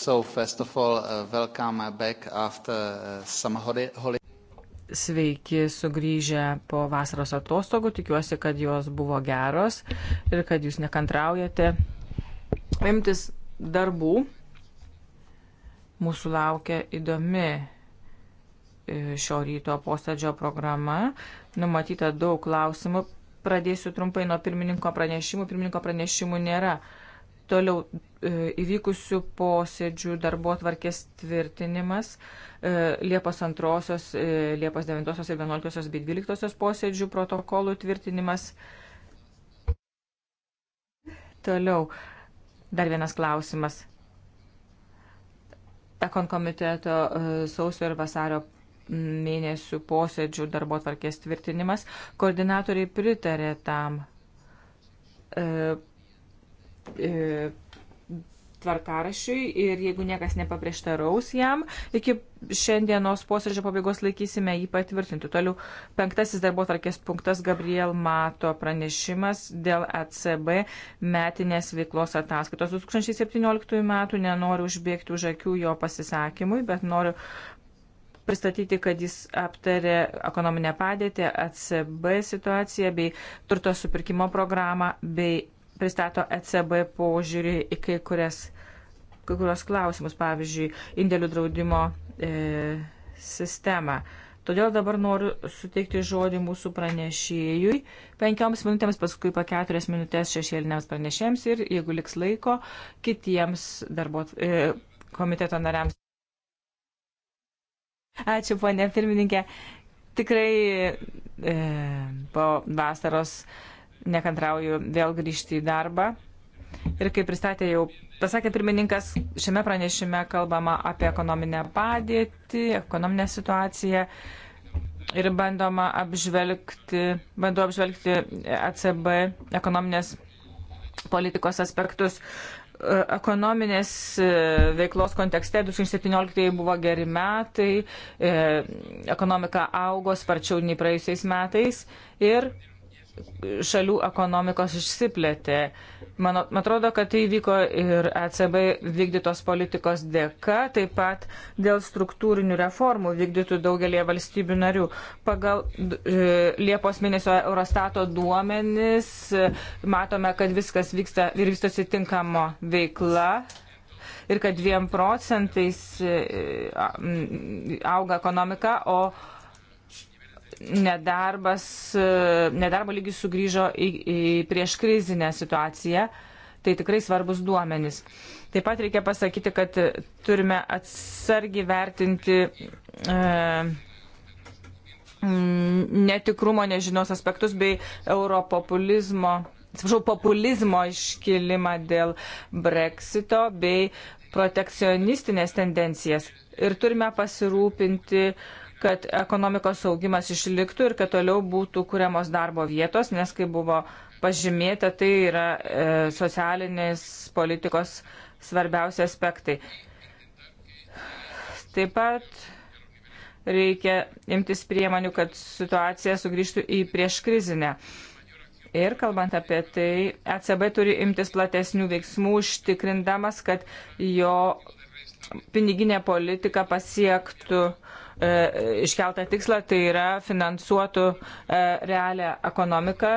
So, first of all, uh, welcome back after uh, some holiday. Sveiki sugrįžę po vasaros atostogų, tikiuosi, kad jos buvo geros ir kad jūs nekantraujate imtis darbų. Mūsų laukia įdomi e, šio ryto posėdžio programa, numatyta daug klausimų. Pradėsiu trumpai nuo pirmininko pranešimų. Pirmininko pranešimų nėra. Uh, Toliau e, įvykusių posėdžių darbo tvarkės tvirtinimas e, Liepos 2, e, Liepos 9 ir 11 bei 12 posėdžių protokolų tvirtinimas. Toliau dar vienas klausimas. Ekon komiteto sausio ir vasario mėnesių posėdžių darbo tvarkės tvirtinimas. Koordinatoriai pritarė tam e, tvarkarašiui ir jeigu niekas nepaprieštaraus jam, iki šiandienos posėdžio pabaigos laikysime jį patvirtinti. Toliau penktasis darbo tarkės punktas Gabriel Mato pranešimas dėl ECB metinės veiklos ataskaitos 2017 metų. Nenoriu užbėgti už akių jo pasisakymui, bet noriu pristatyti, kad jis aptarė ekonominę padėtį, ECB situaciją bei turto supirkimo programą bei pristato ECB požiūrį į kai, kurias, kai kurios klausimus, pavyzdžiui, indėlių draudimo e, sistemą. Todėl dabar noriu suteikti žodį mūsų pranešėjui penkioms minutėms, paskui po keturias minutės šešėliniams pranešėjams ir, jeigu liks laiko, kitiems darbo e, komiteto nariams. Ačiū, ponė pirmininkė. Tikrai e, po vasaros nekantrauju vėl grįžti į darbą. Ir kaip pristatė jau, pasakė pirmininkas, šiame pranešime kalbama apie ekonominę padėtį, ekonominę situaciją ir bandoma apžvelgti, bandau apžvelgti ECB ekonominės politikos aspektus. E, ekonominės e, veiklos kontekste 2017 buvo geri metai, e, ekonomika augo sparčiau nei praėjusiais metais ir šalių ekonomikos išsiplėtė. Man, man atrodo, kad tai vyko ir ECB vykdytos politikos dėka, taip pat dėl struktūrinių reformų vykdytų daugelie valstybių narių. Pagal e, Liepos mėnesio Eurostato duomenis e, matome, kad viskas vyksta ir vystosi tinkamo veikla. Ir kad dviem procentais e, auga ekonomika, o nedarbas, e, nedarbo lygis sugrįžo į, į prieš krizinę situaciją. Tai tikrai svarbus duomenys. Taip pat reikia pasakyti, kad turime atsargiai vertinti e, netikrumo, nežinios aspektus bei europopulizmo, atsiprašau, populizmo iškilimą dėl breksito bei protekcionistinės tendencijas. Ir turime pasirūpinti uh, kad ekonomikos augimas išliktų ir kad toliau būtų kuriamos darbo vietos, nes kaip buvo pažymėta, tai yra e, socialinės politikos svarbiausi aspektai. Taip pat reikia imtis priemonių, kad situacija sugrįžtų į prieškrizinę. Ir kalbant apie tai, ECB turi imtis platesnių veiksmų, užtikrindamas, kad jo piniginė politika pasiektų uh, E, iškeltą tikslą, tai yra finansuotų e, realią ekonomiką,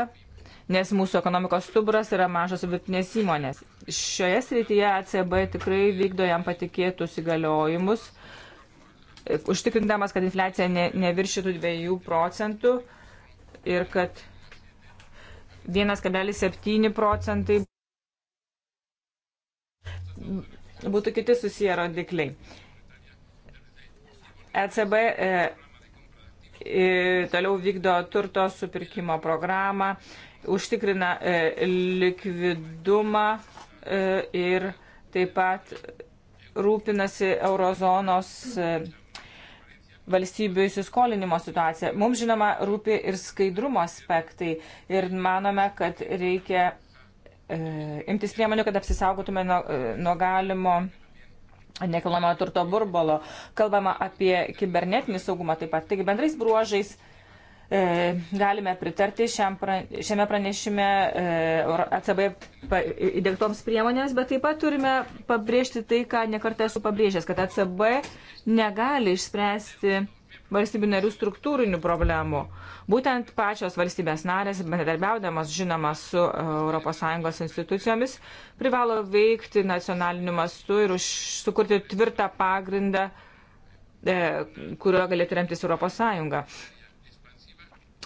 nes mūsų ekonomikos stuburas yra mažos vidutinės įmonės. Šioje srityje ACB tikrai vykdo jam patikėtus įgaliojimus, e, užtikrindamas, kad infliacija ne, neviršytų 2 procentų ir kad 1,7 procentai būtų kiti susiję rodikliai. ECB e, toliau vykdo turto supirkimo programą, užtikrina e, likvidumą e, ir taip pat rūpinasi eurozonos valstybių įsiskolinimo situacija. Mums žinoma rūpi ir skaidrumo aspektai ir manome, kad reikia e, imtis priemonių, kad apsisaugotume nuo, nuo galimo nekilnojamojo turto burbolo. Kalbama apie kibernetinį saugumą taip pat. Taigi bendrais bruožais e, galime pritarti šiam, šiame pranešime e, ACB įdėktoms priemonėms, bet taip pat turime pabrėžti tai, ką nekartą esu pabrėžęs, kad ACB negali išspręsti valstybių narių struktūrinių problemų. Būtent pačios valstybės narės, bendradarbiaudamas žinoma su ES institucijomis, privalo veikti nacionaliniu mastu ir už, sukurti tvirtą pagrindą, e, kuriuo galėtų remtis ES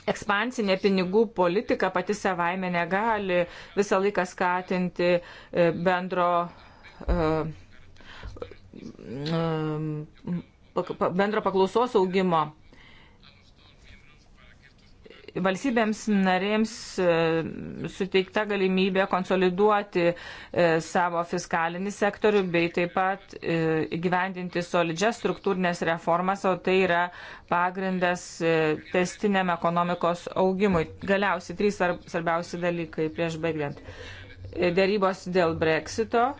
ekspansinė pinigų politika pati savaime negali visą laiką skatinti e, bendro uh, um, bendro paklausos augimo valstybėms narėms e, suteikta galimybė konsoliduoti e, savo fiskalinį sektorių bei taip pat e, įgyvendinti solidžias struktūrinės reformas, o tai yra pagrindas testiniam ekonomikos augimui. Galiausiai trys svarbiausi dalykai prieš baigiant. Dėrybos dėl breksito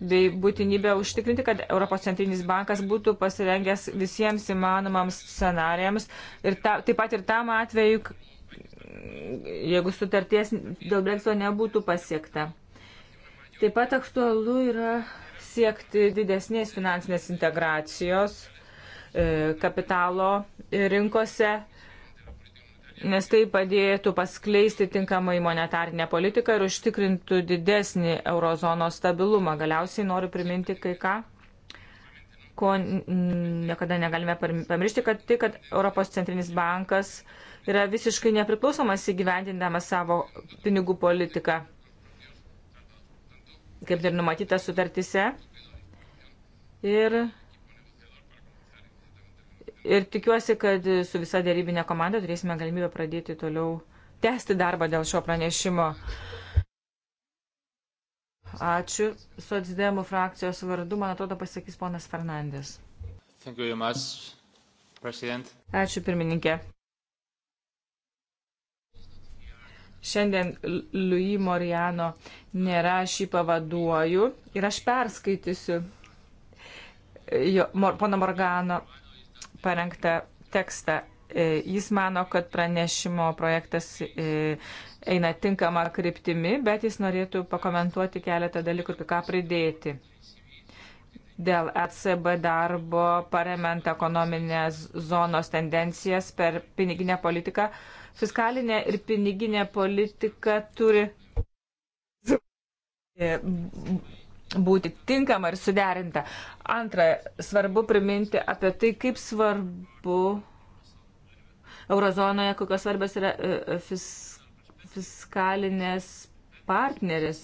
bei būtinybę užtikrinti, kad Europos centrinis bankas būtų pasirengęs visiems įmanomams scenarijams ir ta, taip pat ir tam atveju, jeigu sutarties dėl Brexito nebūtų pasiekta. Taip pat aktualu yra siekti didesnės finansinės integracijos e, kapitalo rinkose nes tai padėtų paskleisti tinkamai monetarinę politiką ir užtikrintų didesnį eurozono stabilumą. Galiausiai noriu priminti kai ką, ko niekada negalime pamiršti, kad tai, kad Europos centrinis bankas yra visiškai nepriklausomas įgyvendindamas savo pinigų politiką, kaip ir numatyta sutartise. Ir Ir tikiuosi, kad su visa dėrybinė komanda turėsime galimybę pradėti toliau tęsti darbą dėl šio pranešimo. Ačiū. Sotsdemų frakcijos vardu, man atrodo, pasakys ponas Fernandės. Ačiū, pirmininkė. Šiandien Lui Moriano nėra, aš jį pavaduoju ir aš perskaitysiu jo, mor, pono Morgano parengtą tekstą. E, jis mano, kad pranešimo projektas e, eina tinkama kryptimi, bet jis norėtų pakomentuoti keletą dalykų ir ką pridėti. Dėl ECB darbo paremant ekonominės zonos tendencijas per piniginę politiką. Fiskalinė ir piniginė politika turi e, būti tinkama ir suderinta. Antra, svarbu priminti apie tai, kaip svarbu eurozonoje, kokios svarbios yra e, e, fis, fiskalinės partneris.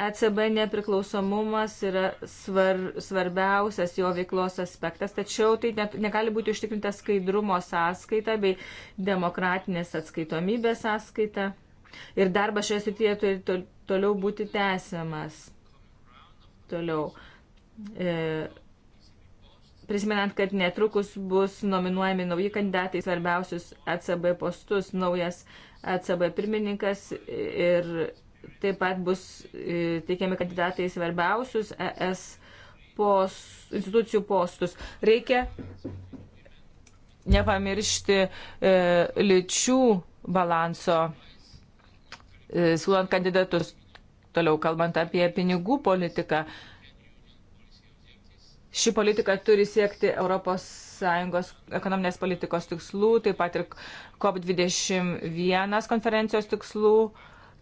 ECB nepriklausomumas yra svar, svarbiausias jo veiklos aspektas, tačiau tai net, negali būti užtikrinta skaidrumo sąskaita bei demokratinės atskaitomybės sąskaita. Ir darbas šioje srityje turi toliau būti tęsiamas. Toliau. E, prisimenant, kad netrukus bus nominuojami nauji kandidatai svarbiausius ECB postus, naujas ECB pirmininkas ir taip pat bus e, teikiami kandidatai svarbiausius ES post, institucijų postus. Reikia nepamiršti e, lyčių balanso, e, siūlant kandidatus. Toliau kalbant apie pinigų politiką, ši politika turi siekti ES ekonominės politikos tikslų, taip pat ir COP21 konferencijos tikslų,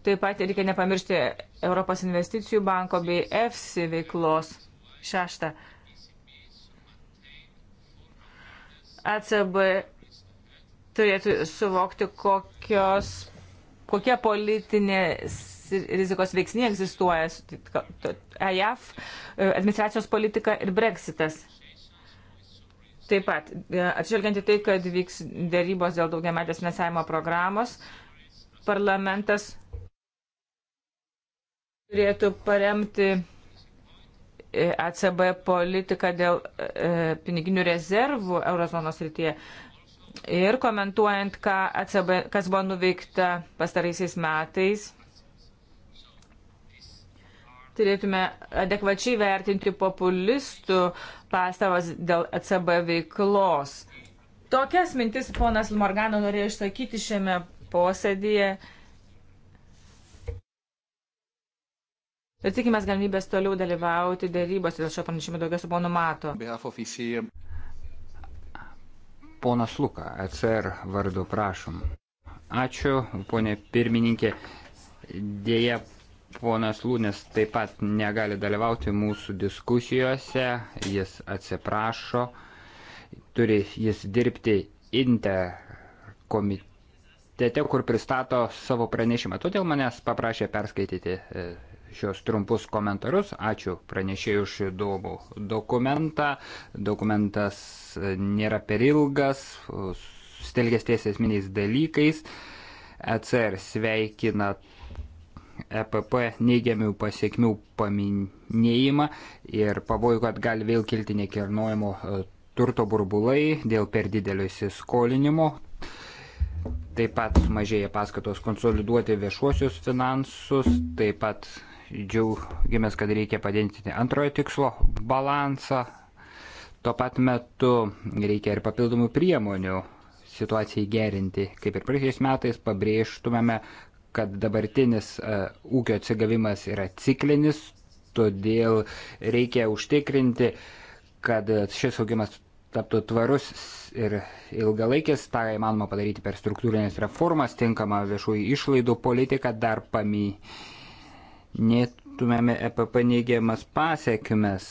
taip pat reikia nepamiršti Europos investicijų banko bei EFSI veiklos. Šešta. ECB turėtų suvokti, kokios, kokia politinės rizikos veiksniai egzistuoja - EJAF, e, administracijos politika ir Brexitas. Taip pat, e, atžvelgiant į tai, kad vyks dėrybos dėl daugiametės finansavimo programos, parlamentas turėtų paremti ECB politiką dėl e, piniginių rezervų eurozonos rytyje. Ir komentuojant, ką ECB, kas buvo nuveikta pastaraisiais metais, turėtume adekvačiai vertinti populistų pastavas dėl ECB veiklos. Tokias mintis ponas Morgano norėjo išsakyti šiame posėdėje. Ir tikimės galimybės toliau dalyvauti dėrybose dėl šio pranešimo daugiau su ponu Mato. E ponas Luka, ECR vardu prašom. Ačiū, ponė pirmininkė. Dėja, Ponas Lūnis taip pat negali dalyvauti mūsų diskusijose, jis atsiprašo, turi jis dirbti inte komitete, kur pristato savo pranešimą. Todėl manęs paprašė perskaityti e, šios trumpus komentarus. Ačiū pranešėjai už įdomų dokumentą. Dokumentas e, nėra per ilgas, e, stelgės ties esminiais dalykais. ECR sveikina EPP neigiamių pasiekmių paminėjimą ir pavojų, kad gali vėl kilti nekilnojimo e, turto burbulai dėl per didelio įsiskolinimo. Taip pat mažėja paskatos konsoliduoti viešuosius finansus, taip pat džiaugiamės, kad reikia padidinti antrojo tikslo balansą. Tuo pat metu reikia ir papildomų priemonių situacijai gerinti. Kaip ir praėjusiais metais pabrėžtumėme, kad dabartinis e, ūkio atsigavimas yra ciklinis, todėl reikia užtikrinti, kad šis augimas taptų tvarus ir ilgalaikis, tą įmanoma padaryti per struktūrinės reformas, tinkamą viešųjų išlaidų politiką, dar paminėtumėme EPP neigiamas pasiekmes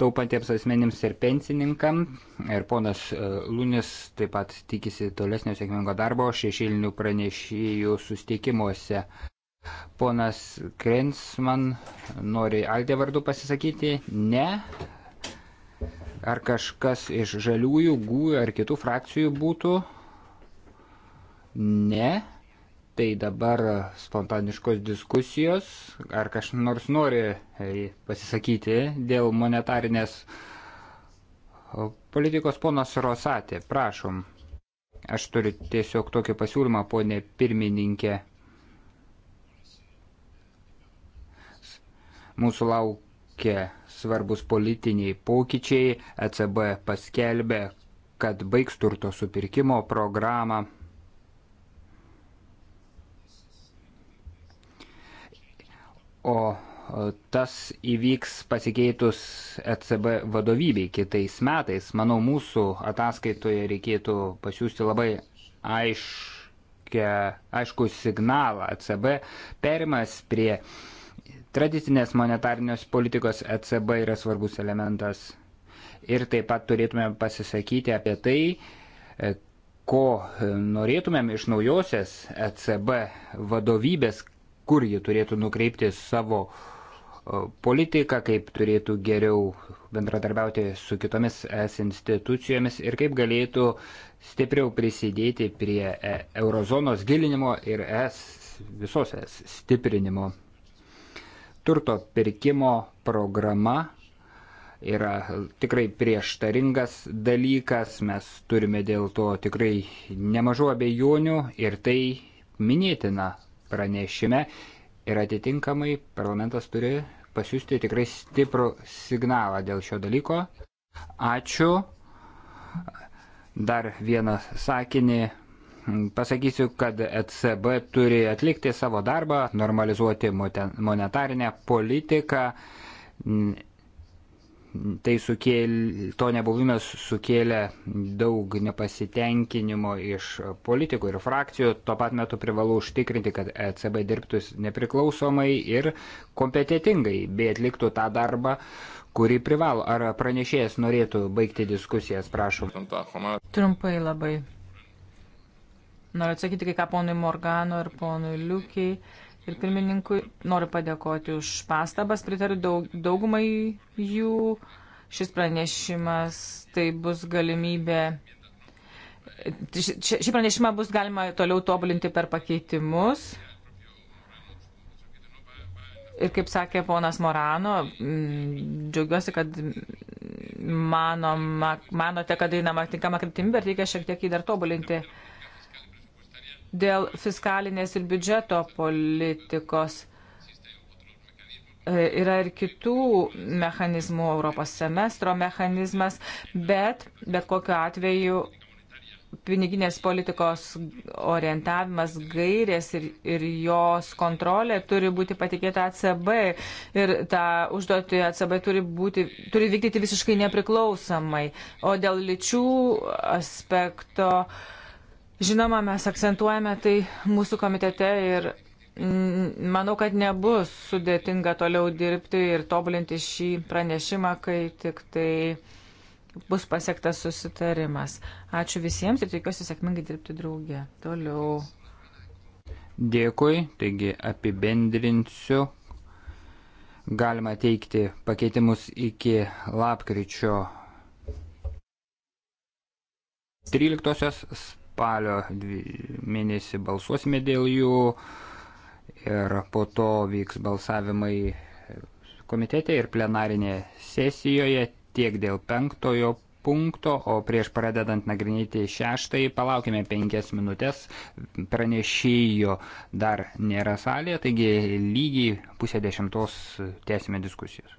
taupantiems asmenims ir pensininkams. Ir ponas e, Lunis taip pat tikisi tolesnio sėkmingo darbo šešėlinių pranešėjų sustikimuose. Ponas Krensman nori Aldė vardu pasisakyti? Ne. Ar kažkas iš žaliųjų, gūjų e ar kitų frakcijų būtų? Ne. Tai dabar spontaniškos diskusijos, ar kažkas nors nori e, pasisakyti dėl monetarinės politikos ponas Rosatė, prašom. Aš turiu tiesiog tokį pasiūlymą, ponė pirmininkė. Mūsų laukia svarbus politiniai pokyčiai. ECB paskelbė, kad baigs turto supirkimo programą. o tas įvyks pasikeitus ECB vadovybei kitais metais. Manau, mūsų ataskaitoje reikėtų pasiūsti labai aiškia, aišku signalą. ECB perimas prie tradicinės monetarnios politikos ECB yra svarbus elementas. Ir taip pat turėtume pasisakyti apie tai, e, ko norėtumėm iš naujosios ECB vadovybės, kur ji turėtų nukreipti savo e, politiką, kaip turėtų geriau bendradarbiauti su kitomis es institucijomis ir kaip galėtų stipriau prisidėti prie e, eurozonos gilinimo ir es visos es stiprinimo. Turto pirkimo programa yra tikrai prieštaringas dalykas, mes turime dėl to tikrai nemažų abejonių ir tai minėtina pranešime ir atitinkamai parlamentas turi pasiūsti tikrai stiprų signalą dėl šio dalyko. Ačiū. Dar vieną sakinį pasakysiu, kad ECB turi atlikti savo darbą, normalizuoti monetarinę politiką tai sukėlė, to nebuvimas sukėlė daug nepasitenkinimo iš politikų ir frakcijų. Tuo pat metu privalu užtikrinti, kad ECB dirbtų nepriklausomai ir kompetitingai, bei atliktų tą darbą, kurį privalo. Ar pranešėjas norėtų baigti diskusijas, prašom. Trumpai labai. Noriu atsakyti kai ką ponui Morgano ir ponui Liukiai ir pirmininkui. Noriu padėkoti už pastabas, pritariu daug, daugumai jų. Šis pranešimas tai bus galimybė. Šį pranešimą bus galima toliau tobulinti per pakeitimus. Ir kaip sakė ponas Morano, mm, džiaugiuosi, kad manoma, manote, kad einama tinkama kryptimi, bet reikia šiek tiek jį dar tobulinti. Uh, dėl fiskalinės ir biudžeto politikos. E, yra ir kitų mechanizmų, Europos semestro mechanizmas, bet bet kokiu atveju piniginės politikos orientavimas, gairės ir, ir jos kontrolė turi būti patikėta ACB ir tą užduotį ACB turi, būti, turi vykdyti visiškai nepriklausomai. O dėl lyčių aspekto. Uh, Žinoma, mes akcentuojame tai mūsų komitete ir manau, kad nebus sudėtinga toliau dirbti ir tobulinti šį pranešimą, kai tik tai bus pasiektas susitarimas. Ačiū visiems ir tikiuosi sėkmingai dirbti draugė. Toliau. Dėkui, taigi apibendrinsiu. Galima teikti pakeitimus iki lapkričio 13 spalio mėnesį balsuosime dėl jų ir po to vyks balsavimai komitete ir plenarinėje sesijoje tiek dėl penktojo punkto, o prieš pradedant nagrinėti šeštąjį palaukime penkias minutės, pranešėjo dar nėra salėje, taigi lygiai pusė dešimtos tęsime diskusijas.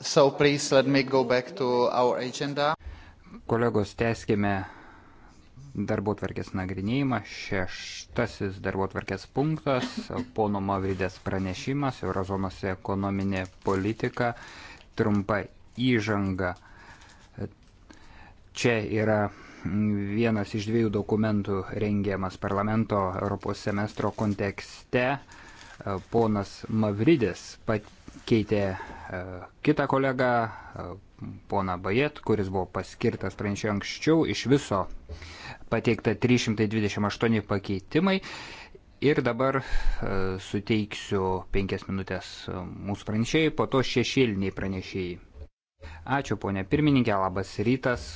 So please let me go back to our agenda. Kolegos, tęskime darbo tvarkės nagrinėjimą. Šeštasis darbo tvarkės punktas, pono Mavridės pranešimas, Eurozonos ekonominė politika, trumpa įžanga. Čia yra vienas iš dviejų dokumentų rengiamas parlamento Europos semestro kontekste. Ponas Mavridės pat keitė e, kitą kolegą, e, pona Bajet, kuris buvo paskirtas pranešėjo anksčiau, iš viso pateikta 328 pakeitimai. Ir dabar e, suteiksiu penkias minutės mūsų pranešėjai, po to šešėliniai pranešėjai. Ačiū, ponė pirmininkė, labas rytas,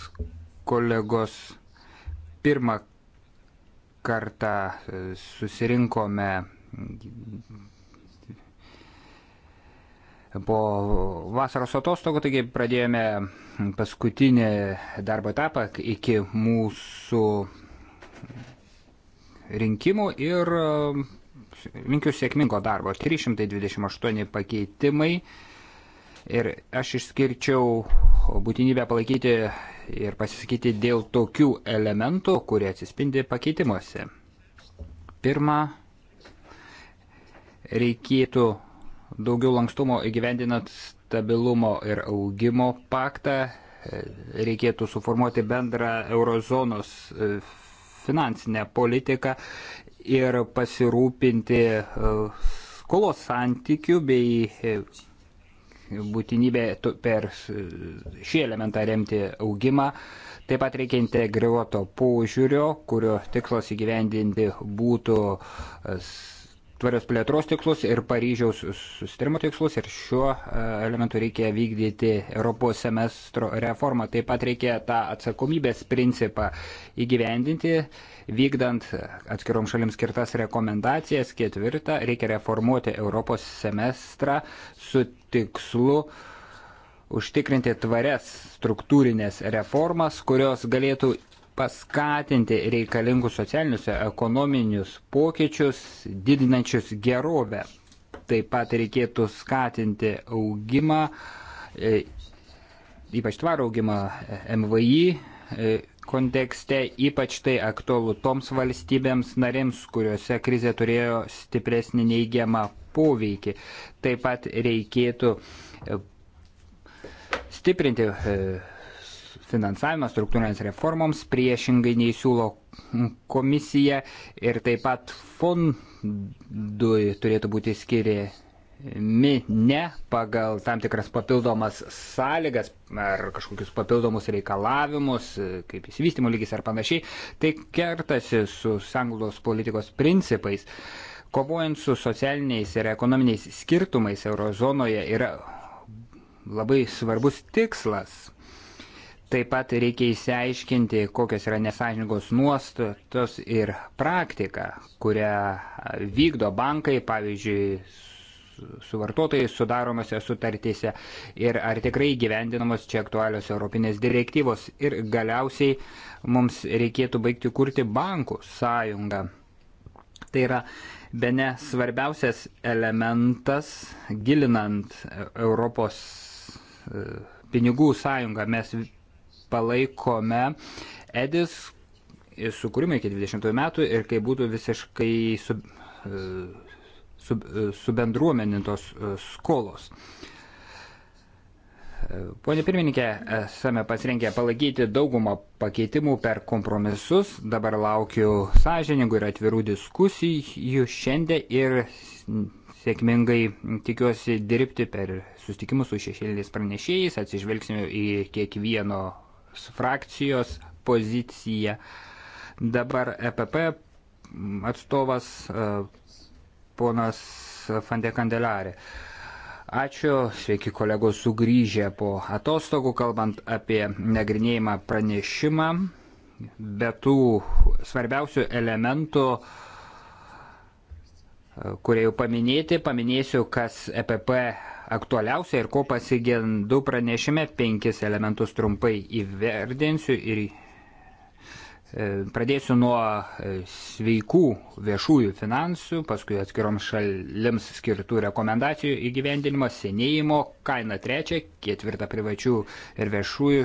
kolegos. Pirmą kartą susirinkome po vasaros atostogų, taigi pradėjome paskutinį darbo etapą iki mūsų rinkimų ir e, linkiu sėkmingo darbo. 328 pakeitimai ir aš išskirčiau būtinybę palaikyti ir pasisakyti dėl tokių elementų, kurie atsispindi pakeitimuose. Pirma, reikėtų daugiau lankstumo įgyvendinant stabilumo ir augimo paktą, reikėtų suformuoti bendrą eurozonos e, finansinę politiką ir pasirūpinti e, skolos santykių bei e, būtinybė per šį elementą remti augimą. Taip pat reikia integruoto požiūrio, kurio tikslas įgyvendinti būtų tvarios plėtros tikslus ir Paryžiaus sustarimo tikslus ir šiuo e, elementu reikia vykdyti Europos semestro reformą. Taip pat reikia tą atsakomybės principą įgyvendinti, vykdant atskirom šalims skirtas rekomendacijas. Ketvirta, reikia reformuoti Europos semestrą su tikslu užtikrinti tvarias struktūrinės reformas, kurios galėtų paskatinti reikalingus socialinius, ekonominius pokyčius, didinančius gerovę. Taip pat reikėtų skatinti augimą, e, ypač tvarų augimą e, MVI e, kontekste, ypač tai aktualu toms valstybėms narėms, kuriuose krizė turėjo stipresnį neigiamą poveikį. Taip pat reikėtų stiprinti finansavimą struktūrinės reformoms priešingai nei siūlo komisija ir taip pat fondui turėtų būti skiriami ne pagal tam tikras papildomas sąlygas ar kažkokius papildomus reikalavimus, kaip įsivystimo lygis ar panašiai, tai kertasi su sanglos politikos principais. Kovojant su socialiniais ir ekonominiais skirtumais eurozonoje yra labai svarbus tikslas Taip pat reikia įsiaiškinti, kokios yra nesažiningos nuostatos ir praktika, kurią vykdo bankai, pavyzdžiui, su vartotojais sudaromose sutartyse ir ar tikrai gyvendinamos čia aktualios europinės direktyvos. Ir galiausiai mums reikėtų baigti kurti bankų sąjungą. Tai yra be ne svarbiausias elementas gilinant Europos e, pinigų sąjungą. Mes palaikome Edis sukūrimą iki 20 metų ir kai būtų visiškai su, e, su, e, subendruomenintos e, skolos. Pone pirmininkė, esame pasirinkę palaikyti daugumą pakeitimų per kompromisus. Dabar laukiu sąžiningų ir atvirų diskusijų šiandien ir sėkmingai tikiuosi dirbti per sustikimus su šešėliniais pranešėjais. Atsižvelgsime į kiekvieno frakcijos poziciją. Dabar EPP atstovas e, ponas Fande Kandelarė. Ačiū, sveiki kolegos sugrįžę po atostogų, kalbant apie nagrinėjimą pranešimą. Be tų svarbiausių elementų, e, kurie jau paminėti, paminėsiu, kas EPP aktualiausia ir ko pasigendu pranešime, penkis elementus trumpai įverdinsiu ir e, Pradėsiu nuo e, sveikų viešųjų finansų, paskui atskiroms šalims skirtų rekomendacijų įgyvendinimo, senėjimo, kaina trečia, ketvirta privačių ir viešųjų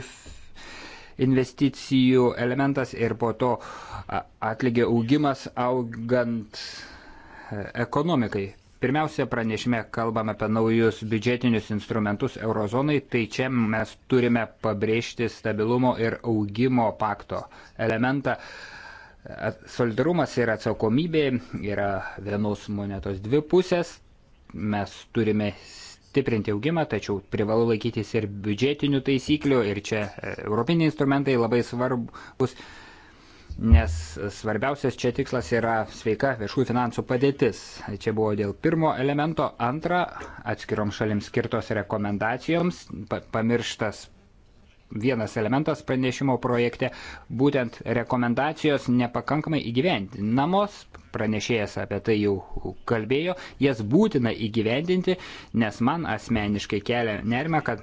investicijų elementas ir po to atlygio augimas augant e, ekonomikai. Pirmiausia, pranešime kalbame apie naujus biudžetinius instrumentus eurozonai, tai čia mes turime pabrėžti stabilumo ir augimo pakto elementą. Solidarumas ir atsakomybė yra vienos monetos dvi pusės. Mes turime stiprinti augimą, tačiau privalu laikytis ir biudžetinių taisyklių ir čia e, europiniai instrumentai labai svarbus nes svarbiausias čia tikslas yra sveika viešųjų finansų padėtis. Čia buvo dėl pirmo elemento, antra atskirom šalims skirtos rekomendacijoms, pa pamirštas vienas elementas pranešimo projekte, būtent rekomendacijos nepakankamai įgyvendinamos, pranešėjas apie tai jau kalbėjo, jas būtina įgyvendinti, nes man asmeniškai kelia nerima, kad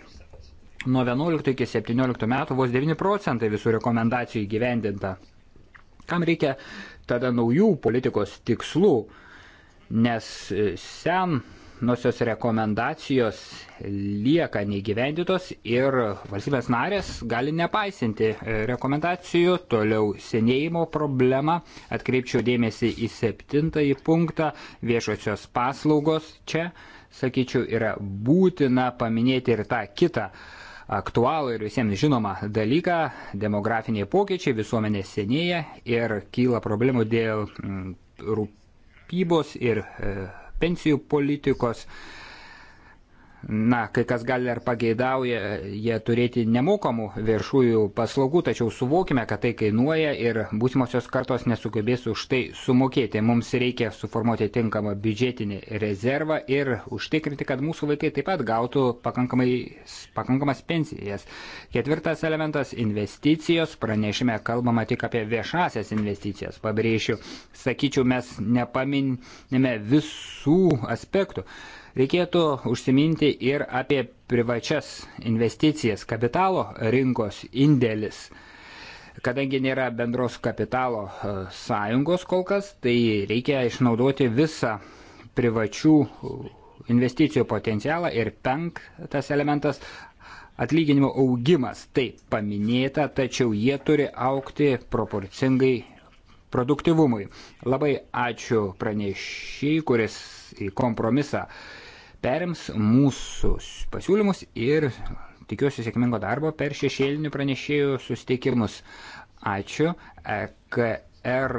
nuo 11 iki 17 metų vos 9 procentai visų rekomendacijų įgyvendinta. Kam reikia tada naujų politikos tikslų, nes e, senosios rekomendacijos lieka neįgyvendytos ir valstybės narės gali nepaisinti e, rekomendacijų, toliau senėjimo problema, atkreipčiau dėmesį į septintąjį punktą, viešosios paslaugos čia, sakyčiau, yra būtina paminėti ir tą kitą aktualų ir visiems žinomą dalyką - demografiniai pokyčiai, visuomenė senėja ir kyla problemų dėl mm, rūpybos ir e, pensijų politikos. E, na, kai kas gali ar pageidauja jie turėti nemokamų viešųjų paslaugų, tačiau suvokime, kad tai kainuoja ir būsimosios kartos nesugebės už tai sumokėti. Mums reikia suformuoti tinkamą biudžetinį rezervą ir užtikrinti, kad mūsų vaikai taip pat gautų pakankamas pensijas. Ketvirtas elementas - investicijos. Pranešime kalbama tik apie viešasias investicijas. Pabrėšiu, sakyčiau, mes nepaminime visų aspektų. Reikėtų užsiminti ir apie privačias investicijas, kapitalo rinkos indėlis. Kadangi nėra bendros kapitalo e, sąjungos kol kas, tai reikia išnaudoti visą privačių e, investicijų potencialą ir penktas elementas atlyginimo augimas. Tai paminėta, tačiau jie turi aukti proporcingai produktivumui. Labai ačiū pranešiai, kuris į kompromisą perims mūsų pasiūlymus ir tikiuosi sėkmingo darbo per šešėlinių pranešėjų susitikimus. Ačiū. EKR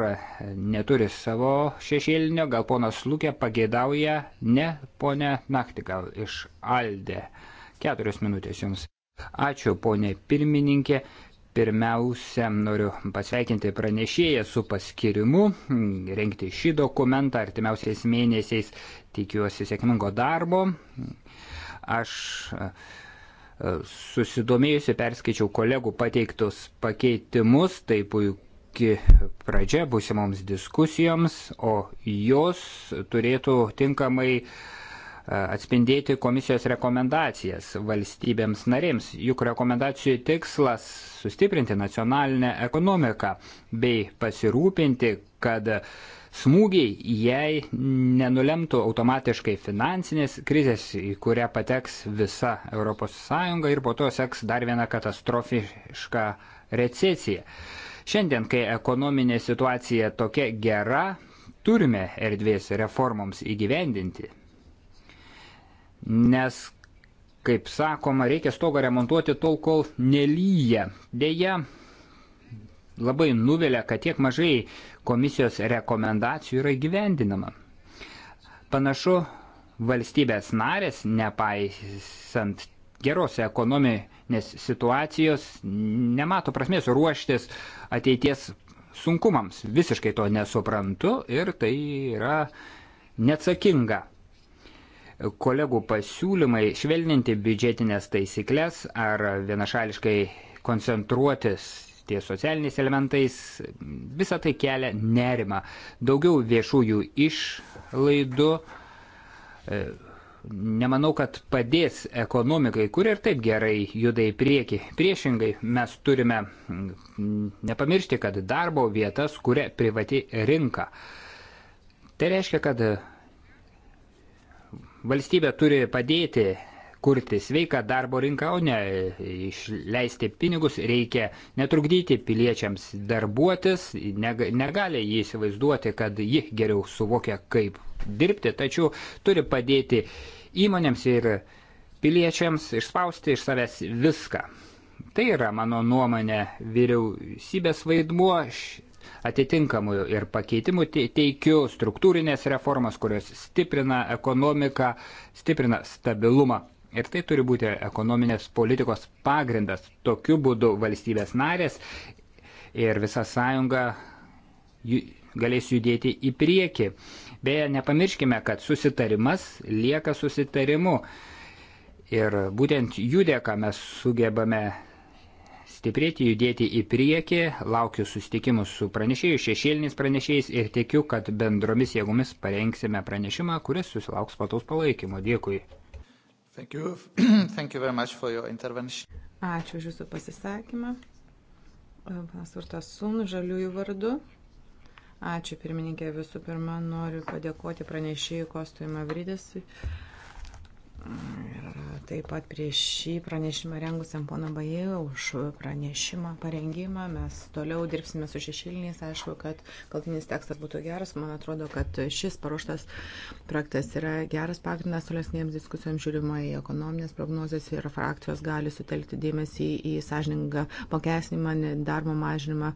neturi savo šešėlinio, gal ponas Lūkė pageidauja, ne ponė Naktį gal iš Aldė. Keturios minutės jums. Ačiū, ponė pirmininkė. Pirmiausia, noriu pasveikinti pranešėją su paskirimu, rengti šį dokumentą artimiausiais mėnesiais, tikiuosi sėkmingo darbo. Aš e, e, susidomėjusi perskaičiau kolegų pateiktus pakeitimus, tai puikiai pradžia būsimoms diskusijoms, o jos turėtų tinkamai uh, E, atspindėti komisijos rekomendacijas valstybėms narėms, juk rekomendacijų tikslas sustiprinti nacionalinę ekonomiką bei pasirūpinti, kad smūgiai jai nenulemtų automatiškai finansinės krizės, į kurią pateks visa ES ir po to seks dar viena katastrofiška recesija. Šiandien, kai ekonominė situacija tokia gera, turime erdvės reformoms įgyvendinti nes, kaip sakoma, reikia stogą remontuoti tol, kol nelyja. Deja, labai nuvilia, kad tiek mažai komisijos rekomendacijų yra įgyvendinama. Panašu, valstybės narės, nepaisant geros ekonominės situacijos, nemato prasmės ruoštis ateities sunkumams. Visiškai to nesuprantu ir tai yra neatsakinga kolegų pasiūlymai švelninti biudžetinės taisyklės ar vienašališkai koncentruotis ties socialiniais elementais, visa tai kelia nerima. Daugiau viešųjų išlaidų e, nemanau, kad padės ekonomikai, kur ir taip gerai juda į priekį. Priešingai, mes turime mm, nepamiršti, kad darbo vietas kuria privati rinka. Tai reiškia, kad Valstybė turi padėti kurti sveiką darbo rinką, o ne išleisti pinigus, reikia netrukdyti piliečiams darbuotis, negali jį įsivaizduoti, kad ji geriau suvokia, kaip dirbti, tačiau turi padėti įmonėms ir piliečiams išspausti iš savęs viską. Tai yra mano nuomonė vyriausybės vaidmuo atitinkamų ir pakeitimų teikiu, struktūrinės reformas, kurios stiprina ekonomiką, stiprina stabilumą. Ir tai turi būti ekonominės politikos pagrindas. Tokiu būdu valstybės narės ir visa sąjunga galės judėti į priekį. Beje, nepamirškime, kad susitarimas lieka susitarimu. Ir būtent jų dėka mes sugebame stiprėti, judėti į priekį, laukiu susitikimų su pranešėjais, šešėliniais pranešėjais ir tikiu, kad bendromis jėgomis parengsime pranešimą, kuris susilauks plataus palaikymo. Dėkui. Thank you. Thank you Ačiū už Jūsų pasisakymą. Pasurtas Sun, žaliųjų vardu. Ačiū pirmininkė, visų pirma noriu padėkoti pranešėjai Kostui Mavridisui Ir taip pat prieš šį pranešimą rengusiam pono Bajėjo už pranešimą parengimą mes toliau dirbsime su šešiliniais. Aišku, kad kaltinis tekstas būtų geras. Man atrodo, kad šis paruoštas projektas yra geras pagrindas tolesniems diskusijoms žiūrima į ekonominės prognozes ir frakcijos gali sutelkti dėmesį į sąžiningą pakesnimą, darbo mažinimą,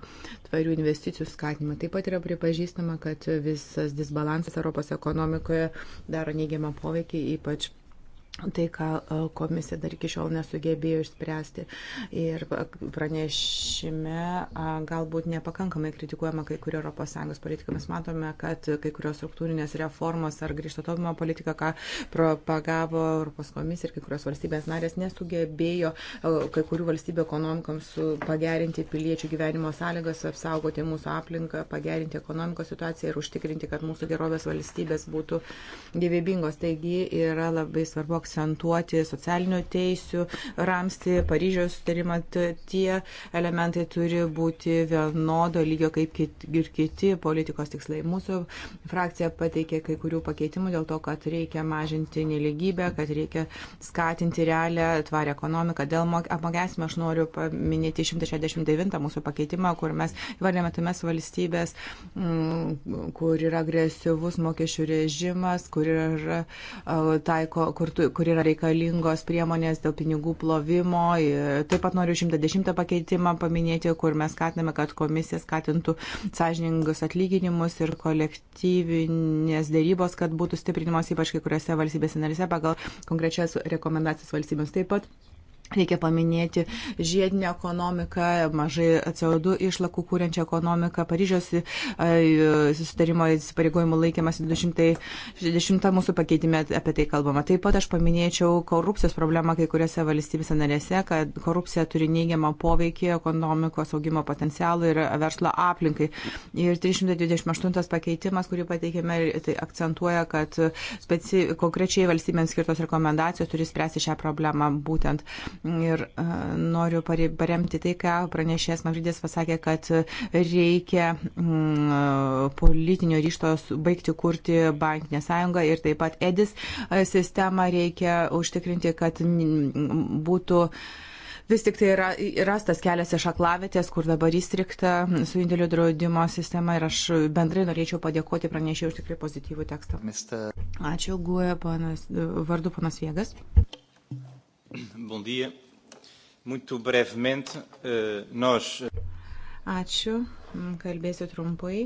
tvarių investicijų skatinimą. Taip pat yra pripažįstama, kad visas disbalansas Europos ekonomikoje daro neigiamą poveikį, ypač tai, ką e, komisija dar iki šiol nesugebėjo išspręsti. Ir pranešime galbūt nepakankamai kritikuojama kai kurie ES politikai. Mes matome, kad kai kurios struktūrinės reformos ar grįžto taupimo politika, ką propagavo ES komisija ir kai kurios valstybės narės, nesugebėjo e, kai kurių valstybių ekonomikams pagerinti piliečių gyvenimo sąlygas, apsaugoti mūsų aplinką, pagerinti ekonomikos situaciją ir užtikrinti, kad mūsų gerovės valstybės būtų gyvybingos. Taigi yra labai svarbu akcentuoti socialinių teisių ramsti, Paryžiaus sutarimą, tie elementai turi būti vienodo lygio kaip ir kiti politikos tikslai. Mūsų frakcija pateikė kai kurių pakeitimų dėl to, kad reikia mažinti neligybę, kad reikia skatinti realią tvarę ekonomiką. Dėl apmokestimą aš noriu paminėti 169 mūsų pakeitimą, kur mes įvardėme tuomet valstybės, mm, kur yra agresyvus mokesčių režimas, kur yra taiko, kur, kur yra reikalingos priemonės dėl pinigų plovimo. Taip pat noriu 110 pakeitimą paminėti, kur mes skatiname, kad komisija skatintų sąžiningus atlyginimus ir kolektyvinės dėrybos, kad būtų stiprinimos ypač kai kuriuose valstybėse narise pagal konkrečias rekomendacijas valstybėms. Taip pat Reikia paminėti žiedinę ekonomiką, mažai CO2 išlakų kūrenčią ekonomiką, Paryžiaus e, susitarimo įsipareigojimų laikymas 260 mūsų pakeitime apie tai kalbama. Taip pat aš paminėčiau korupcijos problemą kai kuriuose valstybėse narėse, kad korupcija turi neigiamą poveikį ekonomikos augimo potencialui ir verslo aplinkai. Ir 328 pakeitimas, kurį pateikėme, tai akcentuoja, kad speci... konkrečiai valstybėms skirtos rekomendacijos turi spręsti šią problemą būtent ir noriu paremti tai, ką pranešėjas Mavrydės pasakė, kad reikia mm, politinio ryšto baigti kurti bankinę sąjungą ir taip pat EDIS sistemą reikia užtikrinti, kad būtų vis tik tai yra rastas kelias iš aklavitės, kur dabar įstrikta su indėlių draudimo sistema ir aš bendrai norėčiau padėkoti pranešėjui už tikrai pozityvų tekstą. Mister. Ačiū, guoja panas, vardu panas Viegas. Bom dia. Muito brevemente, eh, nós. Eh, Ačiū, kalbėsiu trumpai.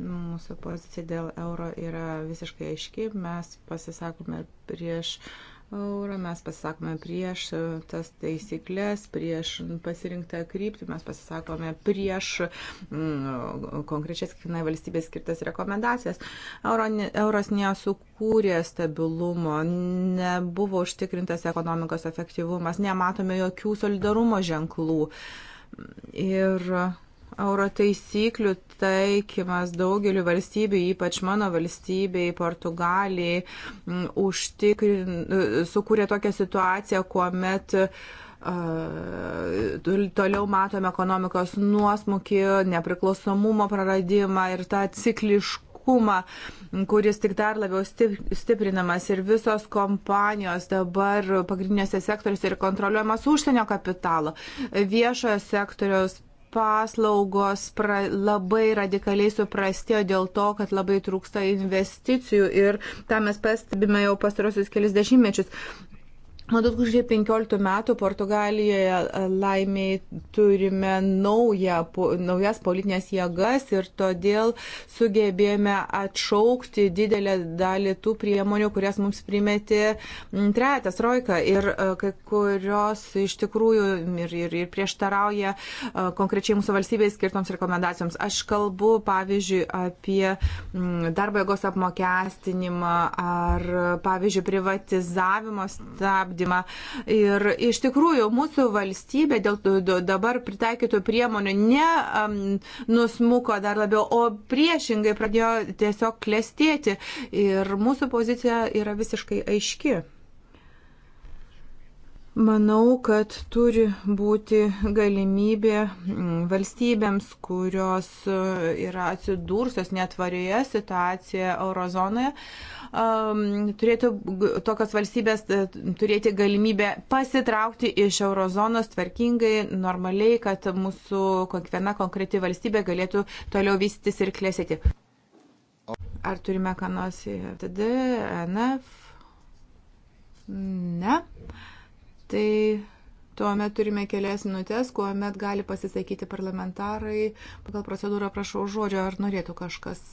Mūsų pozicija dėl euro yra visiškai aiški. Mes pasisakome prieš uh, eurą, mes pasisakome prieš e, tas taisyklės, prieš pasirinktą kryptį, mes pasisakome prieš mm, konkrečias kiekvienai valstybės skirtas rekomendacijas. Euro, euros nesukūrė stabilumo, nebuvo užtikrintas ekonomikos efektyvumas, nematome jokių solidarumo ženklų. Ir euro taisyklių taikymas daugeliu valstybių, ypač mano valstybei, Portugalijai, užtikrin, e, sukūrė tokią situaciją, kuomet e, toliau matome ekonomikos nuosmukį, nepriklausomumo praradimą ir tą cikliškumą aiškumą, kuris tik dar labiau stiprinamas ir visos kompanijos dabar pagrindinėse sektoriuose ir kontroliuojamas užsienio kapitalo, viešojo sektoriaus paslaugos pra, labai radikaliai suprastėjo dėl to, kad labai trūksta investicijų ir tą mes pastebime jau pastarosius kelis dešimtmečius. Nuo 2015 metų Portugalijoje e, laimiai turime naują, naujas politinės jėgas ir todėl sugebėjome atšaukti didelę dalį tų priemonių, kurias mums primetė trejatas Roika ir e, kai kurios iš tikrųjų ir, ir, ir prieštarauja e, konkrečiai mūsų valstybės skirtoms rekomendacijoms. Aš kalbu, pavyzdžiui, apie darbo jėgos apmokestinimą ar, pavyzdžiui, privatizavimo stabdį spaudimą. Ir iš tikrųjų mūsų valstybė dėl dabar pritaikytų priemonių ne um, nusmuko dar labiau, o priešingai pradėjo tiesiog klestėti. Ir mūsų pozicija yra visiškai aiški. Manau, kad turi būti galimybė valstybėms, kurios e, yra atsidūrusios netvarioje situacijoje eurozonoje, Um, turėtų tokios valstybės turėti galimybę pasitraukti iš eurozonos tvarkingai, normaliai, kad mūsų kiekviena konkreti valstybė galėtų toliau vystytis ir klėsėti. Ar turime ką nors į FTD, NF? Ne. Tai tuomet turime kelias minutės, kuomet gali pasisakyti parlamentarai. Pagal procedūrą prašau žodžio, ar norėtų kažkas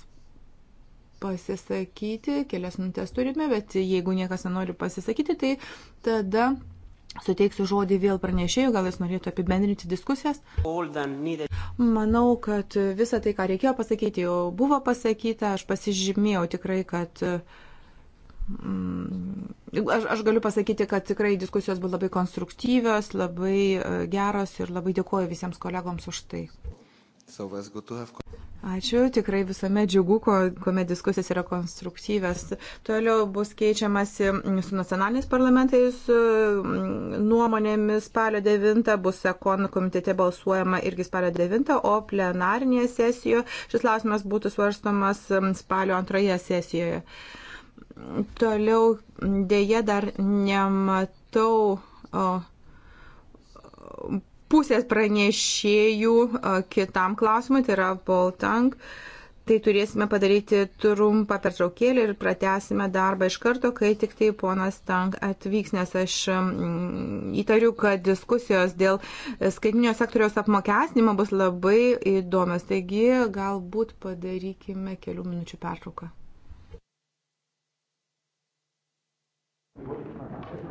pasisakyti, kelias minutės turime, bet jeigu niekas nenori pasisakyti, tai tada suteiksiu žodį vėl pranešėjų, gal jis norėtų apibendrinti diskusijas. Manau, kad visą tai, ką reikėjo pasakyti, jau buvo pasakyta, aš pasižymėjau tikrai, kad mm, Aš, aš galiu pasakyti, kad tikrai diskusijos buvo labai konstruktyvios, labai e, geros ir labai dėkuoju visiems kolegoms už tai. Ačiū, tikrai visuomet džiugu, kuomet diskusijos yra konstruktyvės. Toliau bus keičiamasi su nacionaliniais parlamentais mm, nuomonėmis spalio 9, bus ekon komitete balsuojama irgi spalio 9, o plenarinėje sesijoje šis klausimas būtų svarstomas mm, spalio antroje sesijoje. Toliau mm, dėje dar nematau. O, pusės pranešėjų kitam klausimui, tai yra Boltank. Tai turėsime padaryti trumpą pertraukėlį ir pratęsime darbą iš karto, kai tik tai ponas Tank atvyks, nes aš įtariu, kad diskusijos dėl skaitinio sektoriaus apmokesnimo bus labai įdomios. Taigi galbūt padarykime kelių minučių pertrauką. Thank you.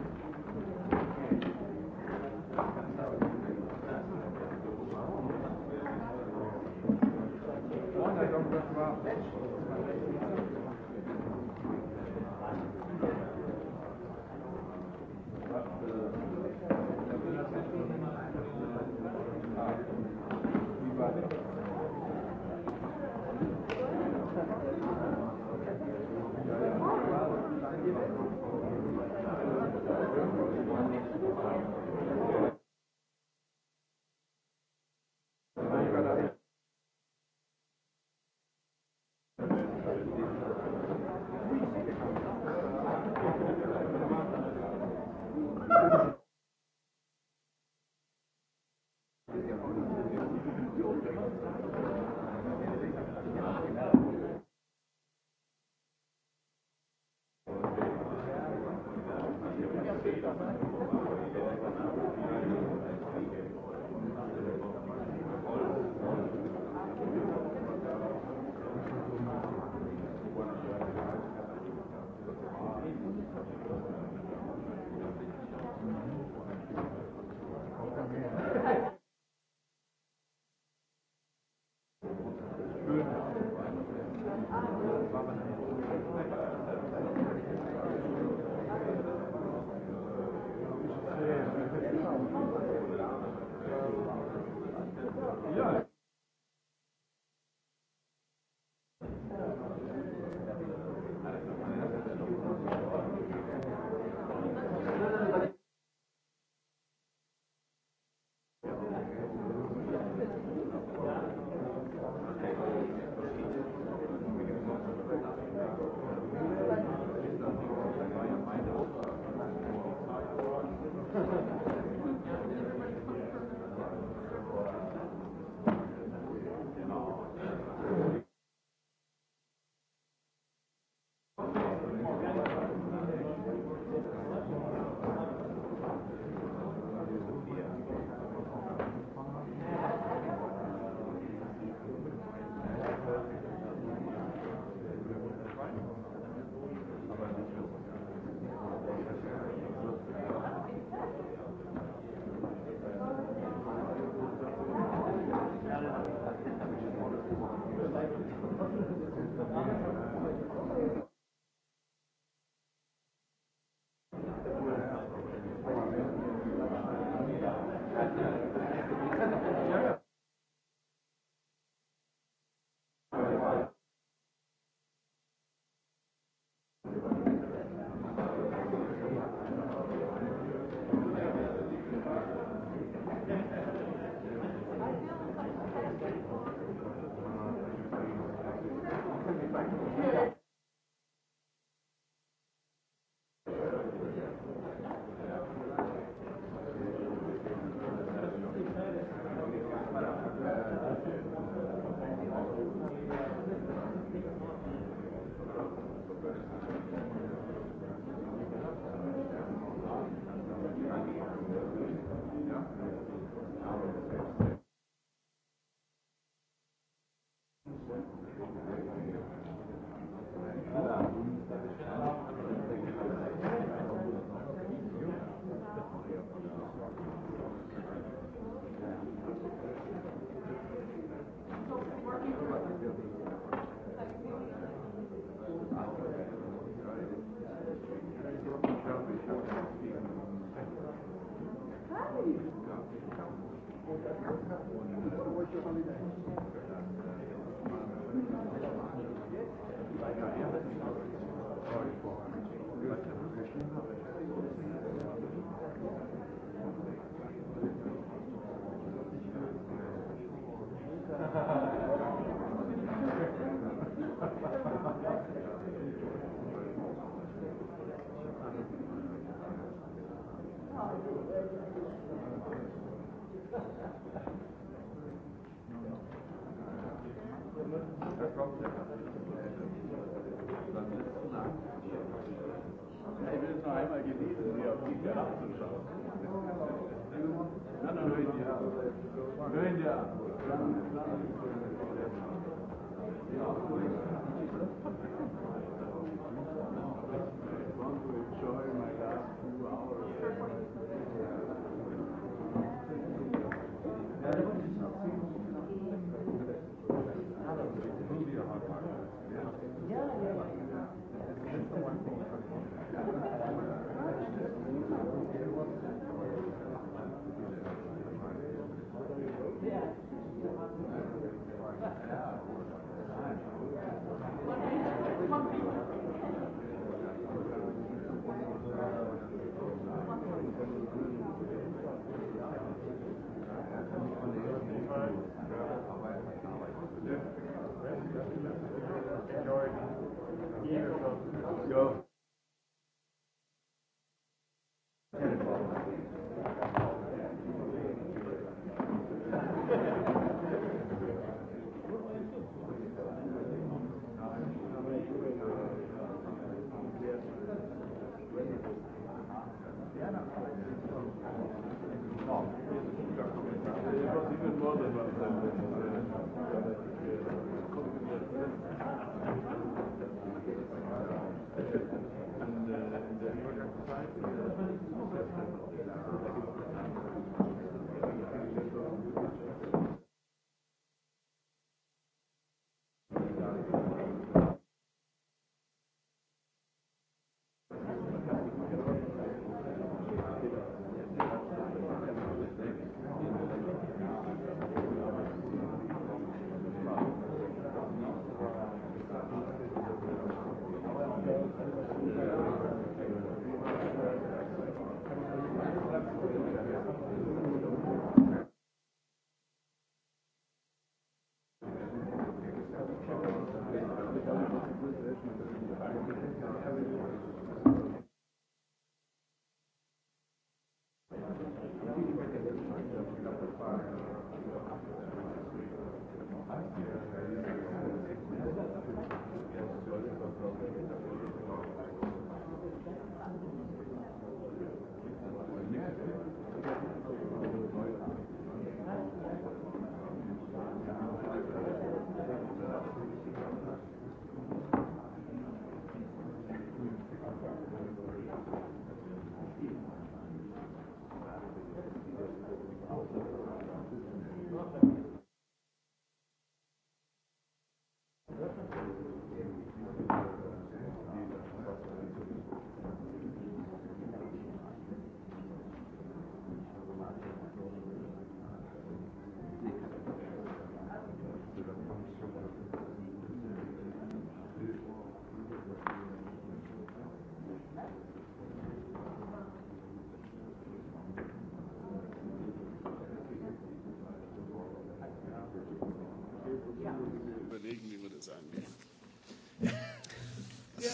Thank you. Ja, ich will es noch einmal genießen, hier auf die Karte zu schauen. Dann hören wir an. Hören wir an. Dann, dann. Ja, Go.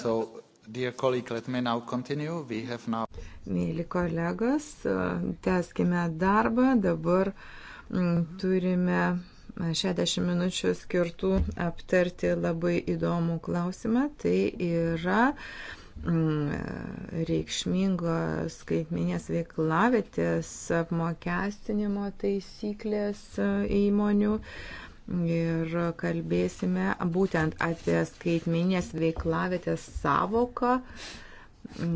So, dear colleague, let me now continue. We have now... Mėly kolegos, teskime darbą. Dabar turime 60 minučių skirtų aptarti labai įdomų klausimą. Tai yra reikšmingo skaitminės veiklavėtės apmokestinimo taisyklės įmonių ir kalbėsime būtent apie skaitminės veiklavėtės savoką.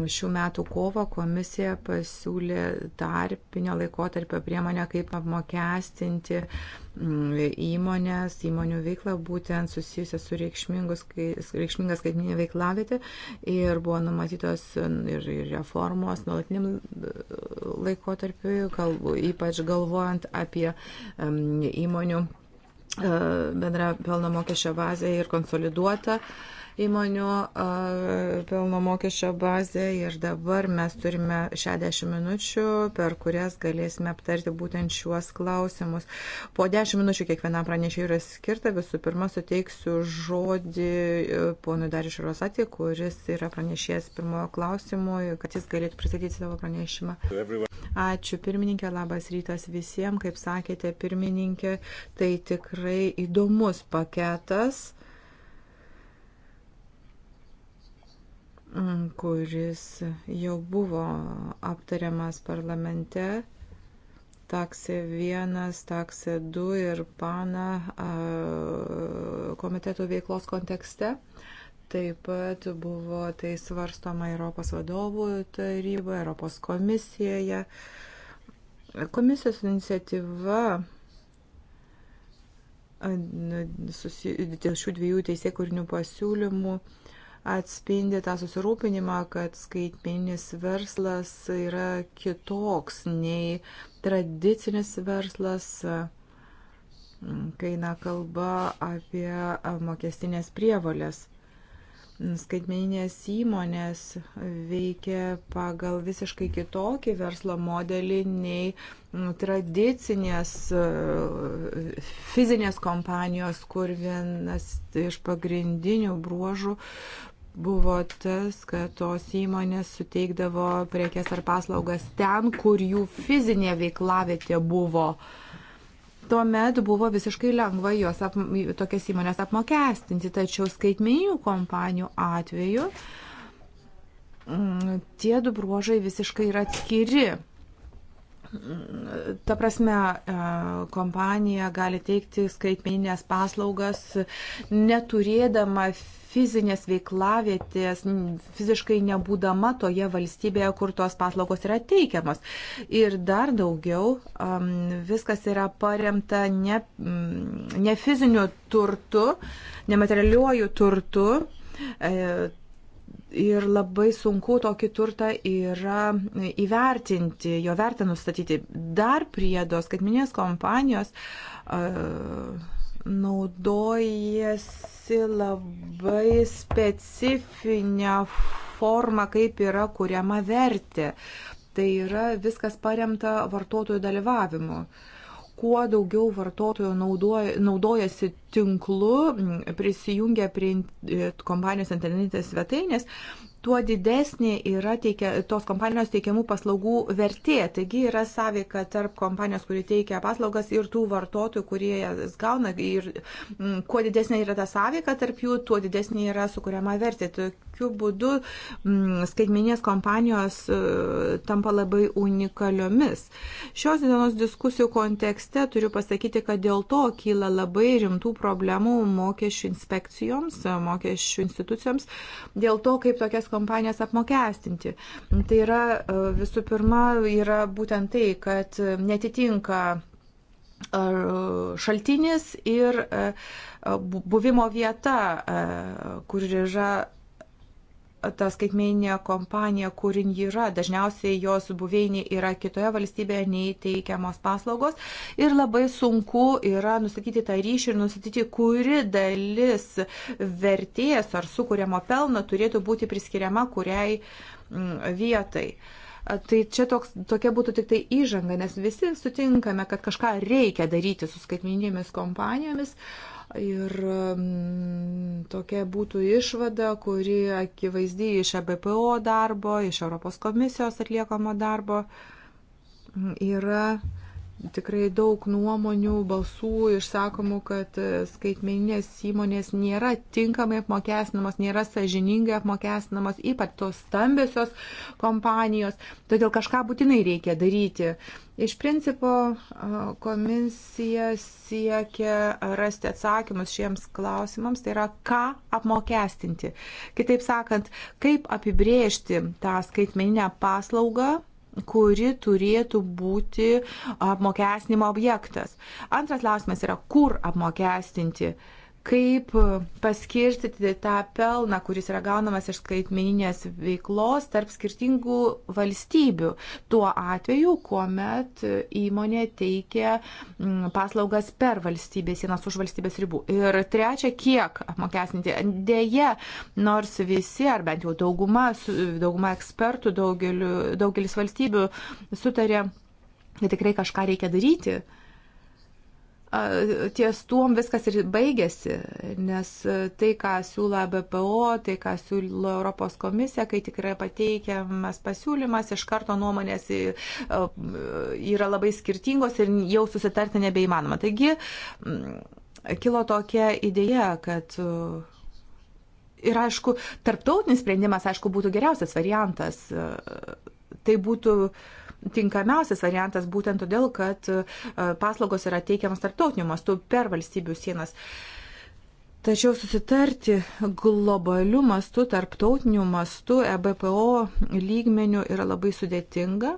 Šių metų kovo komisija pasiūlė tarpinio laikotarpio priemonę, kaip apmokestinti mm, įmonės, įmonių veiklą, būtent susijusią su reikšminga skaitminė veiklavėte ir buvo numatytos ir reformos nuolatiniam e, laikotarpiu, ypač galvojant apie mm, įmonių bendra pelno mokesčio bazė ir konsoliduota įmonių pelno mokesčio bazę ir dabar mes turime 60 minučių, per kurias galėsime aptarti būtent šiuos klausimus. Po 10 minučių kiekvienam pranešėjui yra skirta. Visų pirma, suteiksiu žodį e, ponui Dariš Rosatį, kuris yra pranešėjęs pirmojo klausimo, kad jis galėtų pristatyti savo pranešimą. Ačiū pirmininkė, labas rytas visiems. Kaip sakėte, pirmininkė, tai tikrai įdomus paketas kuris jau buvo aptariamas parlamente, taksė 1, taksė 2 ir pana komitetų veiklos kontekste. Taip pat buvo tai svarstoma Europos vadovų taryboje, Europos komisijoje. Komisijos iniciatyva nu, susi, dėl šių dviejų teisėkurinių pasiūlymų uh, atspindi tą susirūpinimą, kad skaitmeninis verslas yra kitoks nei tradicinis verslas, kai na kalba apie mokestinės prievolės. Skaitmeninės įmonės veikia pagal visiškai kitokį verslo modelį nei nu, tradicinės fizinės kompanijos, kur vienas iš pagrindinių bruožų buvo tas, kad tos įmonės suteikdavo prekes ar paslaugas ten, kur jų fizinė veiklavietė buvo. Tuomet buvo visiškai lengva juos ap, tokias įmonės apmokestinti, tačiau skaitmeninių kompanijų atveju mm, tie du bruožai visiškai yra atskiri. Mm, ta prasme, e, kompanija gali teikti skaitmeninės paslaugas, neturėdama fizinės veiklavietės, fiziškai nebūdama toje valstybėje, kur tos paslaugos yra teikiamos. Ir dar daugiau, viskas yra paremta ne, ne fiziniu turtu, nematerialiuoju turtu. E, ir labai sunku tokį turtą yra įvertinti, jo vertę nustatyti. Dar priedos, kad minės kompanijos uh, naudojasi labai specifinę formą, kaip yra kuriama vertė. Tai yra viskas paremta vartotojų dalyvavimu. Kuo daugiau vartotojų naudoja, naudojasi tinklu, prisijungia prie kompanijos internetinės svetainės, tuo didesnė yra teikia, tos kompanijos teikiamų paslaugų vertė. Taigi yra sąveika tarp kompanijos, kuri teikia paslaugas ir tų vartotojų, kurie jas gauna. Ir m, mm, kuo didesnė yra ta sąveika tarp jų, tuo didesnė yra sukuriama vertė. Tokiu būdu m, mm, skaitminės kompanijos m, e, tampa labai unikaliomis. Šios dienos diskusijų kontekste turiu pasakyti, kad dėl to kyla labai rimtų problemų mokesčių inspekcijoms, mokesčių institucijoms, dėl to, kaip tokias šias kompanijas apmokestinti. Tai yra e, visų pirma, yra būtent tai, kad netitinka e, šaltinis ir e, buvimo vieta, kur yra ta skaitmeninė kompanija, kurin yra. Dažniausiai jos buveinė yra kitoje valstybėje nei teikiamos paslaugos ir labai sunku yra nustatyti tą ryšį ir nustatyti, kuri dalis vertės ar sukūriamo pelno turėtų būti priskiriama kuriai mm, vietai. Tai čia toks, tokia būtų tik tai įžanga, nes visi sutinkame, kad kažką reikia daryti su skaitmininėmis kompanijomis. Uh, Ir mm, tokia būtų išvada, kuri akivaizdi iš ABPO e darbo, iš Europos komisijos atliekamo darbo mm, yra tikrai daug nuomonių, balsų išsakomų, kad e, skaitmeninės įmonės nėra tinkamai apmokestinamos, nėra sažiningai apmokestinamos, ypač tos stambiosios kompanijos. Todėl kažką būtinai reikia daryti. Iš principo komisija siekia rasti atsakymus šiems klausimams, tai yra ką apmokestinti. Kitaip sakant, kaip apibrėžti tą skaitmeninę paslaugą kuri turėtų būti apmokestinimo objektas. Antras klausimas yra, kur apmokestinti uh, kaip paskirstyti tą pelną, kuris yra gaunamas iš skaitmeninės veiklos tarp skirtingų valstybių. Tuo atveju, kuomet įmonė teikia mm, paslaugas per valstybės sienas už valstybės ribų. Ir trečia, kiek apmokestinti. Deja, nors visi, ar bent jau dauguma, dauguma ekspertų daugeliu, daugelis valstybių sutarė, kad tikrai kažką reikia daryti ties tuom viskas ir baigėsi, nes tai, ką siūlo BPO, tai, ką siūlo Europos komisija, kai tik yra pateikiamas pasiūlymas, iš karto nuomonės e, e, yra labai skirtingos ir jau susitarti nebeįmanoma. Taigi kilo tokia idėja, kad e, ir aišku, tarptautinis sprendimas, aišku, būtų geriausias variantas. Tai būtų uh, tinkamiausias variantas būtent todėl, kad e, paslaugos yra teikiamas tarptautiniu mastu per valstybių sienas. Tačiau susitarti globaliu mastu, tarptautiniu mastu, EBPO lygmeniu yra labai sudėtinga.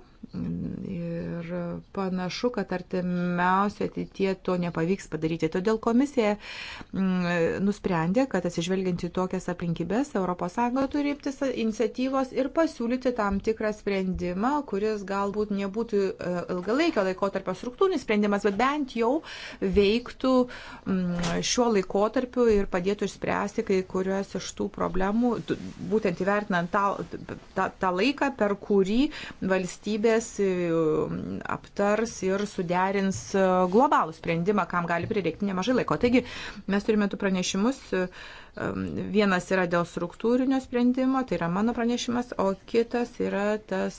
Ir panašu, kad artimiausia ateitie to nepavyks padaryti. Todėl komisija mm, nusprendė, kad atsižvelgiant į tokias aplinkybės, ES turi imtis iniciatyvos ir pasiūlyti tam tikrą sprendimą, kuris galbūt nebūtų e, ilgalaikio laiko tarp struktūrinis sprendimas, bet bent jau veiktų mm, šiuo laikotarpiu ir padėtų išspręsti kai kurias iš tų problemų, būtent įvertinant tą, tą, tą laiką, per kurį valstybės kalbės, e, aptars ir suderins e, globalų sprendimą, kam gali prireikti nemažai laiko. Taigi mes turime tų pranešimus. E, vienas yra dėl struktūrinio sprendimo, tai yra mano pranešimas, o kitas yra tas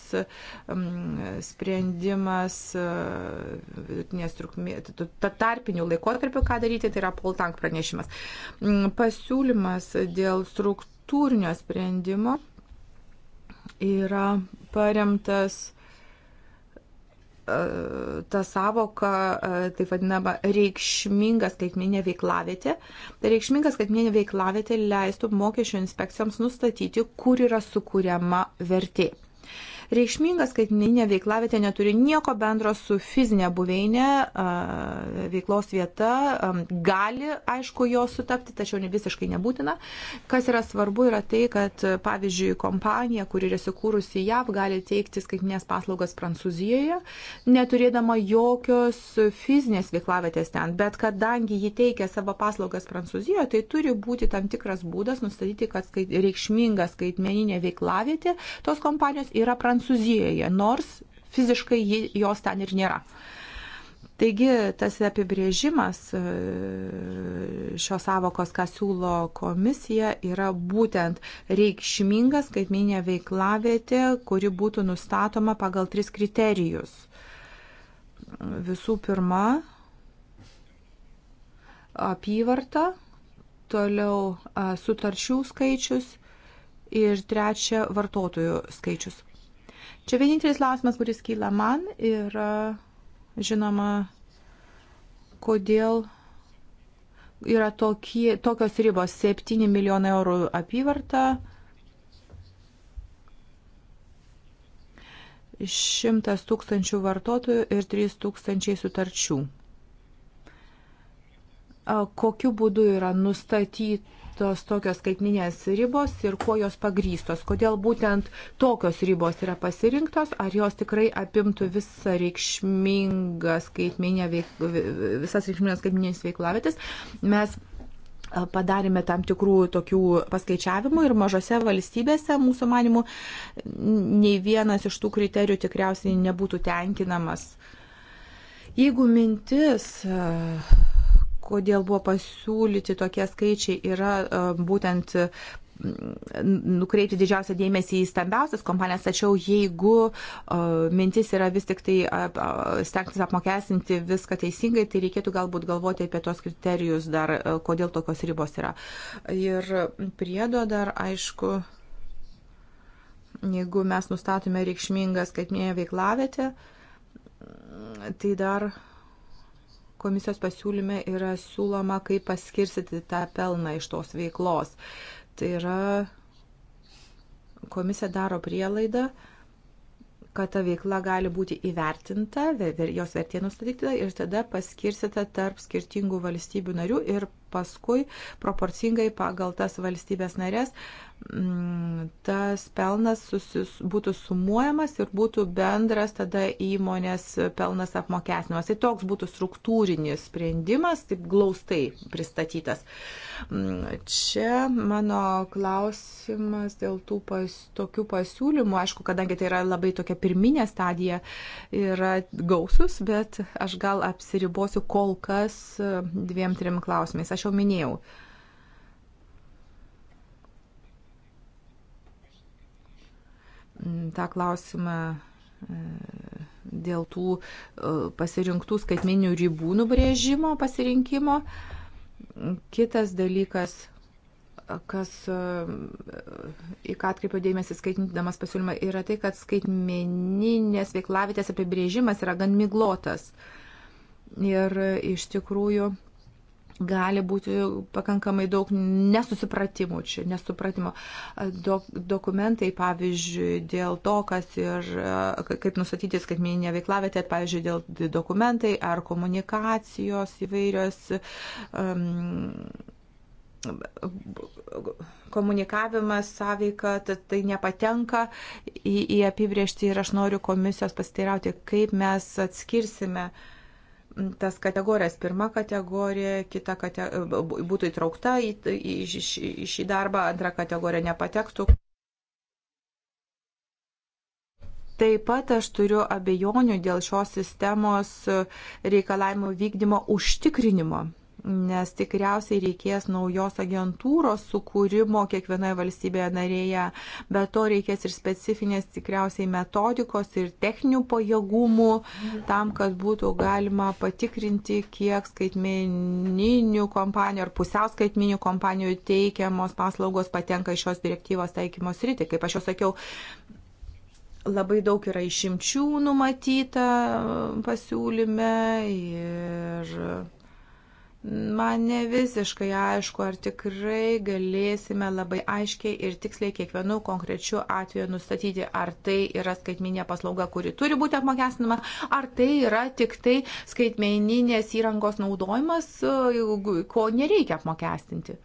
sprendimas tarpinių laikotarpių, ką daryti, tai yra Poltank pranešimas. Pasiūlymas dėl struktūrinio sprendimo yra paremtas E, ta savoka, e, taip vadinama, reikšminga skaitminė veiklavietė. Tai reikšminga skaitminė veiklavietė leistų mokesčio inspekcijoms nustatyti, kur yra sukūriama vertė. Reikšminga skaitmininė veiklavietė neturi nieko bendro su fizinė buveinė, veiklos vieta gali, aišku, jo sutapti, tačiau ne visiškai nebūtina. Kas yra svarbu, yra tai, kad, pavyzdžiui, kompanija, kuri yra įsikūrusi JAV, gali teikti skaitminės paslaugas Prancūzijoje, neturėdama jokios fizinės veiklavietės ten. Bet kadangi ji teikia savo paslaugas Prancūzijoje, tai turi būti tam tikras būdas nustatyti, kad reikšminga skaitmeninė veiklavietė tos kompanijos yra Prancūzijoje Prancūzijoje, nors fiziškai jos ten ir nėra. Taigi tas apibrėžimas e, šios savokos, ką siūlo komisija, yra būtent reikšmingas skaitminė veiklavietė, kuri būtų nustatoma pagal tris kriterijus. Visų pirma, apyvarta, toliau e, sutarčių skaičius ir trečia vartotojų skaičius. Čia vienintelis klausimas, kuris kyla man, yra žinoma, kodėl yra tokie, tokios ribos 7 milijonai eurų apyvarta, 100 tūkstančių vartotojų ir 3 tūkstančiai sutarčių. Kokiu būdu yra nustatyti tos tokios skaitminės ribos ir kuo jos pagrystos, kodėl būtent tokios ribos yra pasirinktos, ar jos tikrai apimtų visą reikšmingą skaitminę veik, visas reikšminės skaitminės veiklavėtis. Mes padarėme tam tikrų tokių paskaičiavimų ir mažose valstybėse, mūsų manimų, nei vienas iš tų kriterijų tikriausiai nebūtų tenkinamas. Jeigu mintis kodėl buvo pasiūlyti tokie skaičiai, yra e, būtent nukreipti didžiausią dėmesį į stambiausias kompanijas, tačiau jeigu uh, mintis yra vis tik tai ap, uh, stengtis apmokestinti viską teisingai, tai reikėtų galbūt galvoti apie tos kriterijus dar, uh, kodėl tokios ribos yra. Ir priedo dar, aišku, jeigu mes nustatome reikšmingą skaitmėje veiklavietę, tai dar. Uh, komisijos pasiūlyme yra siūloma, kaip paskirstyti tą pelną iš tos veiklos. Tai yra, komisija daro prielaidą, kad ta veikla gali būti įvertinta, jos vertė nustatyta ir tada paskirstita tarp skirtingų valstybių narių ir paskui proporcingai pagal tas valstybės narės mm, tas pelnas susis, būtų sumuojamas ir būtų bendras tada įmonės pelnas apmokestinimas. Tai toks būtų struktūrinis sprendimas, taip glaustai pristatytas. Mm, čia mano klausimas dėl tų pas, tokių pasiūlymų, aišku, kadangi tai yra labai tokia pirminė stadija, yra gausus, bet aš gal apsiribosiu kol kas dviem trim klausimais. Aš aš jau minėjau. tą klausimą e, dėl tų e, pasirinktų skaitmeninių ribų nubrėžimo, pasirinkimo. Kitas dalykas, kas, e, į ką atkreipiu dėmesį skaitindamas pasiūlymą, yra tai, kad skaitmeninės veiklavitės apibrėžimas yra gan miglotas. Ir iš tikrųjų gali būti pakankamai daug nesusipratimų čia, nesupratimo. Dok, dokumentai, pavyzdžiui, dėl to, kas ir kaip nusatyti skaitmeninė veiklavėte, pavyzdžiui, dėl dokumentai ar komunikacijos įvairios. Um, komunikavimas, sąveika, tai nepatenka į, į apibriežtį ir aš noriu komisijos pasiteirauti, kaip mes atskirsime uh, tas kategorijas. Pirma kategorija, kita kategorija būtų įtraukta į, į, į, į šį darbą, antra kategorija nepatektų. Taip pat aš turiu abejonių dėl šios sistemos reikalavimų vykdymo užtikrinimo nes tikriausiai reikės naujos agentūros sukūrimo kiekvienoje valstybėje narėje, bet to reikės ir specifinės tikriausiai metodikos ir techninių pajėgumų tam, kad būtų galima patikrinti, kiek skaitmeninių kompanijų ar pusiau skaitmeninių kompanijų teikiamos paslaugos patenka iš šios direktyvos taikymos rytį. Kaip aš jau sakiau, labai daug yra išimčių numatyta e, pasiūlyme ir Man ne visiškai aišku, ar tikrai galėsime labai aiškiai ir tiksliai kiekvienu konkrečiu atveju nustatyti, ar tai yra skaitminė paslauga, kuri turi būti apmokestinama, ar tai yra tik tai skaitmeninės įrangos naudojimas, ko nereikia apmokestinti.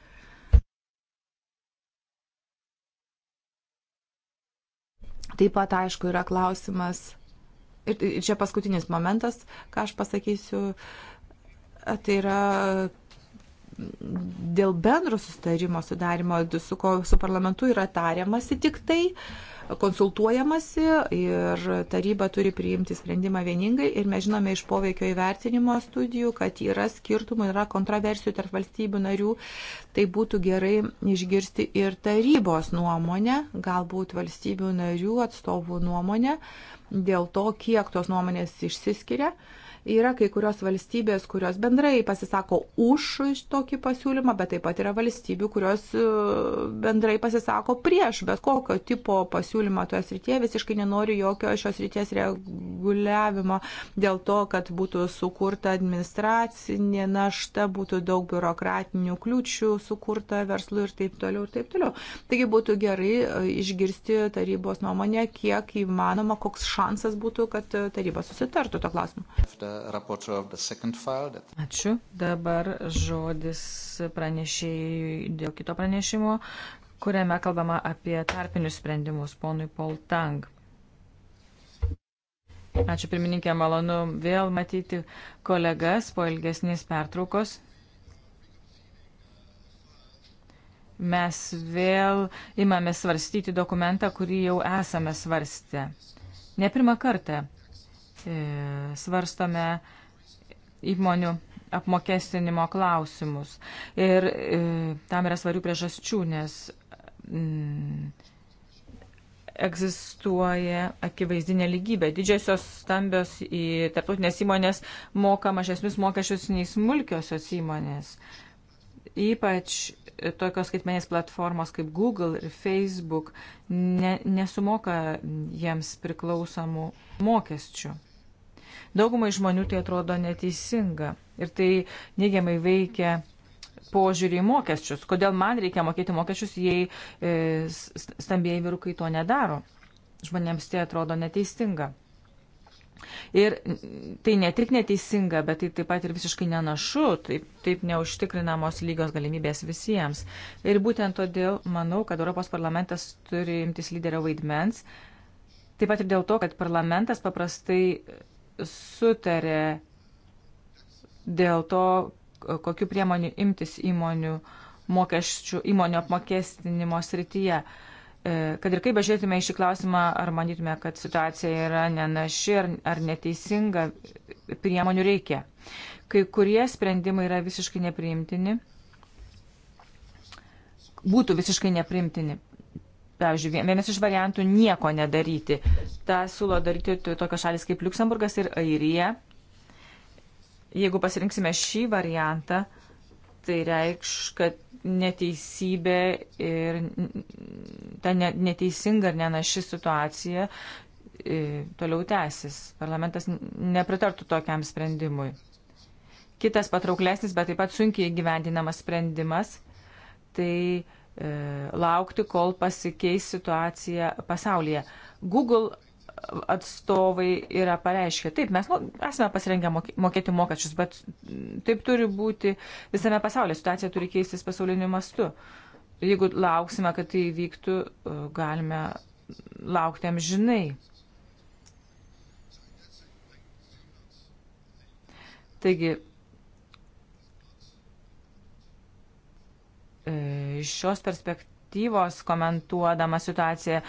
Taip pat, aišku, yra klausimas, ir čia paskutinis momentas, ką aš pasakysiu, Tai yra dėl bendro sustarimo sudarimo su, ko, su parlamentu yra tariamasi tik tai, konsultuojamasi ir taryba turi priimti sprendimą vieningai ir mes žinome iš poveikio įvertinimo studijų, kad yra skirtumų, yra kontroversijų tarp valstybių narių, tai būtų gerai išgirsti ir tarybos nuomonę, galbūt valstybių narių atstovų nuomonę dėl to, kiek tos nuomonės išsiskiria. Uh, Yra kai kurios valstybės, kurios bendrai pasisako už tokį pasiūlymą, bet taip pat yra valstybių, kurios e, bendrai pasisako prieš bet kokio tipo pasiūlymą toje srityje, visiškai nenori jokio šios ryties reguliavimo dėl to, kad būtų sukurta administracinė našta, būtų daug biurokratinių kliūčių sukurta verslui ir taip toliau ir taip toliau. Taigi būtų gerai e, išgirsti tarybos nuomonę, kiek įmanoma, koks šansas būtų, kad e, taryba susitartų to klausimu. Ačiū. Dabar žodis pranešėjui dėl kito pranešimo, kuriame kalbama apie tarpinius sprendimus ponui Paul Tang. Ačiū pirmininkė, malonu vėl matyti kolegas po ilgesnės pertraukos. Mes vėl imame svarstyti dokumentą, kurį jau esame svarstę. Ne pirmą kartą. E, svarstome įmonių apmokestinimo klausimus. Ir e, tam yra svarių priežasčių, nes mm, egzistuoja akivaizdinė lygybė. Didžiosios stambios į tarptautinės įmonės moka mažesnius mokesčius nei smulkiosios įmonės. Ypač tokios skaitmenės platformos kaip Google ir Facebook ne, nesumoka jiems priklausomų mokesčių. Daugumai žmonių tai atrodo neteisinga ir tai neigiamai veikia požiūrį į mokesčius. Kodėl man reikia mokėti mokesčius, jei e, stambėjai vyrukai to nedaro? Žmonėms tai atrodo neteisinga. Ir tai ne tik neteisinga, bet tai taip pat ir visiškai nenašu, taip, taip neužtikrinamos lygios galimybės visiems. Ir būtent todėl manau, kad Europos parlamentas turi imtis lyderio vaidmens. Taip pat ir dėl to, kad parlamentas paprastai sutarė dėl to, kokiu priemoniu imtis įmonių mokesčių, įmonių apmokestinimo srityje. E, kad ir kaip bežiūrėtume į šį klausimą, ar manytume, kad situacija yra nenaši ar, ar neteisinga, priemonių reikia. Kai kurie sprendimai yra visiškai nepriimtini, būtų visiškai nepriimtini pavyzdžiui, vienas iš variantų nieko nedaryti. Ta siūlo daryti tokios šalis kaip Luksemburgas ir Airija. Jeigu pasirinksime šį variantą, tai reikš, kad neteisybė ir ta neteisinga ir nenaši situacija e, toliau tęsis. Parlamentas nepritartų tokiam sprendimui. Kitas patrauklesnis, bet taip pat sunkiai gyvendinamas sprendimas, tai E, laukti, kol pasikeis situacija pasaulyje. Google atstovai yra pareiškę, taip, mes nu, esame pasirengę mokėti mokesčius, bet taip turi būti visame pasaulyje, situacija turi keistis pasauliniu mastu. Jeigu lauksime, kad tai vyktų, e, galime laukti amžinai. Taigi, E, iš šios perspektyvos komentuodama situaciją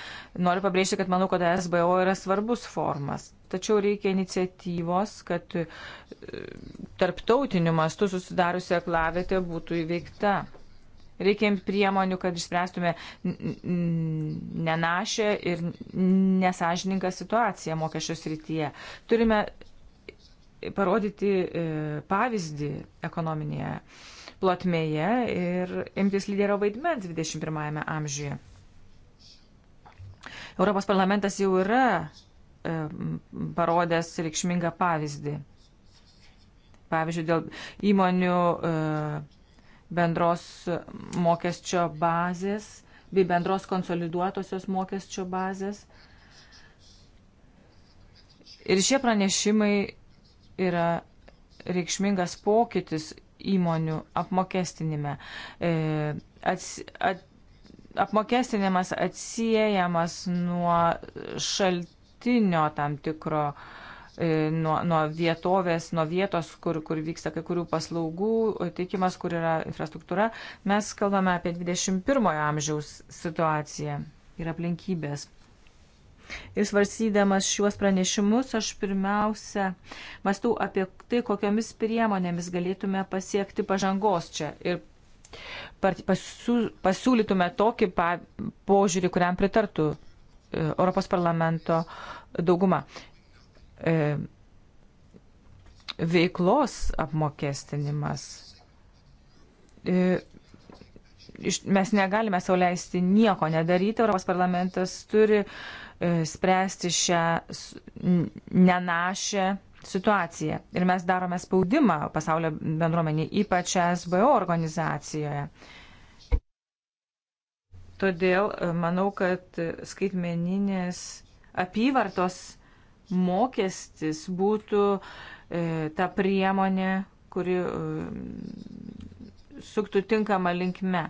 noriu pabrėžti, kad manau, kad SBO yra svarbus formas. Tačiau reikia iniciatyvos, kad e, tarptautiniu mastu susidariusi aklavėte būtų įveikta. Reikia priemonių, kad išspręstume nenašę ir nesažininką situaciją mokesčių srityje. Turime parodyti e, pavyzdį ekonominėje plotmėje ir imtis lyderio vaidmens 21-ame amžiuje. Europos parlamentas jau yra e, parodęs reikšmingą pavyzdį. Pavyzdžiui, dėl įmonių e, bendros mokesčio bazės bei bendros konsoliduotosios mokesčio bazės. Ir šie pranešimai yra reikšmingas pokytis įmonių apmokestinime. E, ats, at, apmokestinimas atsiejamas nuo šaltinio tam tikro, e, nuo, nuo vietovės, nuo vietos, kur, kur vyksta kai kurių paslaugų e, teikimas, kur yra infrastruktūra. Mes kalbame apie 21 amžiaus situaciją ir aplinkybės. Ir svarsydamas šiuos pranešimus, aš pirmiausia mastau apie tai, kokiamis priemonėmis galėtume pasiekti pažangos čia. Ir pasiūlytume tokį požiūrį, kuriam pritartų e, Europos parlamento dauguma. E, veiklos apmokestinimas e, mes negalime sauliaisti nieko nedaryti. Europos parlamentas turi e, spręsti šią nenašę situaciją. Ir mes darome spaudimą pasaulio bendruomenį, ypač SBO organizacijoje. Todėl e, manau, kad skaitmeninės apyvartos mokestis būtų e, ta priemonė, kuri e, suktų tinkamą linkme.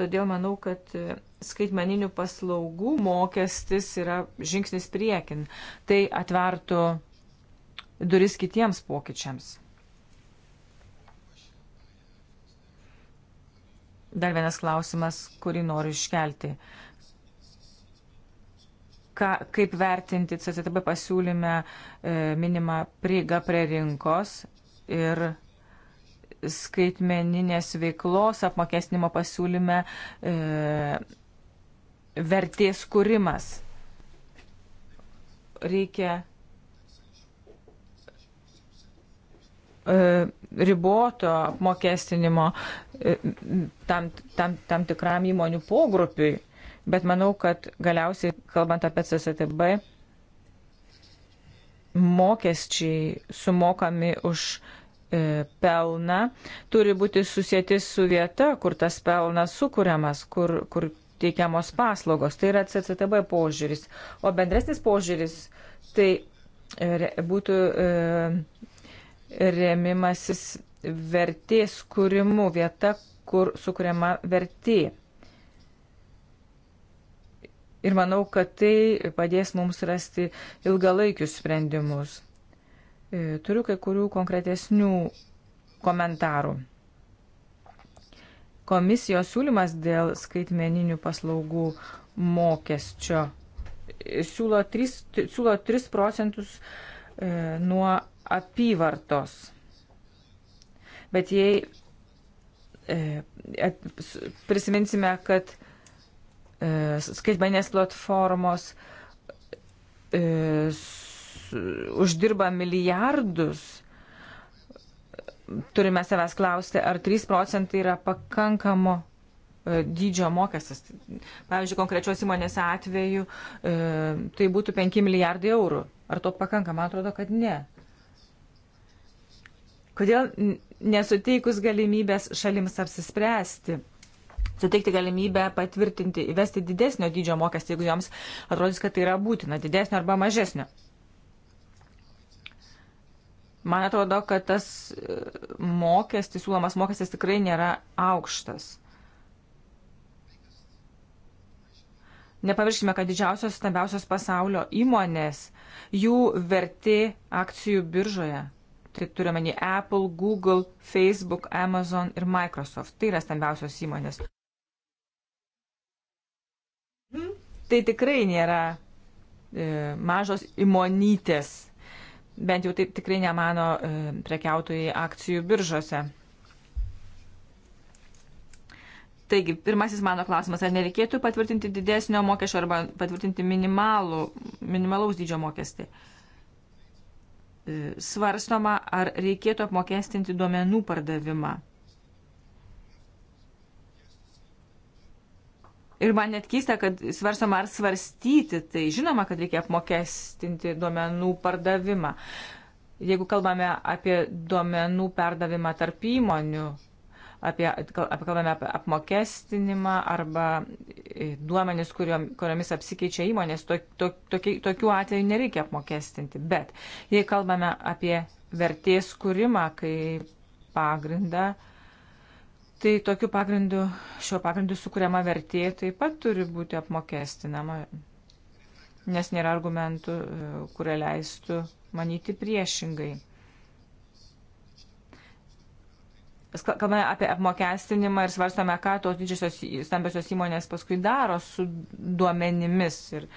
Todėl manau, kad e, skaitmeninių paslaugų mokestis yra žingsnis priekin. Tai atvertų duris kitiems pokyčiams. Dar vienas klausimas, kurį noriu iškelti. Ka, kaip vertinti CCTB pasiūlyme e, minimą prieigą prie rinkos ir skaitmeninės veiklos apmokestinimo pasiūlyme e, vertės kūrimas. Reikia e, riboto apmokestinimo e, tam, tam, tam tikram įmonių pogrupiui. Bet manau, kad galiausiai, kalbant apie CCTB, mokesčiai sumokami už E, pelną turi būti susijęti su vieta, kur tas pelnas sukūriamas, kur, kur teikiamos paslaugos. Tai yra CCTB požiūris. O bendresnis požiūris tai e, būtų e, remimasis vertės kūrimu, vieta, kur sukūriama vertė. Ir manau, kad tai padės mums rasti ilgalaikius sprendimus. E, turiu kai kurių konkretesnių komentarų. Komisijos siūlymas dėl skaitmeninių paslaugų mokesčio e, siūlo 3, siūlo 3 procentus e, nuo apyvartos. Bet jei prisiminsime, kad skaitmenės platformos uždirba milijardus, turime savęs klausti, ar 3 procentai yra pakankamo e, dydžio mokestis. Pavyzdžiui, konkrečios įmonės atveju e, tai būtų 5 milijardai eurų. Ar to pakanka? Man atrodo, kad ne. Kodėl nesuteikus galimybės šalims apsispręsti? Suteikti galimybę patvirtinti, įvesti didesnio dydžio mokestį, jeigu joms atrodys, kad tai yra būtina, didesnio arba mažesnio. Man atrodo, kad tas e, mokestis, siūlomas mokestis tikrai nėra aukštas. Nepamirškime, kad didžiausios stambiausios pasaulio įmonės, jų verti akcijų biržoje. Tai turime į Apple, Google, Facebook, Amazon ir Microsoft. Tai yra stambiausios įmonės. Mhm. Tai tikrai nėra e, mažos įmonytės Bent jau taip tikrai nemano e, prekiautojai akcijų biržose. Taigi, pirmasis mano klausimas, ar nereikėtų patvirtinti didesnio mokesčio arba patvirtinti minimalų, minimalaus dydžio mokestį? E, svarstoma, ar reikėtų apmokestinti duomenų pardavimą. Ir man net keista, kad svarstama ar svarstyti, tai žinoma, kad reikia apmokestinti duomenų pardavimą. Jeigu kalbame apie duomenų perdavimą tarp įmonių, apie, apie kalbame apie apmokestinimą arba e, duomenis, kuriom, kuriomis apsikeičia įmonės, to, to, tokie, tokių atvejų nereikia apmokestinti. Bet jei kalbame apie vertės kūrimą kaip pagrindą, uh, tai tokiu pagrindu, šio pagrindu sukūriama vertė taip pat turi būti apmokestinama, nes nėra argumentų, e, kurie leistų manyti priešingai. Kalbame apie apmokestinimą ir svarstame, ką tos didžiosios stambiosios įmonės paskui daro su duomenimis ir,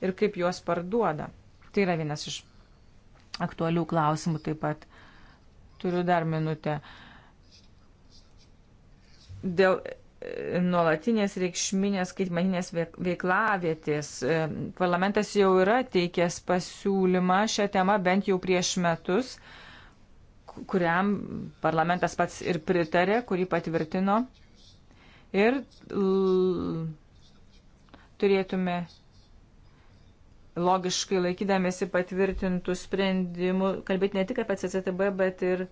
ir kaip juos parduoda. Tai yra vienas iš aktualių klausimų taip pat. Turiu dar minutę. Uh, dėl e, nuolatinės reikšminės skaitmaninės veiklavietės. E, parlamentas jau yra teikęs pasiūlymą šią temą bent jau prieš metus, kuriam parlamentas pats ir pritarė, kurį patvirtino. Ir turėtume logiškai laikydamėsi patvirtintų sprendimų kalbėti ne tik apie CCTB, bet ir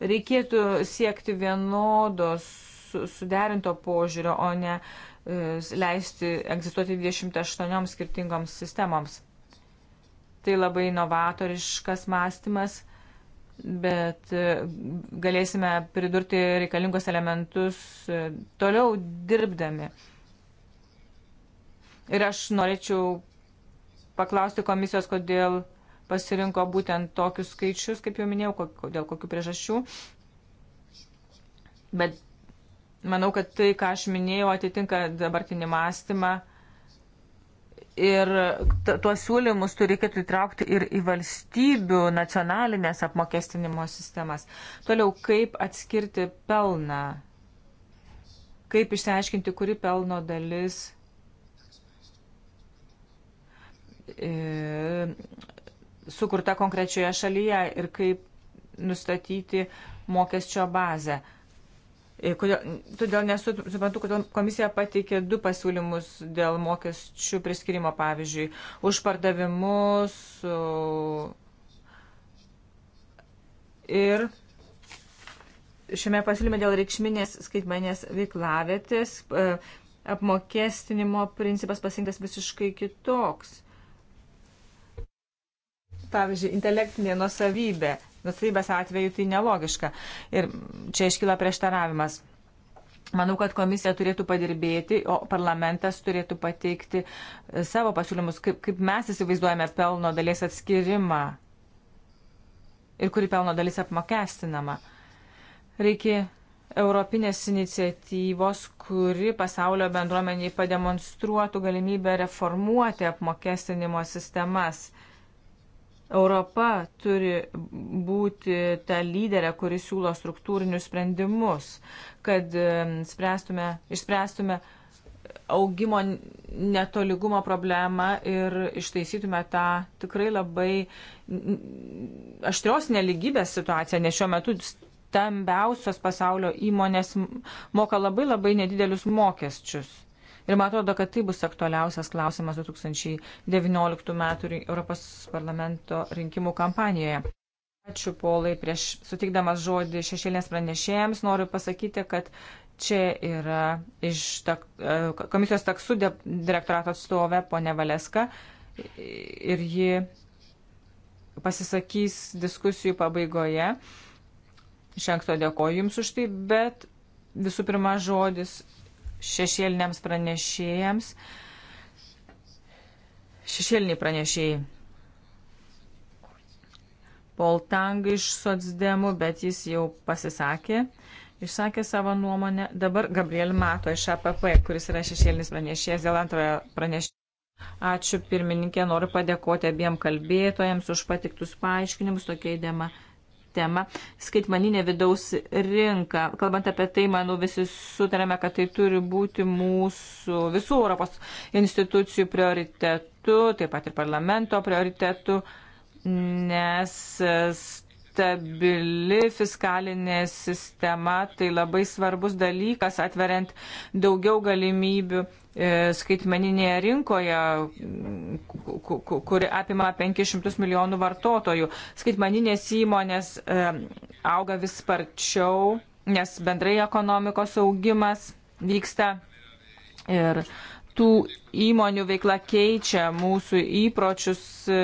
Reikėtų siekti vienodos suderinto požiūrio, o ne e, leisti egzistuoti 28 skirtingoms sistemoms. Tai labai inovatoriškas mąstymas, bet e, galėsime pridurti reikalingos elementus e, toliau dirbdami. Ir aš norėčiau paklausti komisijos, kodėl pasirinko būtent tokius skaičius, kaip jau minėjau, kok, dėl kokių priežasčių. Bet manau, kad tai, ką aš minėjau, atitinka dabartinį mąstymą. Ir tuos siūlymus turi reikėtų įtraukti ir į valstybių nacionalinės apmokestinimo sistemas. Toliau, kaip atskirti pelną, kaip išsiaiškinti, kuri pelno dalis e, sukurta konkrečioje šalyje ir kaip nustatyti mokesčio bazę. Kodėl, todėl nesuprantu, kodėl komisija pateikė du pasiūlymus dėl mokesčių priskirimo, pavyzdžiui, už pardavimus ir šiame pasiūlyme dėl reikšminės skaitmenės veiklavėtės e, apmokestinimo principas pasirinktas visiškai kitoks. Pavyzdžiui, intelektinė nusavybė. Nusavybės atveju tai nelogiška. Ir čia iškyla prieštaravimas. Manau, kad komisija turėtų padirbėti, o parlamentas turėtų pateikti e, savo pasiūlymus, kaip, kaip mes įsivaizduojame pelno dalies atskirimą ir kuri pelno dalis apmokestinama. Reikia europinės iniciatyvos, kuri pasaulio bendruomeniai pademonstruotų galimybę reformuoti apmokestinimo sistemas. Europa turi būti ta lyderė, kuris siūlo struktūrinius sprendimus, kad spręstume, išspręstume augimo netoligumo problemą ir ištaisytume tą tikrai labai aštrios neligybės situaciją, nes šiuo metu stambiausios pasaulio įmonės moka labai labai nedidelius mokesčius. Ir man atrodo, kad tai bus aktualiausias klausimas 2019 metų Europos parlamento rinkimų kampanijoje. Ačiū, Polai, prieš sutikdamas žodį šešėlės pranešėjams noriu pasakyti, kad čia yra iš tak, e, komisijos taksų direktorato atstovė ponė Valeska ir ji pasisakys diskusijų pabaigoje. Iš anksto dėkoju Jums už tai, bet visų pirma žodis šešėliniams pranešėjams. Šešėliniai pranešėjai. Paul Tang iš Sotsdemų, bet jis jau pasisakė, išsakė savo nuomonę. Dabar Gabriel Mato iš APP, kuris yra šešėlinis pranešėjas dėl antrojo pranešėjo. Ačiū pirmininkė, noriu padėkoti abiem kalbėtojams už patiktus paaiškinimus, tokia įdėma temą - skaitmaninė vidaus rinka. Kalbant apie tai, manau, visi sutarėme, kad tai turi būti mūsų visų Europos institucijų prioritetu, taip pat ir parlamento prioritetu, nes stabili fiskalinė sistema, tai labai svarbus dalykas, atveriant daugiau galimybių e, skaitmeninėje rinkoje, kuri apima 500 milijonų vartotojų. Skaitmeninės įmonės e, auga vis sparčiau, nes bendrai ekonomikos augimas vyksta ir tų įmonių veikla keičia mūsų įpročius e,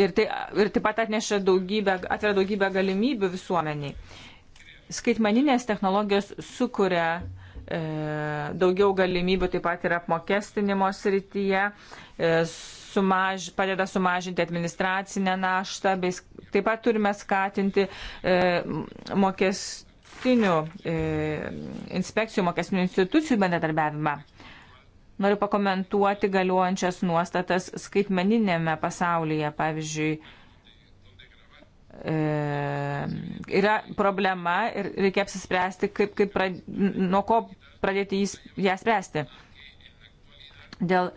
ir, tai, ir taip pat atneša daugybę, atveria daugybę galimybių visuomeniai. Skaitmaninės technologijos sukuria e, daugiau galimybių taip pat ir apmokestinimo srityje, e, sumaž, padeda sumažinti administracinę naštą, bei taip pat turime skatinti e, mokestinių e, inspekcijų, mokestinių institucijų bendradarbiavimą. Noriu pakomentuoti galiuojančias nuostatas skaitmeninėme pasaulyje. Pavyzdžiui, e, yra problema ir reikia apsispręsti, kaip, kaip prad, nuo ko pradėti jis, ją spręsti. Dėl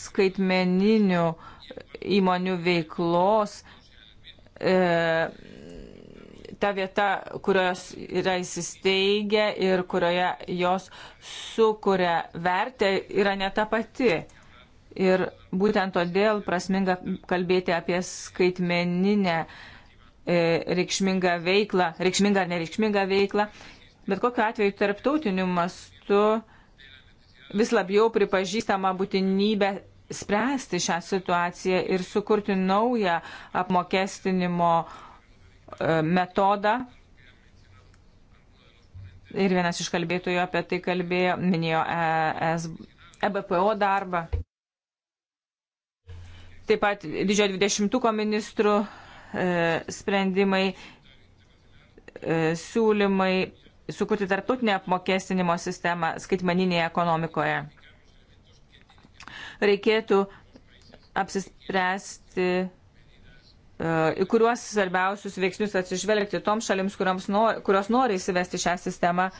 skaitmeninių įmonių veiklos e, ta vieta, kurios yra įsisteigę ir kurioje jos sukuria vertę, yra ne ta pati. Ir būtent todėl prasminga kalbėti apie skaitmeninę e, reikšmingą veiklą, reikšmingą ar nereikšmingą veiklą. Bet kokiu atveju tarptautiniu mastu vis labiau pripažįstama būtinybė spręsti šią situaciją ir sukurti naują apmokestinimo uh, E, metodą. Ir vienas iš kalbėtojų apie tai kalbėjo, minėjo e, ES, EBPO darbą. Taip pat didžiojo 20-ko ministrų e, sprendimai, siūlymai sukurti tarptautinę apmokestinimo sistemą skaitmeninėje ekonomikoje. Reikėtų apsispręsti E, į kuriuos svarbiausius veiksnius atsižvelgti toms šalims, nor, kurios nori įsivesti šią sistemą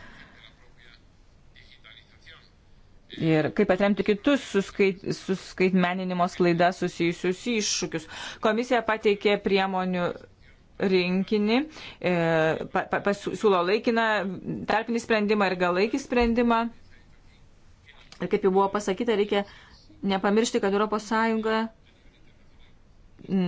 ir kaip atremti kitus suskait, suskaitmeninimo sklaida susijusius iššūkius. Komisija pateikė priemonių rinkinį, e, pa, pa, pasiūlo laikiną tarpinį sprendimą ir galaikį sprendimą. Ir kaip jau buvo pasakyta, reikia nepamiršti, kad ES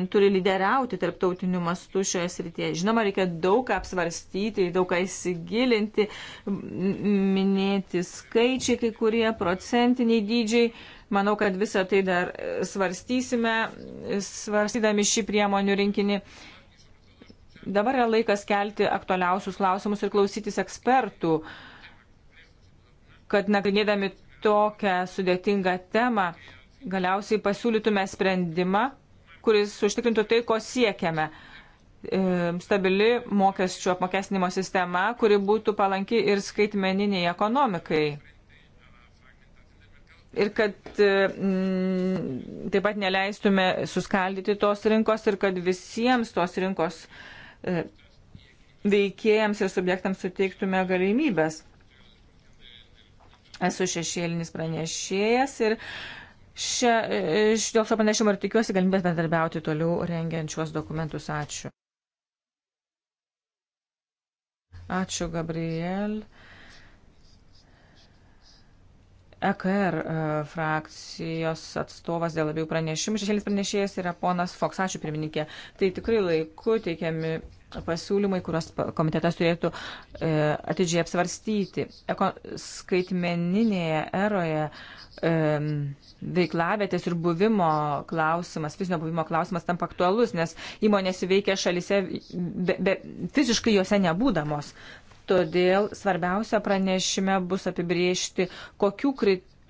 turi lyderiauti tarptautiniu mastu šioje srityje. Žinoma, reikia daug ką apsvarstyti, daug ką įsigilinti, minėti skaičiai, kai kurie procentiniai dydžiai. Manau, kad visą tai dar e, svarstysime, e, svarstydami šį priemonių rinkinį. Dabar yra laikas kelti aktualiausius klausimus ir klausytis ekspertų, kad nagrinėdami tokią sudėtingą temą galiausiai pasiūlytume sprendimą, kuris užtikrintų tai, ko siekiame e, stabili mokesčių apmokestinimo sistema, kuri būtų palanki ir skaitmeniniai ekonomikai. Ir kad mm, taip pat neleistume suskaldyti tos rinkos ir kad visiems tos rinkos e, veikėjams ir subjektams suteiktume galimybės. Esu šešėlinis pranešėjas ir e, šio pranešimo ir tikiuosi galimybės bendarbiauti toliau rengiant šiuos dokumentus. Ačiū. Ačiū, Gabriel. EKR e, frakcijos atstovas dėl abiejų pranešimų. Šešėlis pranešėjas yra ponas Foks. Ačiū, pirmininkė. Tai tikrai laiku teikiami pasiūlymai, kuriuos komitetas turėtų e, atidžiai apsvarstyti. Eko, skaitmeninėje eroje e, veiklavėtės ir buvimo klausimas, fizinio buvimo klausimas tam aktualus, nes įmonės veikia šalise be, be, fiziškai juose nebūdamos. Todėl svarbiausia pranešime bus apibriežti, kokių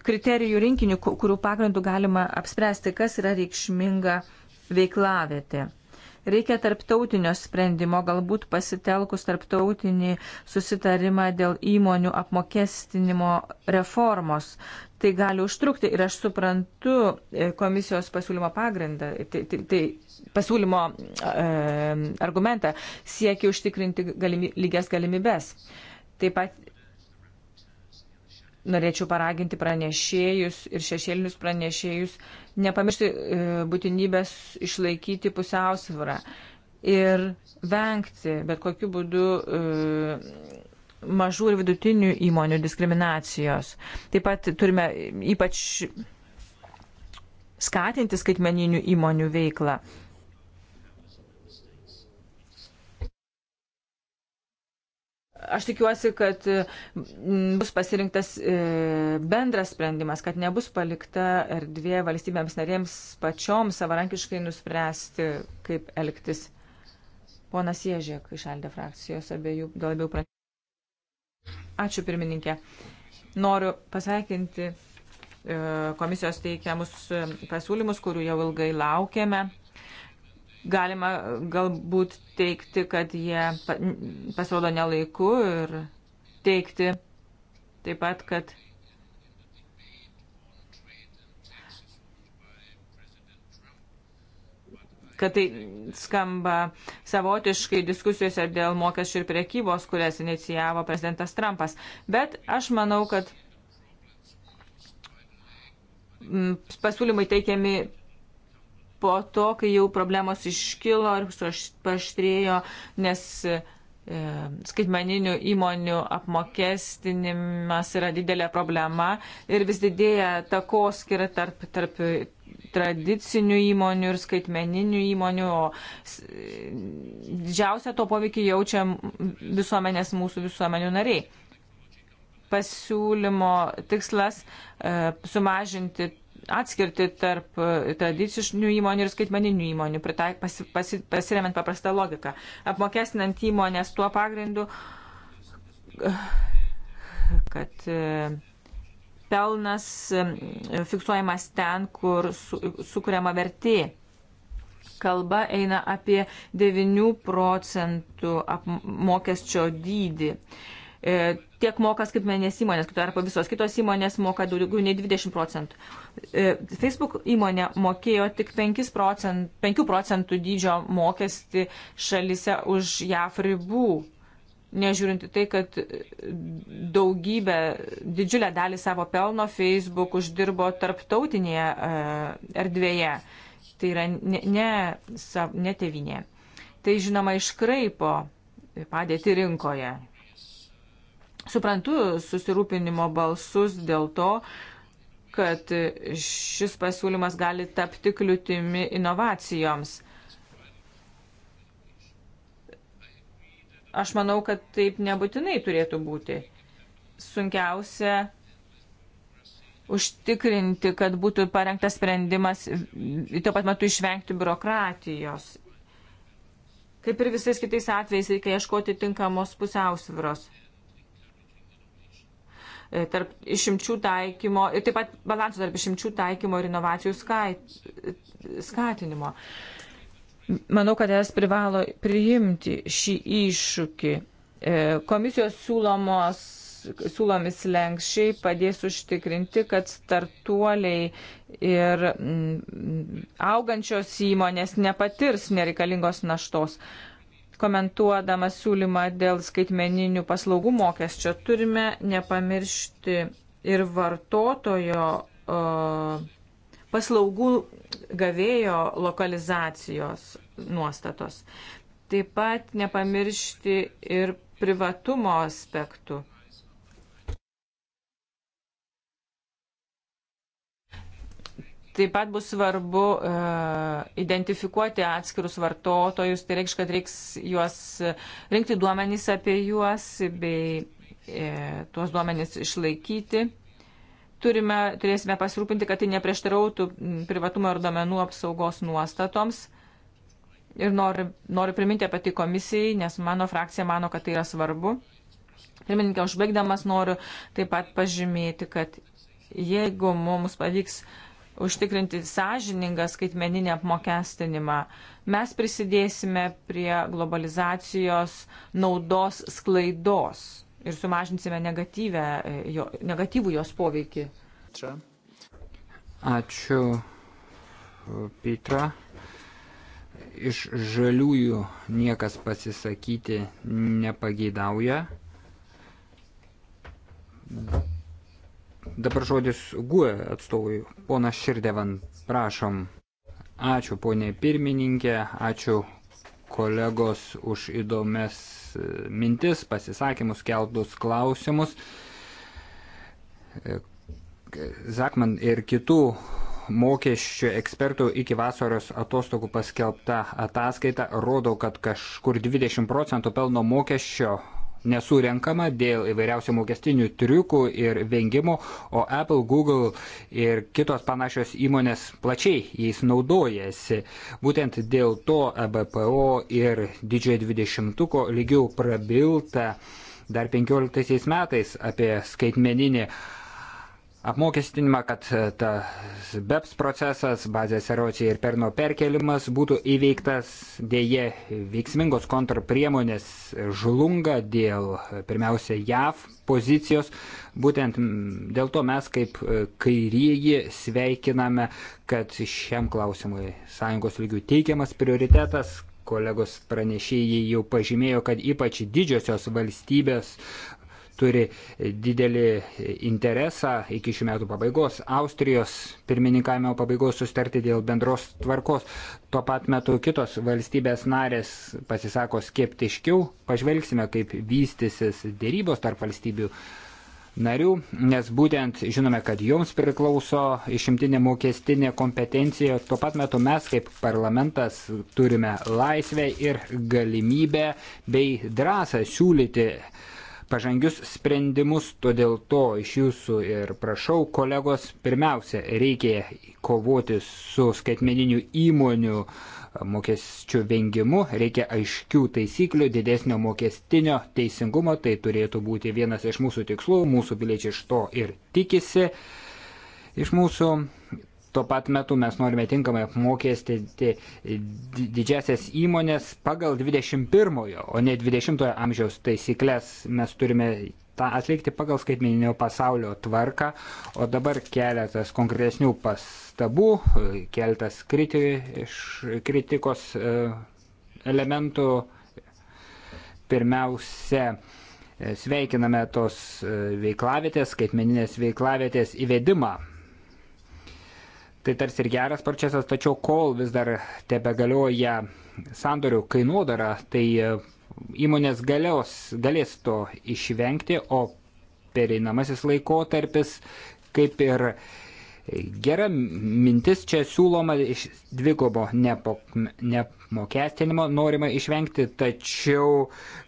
kriterijų rinkinių, kurių pagrindų galima apspręsti, kas yra reikšminga veiklavietė. Reikia tarptautinio sprendimo, galbūt pasitelkus tarptautinį susitarimą dėl įmonių apmokestinimo reformos. Tai gali užtrukti ir aš suprantu e, komisijos pasiūlymo pagrindą, tai, tai, tai pasiūlymo e, argumentą, siekia užtikrinti galimy, lygias galimybes. Taip pat norėčiau paraginti pranešėjus ir šešėlinius pranešėjus nepamiršti e, būtinybės išlaikyti pusiausvyrą ir vengti bet kokiu būdu e, mažų ir vidutinių įmonių diskriminacijos. Taip pat turime ypač skatinti skaitmeninių įmonių veiklą. Aš tikiuosi, kad e, bus pasirinktas e, bendras sprendimas, kad nebus palikta erdvė valstybėms narėms pačioms savarankiškai nuspręsti, kaip elgtis. Ponas Ježek išaldė frakcijos abiejų, gal labiau pranešė. Ačiū pirmininkė. Noriu pasveikinti e, komisijos teikiamus pasiūlymus, kurių jau ilgai laukiame. Galima galbūt teikti, kad jie pasirodo nelaiku ir teikti taip pat, kad kad tai skamba savotiškai diskusijose dėl mokesčių ir priekybos, kurias inicijavo prezidentas Trumpas. Bet aš manau, kad mm, pasiūlymai teikiami po to, kai jau problemos iškilo ir paštrėjo, nes e, skaitmeninių įmonių apmokestinimas yra didelė problema ir vis didėja takos skira tarp, tarp tradicinių įmonių ir skaitmeninių įmonių, o didžiausia to poveikį jaučia visuomenės mūsų visuomenių nariai. Pasiūlymo tikslas e, sumažinti atskirti tarp e, tradicinių įmonių ir skaitmeninių įmonių, pritaik, pasi, pasi, pasiremiant paprastą logiką. Apmokestinant įmonės tuo pagrindu, kad e, pelnas e, fiksuojamas ten, kur su, sukuriama vertė kalba eina apie 9 procentų mokesčio dydį. E, tiek moka skaitmenės įmonės, kitų arba visos kitos įmonės moka daugiau nei 20 procentų. E, Facebook įmonė mokėjo tik 5 procentų, 5 procentų dydžio mokestį šalise už JAF ribų. Nežiūrint į tai, kad daugybę, didžiulę dalį savo pelno Facebook uždirbo tarptautinėje e, erdvėje. Tai yra ne, ne, ne tevinė. Tai žinoma iškraipo padėti rinkoje. Suprantu susirūpinimo balsus dėl to, kad šis pasiūlymas gali tapti kliūtimi inovacijoms. Aš manau, kad taip nebūtinai turėtų būti. Sunkiausia užtikrinti, kad būtų parengtas sprendimas, tuo pat metu išvengti biurokratijos. Kaip ir visais kitais atvejais, reikia ieškoti tinkamos pusiausvyros tarp išimčių taikymo ir taip pat balansų tarp išimčių taikymo ir inovacijų skatinimo. Manau, kad es privalo priimti šį iššūkį. E, komisijos siūlomos, siūlomis lenkščiai padės užtikrinti, kad startuoliai ir mm, augančios įmonės nepatirs nereikalingos naštos komentuodamas siūlymą dėl skaitmeninių paslaugų mokesčio, turime nepamiršti ir vartotojo paslaugų gavėjo lokalizacijos nuostatos. Taip pat nepamiršti ir privatumo aspektų. Taip pat bus svarbu uh, identifikuoti atskirus vartotojus, tai reikš, kad reiks juos e, rinkti duomenys apie juos bei e, tuos duomenys išlaikyti. Turime, turėsime pasirūpinti, kad tai neprieštarautų privatumo ir domenų apsaugos nuostatoms. Ir noriu, noriu priminti apie tai komisijai, nes mano frakcija mano, kad tai yra svarbu. Pirmininkė, užbaigdamas noriu taip pat pažymėti, kad jeigu mums pavyks uh, užtikrinti sąžiningą skaitmeninį apmokestinimą. Mes prisidėsime prie globalizacijos naudos sklaidos ir sumažinsime jo, negatyvų jos poveikį. Čia. Ačiū, Petra. Iš žaliųjų niekas pasisakyti nepageidauja. Dabar žodis GUE atstovui. Pona Širdevan, prašom. Ačiū, ponė pirmininkė, ačiū kolegos už įdomias e, mintis, pasisakymus, keltus klausimus. E, Zakman ir kitų mokesčių ekspertų iki vasaros atostogų paskelbta ataskaita rodo, kad kažkur 20 procentų pelno mokesčio nesurenkama dėl įvairiausių mokestinių triukų ir vengimo, o Apple, Google ir kitos panašios įmonės plačiai jais naudojasi. Būtent dėl to ABPO e ir didžiojo 20-ko lygių prabilta dar 15 metais apie skaitmeninį apmokestinimą, kad e, tas BEPS procesas, bazės erocija ir perno perkelimas būtų įveiktas. Deja, veiksmingos kontrpriemonės žlunga dėl e, pirmiausia JAV pozicijos. Būtent dėl to mes kaip e, kairieji sveikiname, kad šiam klausimui sąjungos lygių teikiamas prioritetas. Kolegos pranešėjai jau pažymėjo, kad ypač didžiosios valstybės turi didelį interesą iki šių metų pabaigos, Austrijos pirmininkavimo pabaigos sustarti dėl bendros tvarkos. Tuo pat metu kitos valstybės narės pasisako skeptiškiau, pažvelgsime, kaip vystysis dėrybos tarp valstybių narių, nes būtent žinome, kad joms priklauso išimtinė mokestinė kompetencija. Tuo pat metu mes kaip parlamentas turime laisvę ir galimybę bei drąsą siūlyti pažangius sprendimus, todėl to iš jūsų ir prašau, kolegos, pirmiausia, reikia kovoti su skaitmeninių įmonių mokesčių vengimu, reikia aiškių taisyklių, didesnio mokestinio teisingumo, tai turėtų būti vienas iš mūsų tikslų, mūsų piliečiai iš to ir tikisi. Iš mūsų Tuo pat metu mes norime tinkamai apmokestinti didžiasias įmonės pagal 21-ojo, o ne 20-ojo amžiaus taisyklės. Mes turime tą atlikti pagal skaitmeninio pasaulio tvarką, o dabar keletas konkresnių pastabų, keletas kriti, iš kritikos e, elementų. Pirmiausia, e, sveikiname tos e, veiklavietės, skaitmeninės veiklavietės įvedimą tai tarsi ir geras procesas, tačiau kol vis dar tebegalioja sandorių kainodara, tai e, įmonės galios, galės to išvengti, o pereinamasis laikotarpis, kaip ir e, gera mintis čia siūloma iš dvigobo nepmokestinimo norima išvengti, tačiau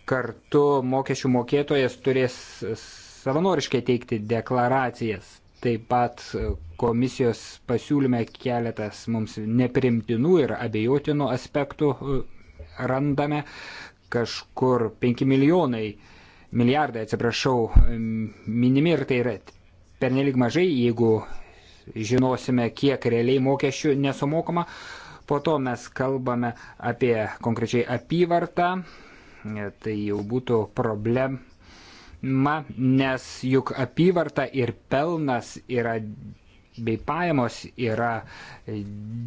kartu mokesčių mokėtojas turės savanoriškai teikti deklaracijas. Taip pat komisijos pasiūlyme keletas mums neprimtinų ir abejotinų aspektų e, randame. Kažkur 5 milijonai, milijardai, atsiprašau, minimi ir tai yra pernelyg mažai, jeigu žinosime, kiek realiai mokesčių nesumokama. Po to mes kalbame apie konkrečiai apyvartą, e, tai jau būtų problema Ma, nes juk apyvarta ir pelnas yra bei pajamos yra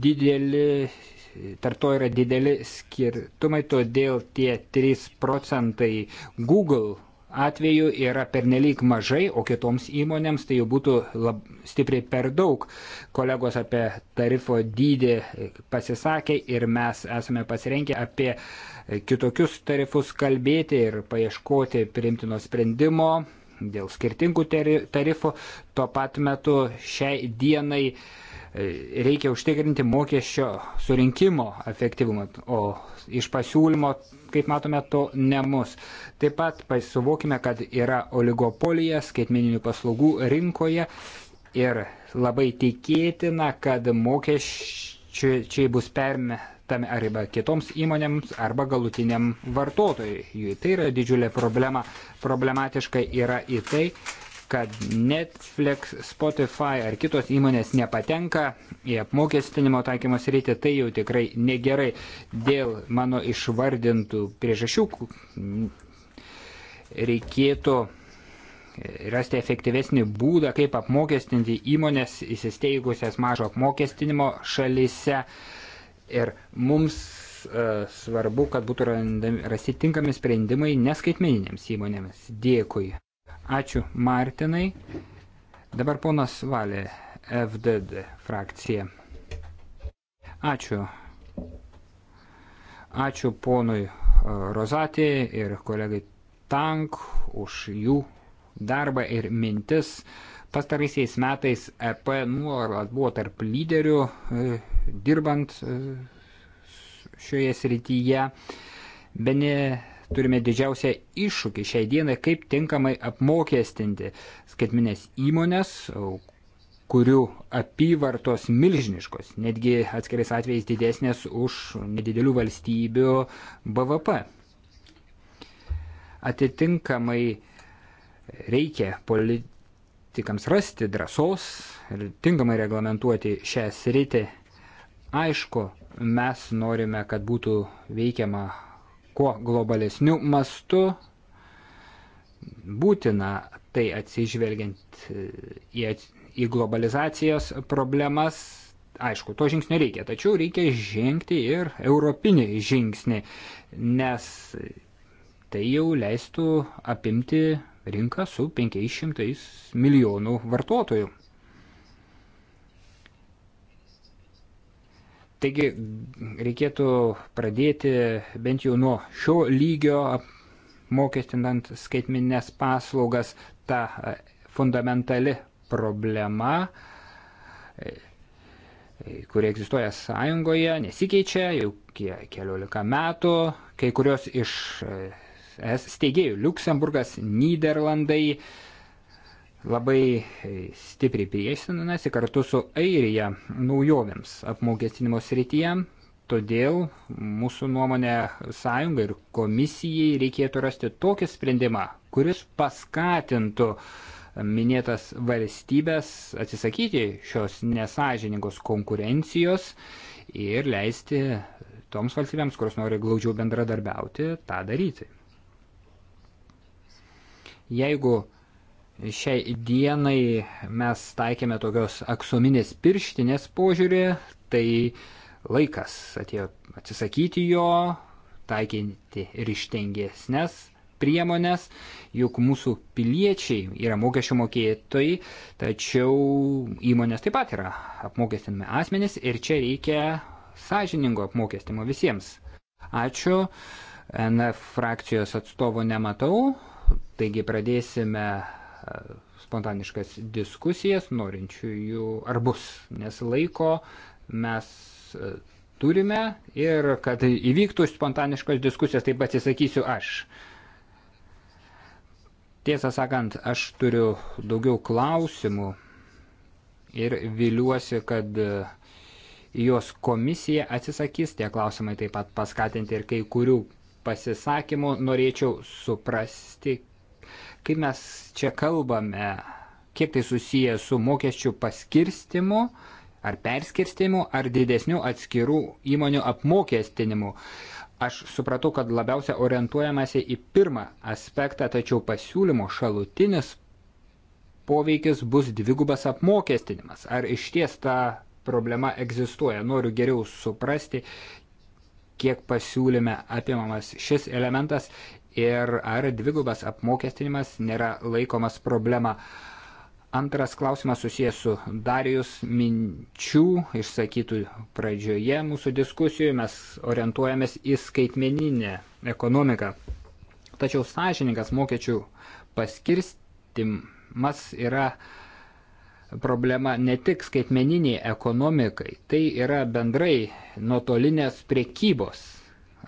dideli, tarp to yra dideli skirtumai, todėl tie 3 procentai Google atveju yra pernelyg mažai, o kitoms įmonėms tai jau būtų lab, stipriai per daug. Kolegos apie tarifo dydį pasisakė ir mes esame pasirenkę apie kitokius tarifus kalbėti ir paieškoti priimtino sprendimo dėl skirtingų tarifų. Tuo pat metu šiai dienai uh, reikia užtikrinti mokesčio surinkimo efektyvumą, o iš pasiūlymo, kaip matome, to nemus. Taip pat suvokime, kad yra oligopolija skaitmeninių paslaugų rinkoje ir labai tikėtina, kad mokesčiai bus permetami arba kitoms įmonėms, arba galutiniam vartotojui. Tai yra didžiulė problema. Problematiška yra į tai, kad Netflix, Spotify ar kitos įmonės nepatenka į apmokestinimo taikymos rytį, tai jau tikrai negerai. Dėl mano išvardintų priežasčių reikėtų rasti efektyvesnį būdą, kaip apmokestinti įmonės įsisteigusias mažo apmokestinimo šalyse. Ir mums e, svarbu, kad būtų rasti tinkami sprendimai neskaitmeninėms įmonėms. Dėkui. Ačiū Martinai. Dabar ponas Valė, FDD frakcija. Ačiū. Ačiū ponui e, Rozatijai ir kolegai Tank už jų darbą ir mintis. Pastaraisiais metais EP nuolat buvo tarp lyderių e, dirbant e, šioje srityje. Bene turime didžiausią iššūkį šiai dienai, kaip tinkamai apmokestinti skaitminės įmonės, kurių apyvartos milžiniškos, netgi atskirais atvejais didesnės už nedidelių valstybių BVP. Atitinkamai reikia politikams rasti drąsos ir tinkamai reglamentuoti šią sritį. Aišku, mes norime, kad būtų veikiama kuo globalesniu mastu būtina tai atsižvelgiant e, į, į globalizacijos problemas. Aišku, to žingsnio reikia, tačiau reikia žengti ir europinį žingsnį, nes tai jau leistų apimti rinką su 500 milijonų vartotojų. Taigi reikėtų pradėti bent jau nuo šio lygio mokestinant skaitminės paslaugas ta e, fundamentali problema, e, kuri egzistuoja sąjungoje, nesikeičia jau keliolika metų, kai kurios iš e, es steigėjų Luksemburgas, Niderlandai, labai e, stipriai priešinasi kartu su Airija naujovėms apmokestinimo srityje, todėl mūsų nuomonė sąjunga ir komisijai reikėtų rasti tokį sprendimą, kuris paskatintų minėtas valstybės atsisakyti šios nesažiningos konkurencijos ir leisti toms valstybėms, kurios nori glaudžiau bendradarbiauti, tą daryti. Jeigu Šiai dienai mes taikėme tokios aksominės pirštinės požiūrį, tai laikas atėjo atsisakyti jo, taikinti ryštingesnės priemonės, juk mūsų piliečiai yra mokesčių mokėtojai, tačiau įmonės taip pat yra apmokestinami asmenys ir čia reikia sąžiningo apmokestimo visiems. Ačiū, NF frakcijos atstovo nematau, taigi pradėsime spontaniškas diskusijas, norinčiųjų ar bus, nes laiko mes e, turime ir kad įvyktų spontaniškos diskusijos, taip atsisakysiu aš. Tiesą sakant, aš turiu daugiau klausimų ir viliuosi, kad e, jos komisija atsisakys, tie klausimai taip pat paskatinti ir kai kurių pasisakymų norėčiau suprasti, Kaip mes čia kalbame, kiek tai susiję su mokesčių paskirstimu ar perskirstimu ar didesniu atskirų įmonių apmokestinimu. Aš supratau, kad labiausia orientuojamasi į pirmą aspektą, tačiau pasiūlymo šalutinis poveikis bus dvigubas apmokestinimas. Ar iš ties ta problema egzistuoja? Noriu geriau suprasti, kiek pasiūlyme apimamas šis elementas ir ar dvigubas apmokestinimas nėra laikomas problema. Antras klausimas susijęs su Darijus minčių išsakytų pradžioje mūsų diskusijų. Mes orientuojamės į skaitmeninę ekonomiką. Tačiau sąžininkas mokesčių paskirstimas yra problema ne tik skaitmeniniai ekonomikai, tai yra bendrai nuotolinės priekybos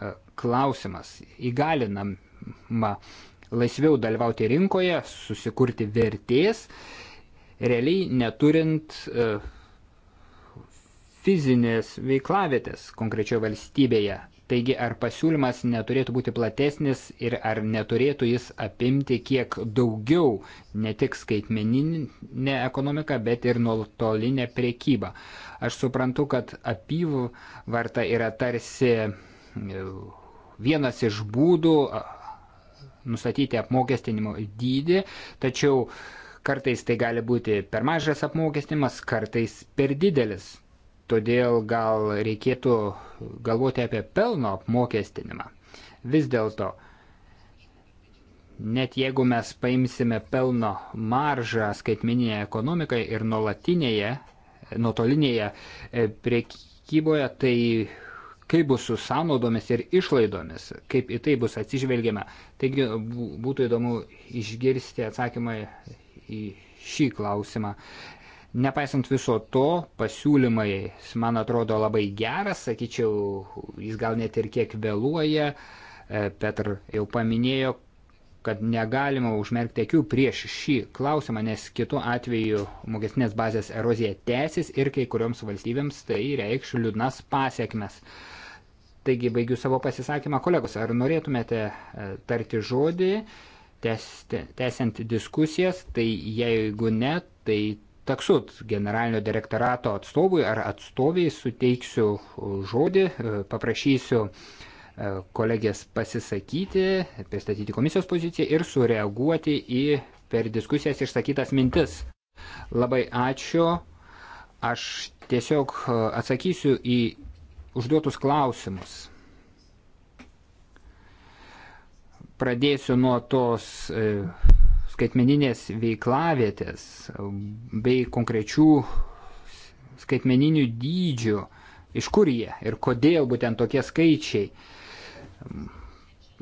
e, klausimas. Įgalinam galima laisviau dalyvauti rinkoje, susikurti vertės, realiai neturint e, fizinės veiklavėtės konkrečioje valstybėje. Taigi ar pasiūlymas neturėtų būti platesnis ir ar neturėtų jis apimti kiek daugiau ne tik skaitmeninę ekonomiką, bet ir nuotolinę priekybą. Aš suprantu, kad apyvarta yra tarsi e, vienas iš būdų nustatyti apmokestinimo dydį, tačiau kartais tai gali būti per mažas apmokestinimas, kartais per didelis. Todėl gal reikėtų galvoti apie pelno apmokestinimą. Vis dėlto, net jeigu mes paimsime pelno maržą skaitmeninėje ekonomikoje ir nuolatinėje, nuotolinėje e, prekyboje, tai kaip bus su sąnaudomis ir išlaidomis, kaip į tai bus atsižvelgiama. Taigi būtų įdomu išgirsti atsakymą į šį klausimą. Nepaisant viso to, pasiūlymai, man atrodo, labai geras, sakyčiau, jis gal net ir kiek vėluoja. E, Petr jau paminėjo, kad negalima užmerkti akių prieš šį klausimą, nes kitu atveju mokestinės bazės erozija tęsis ir kai kurioms valstybėms tai reikš liūdnas pasiekmes. Taigi baigiu savo pasisakymą. Kolegos, ar norėtumėte e, tarti žodį, tęsiant diskusijas, tai jeigu ne, tai taksut generalinio direktorato atstovui ar atstoviai suteiksiu e, žodį, e, paprašysiu kolegės pasisakyti, pristatyti komisijos poziciją ir sureaguoti į per diskusijas išsakytas mintis. Labai ačiū. Aš tiesiog atsakysiu į užduotus klausimus. Pradėsiu nuo tos e, skaitmeninės veiklavietės bei konkrečių skaitmeninių dydžių, iš kur jie ir kodėl būtent tokie skaičiai.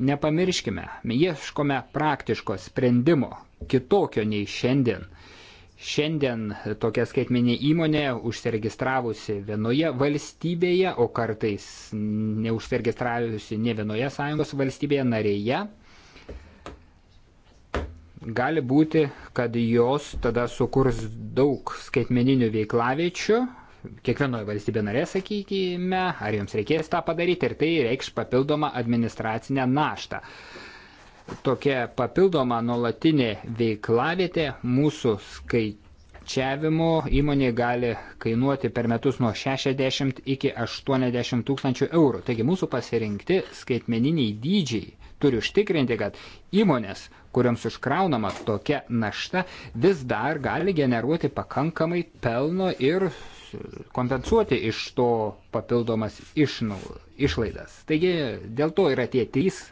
Nepamirškime, ieškome praktiško sprendimo, kitokio nei šiandien – Šiandien tokia skaitmeninė įmonė užsiregistravusi vienoje valstybėje, o kartais neužsiregistravusi ne vienoje sąjungos valstybėje narėje, gali būti, kad jos tada sukurs daug skaitmeninių veiklavečių, kiekvienoje valstybė narė, sakykime, ar jums reikės tą padaryti ir tai reikš papildomą administracinę naštą tokia papildoma nuolatinė veiklavietė mūsų skaičiavimu įmonė gali kainuoti per metus nuo 60 iki 80 tūkstančių eurų. Taigi mūsų pasirinkti skaitmeniniai dydžiai turi užtikrinti, kad įmonės, kuriams užkraunama tokia našta, vis dar gali generuoti pakankamai pelno ir kompensuoti iš to papildomas išnau, išlaidas. Taigi dėl to yra tie trys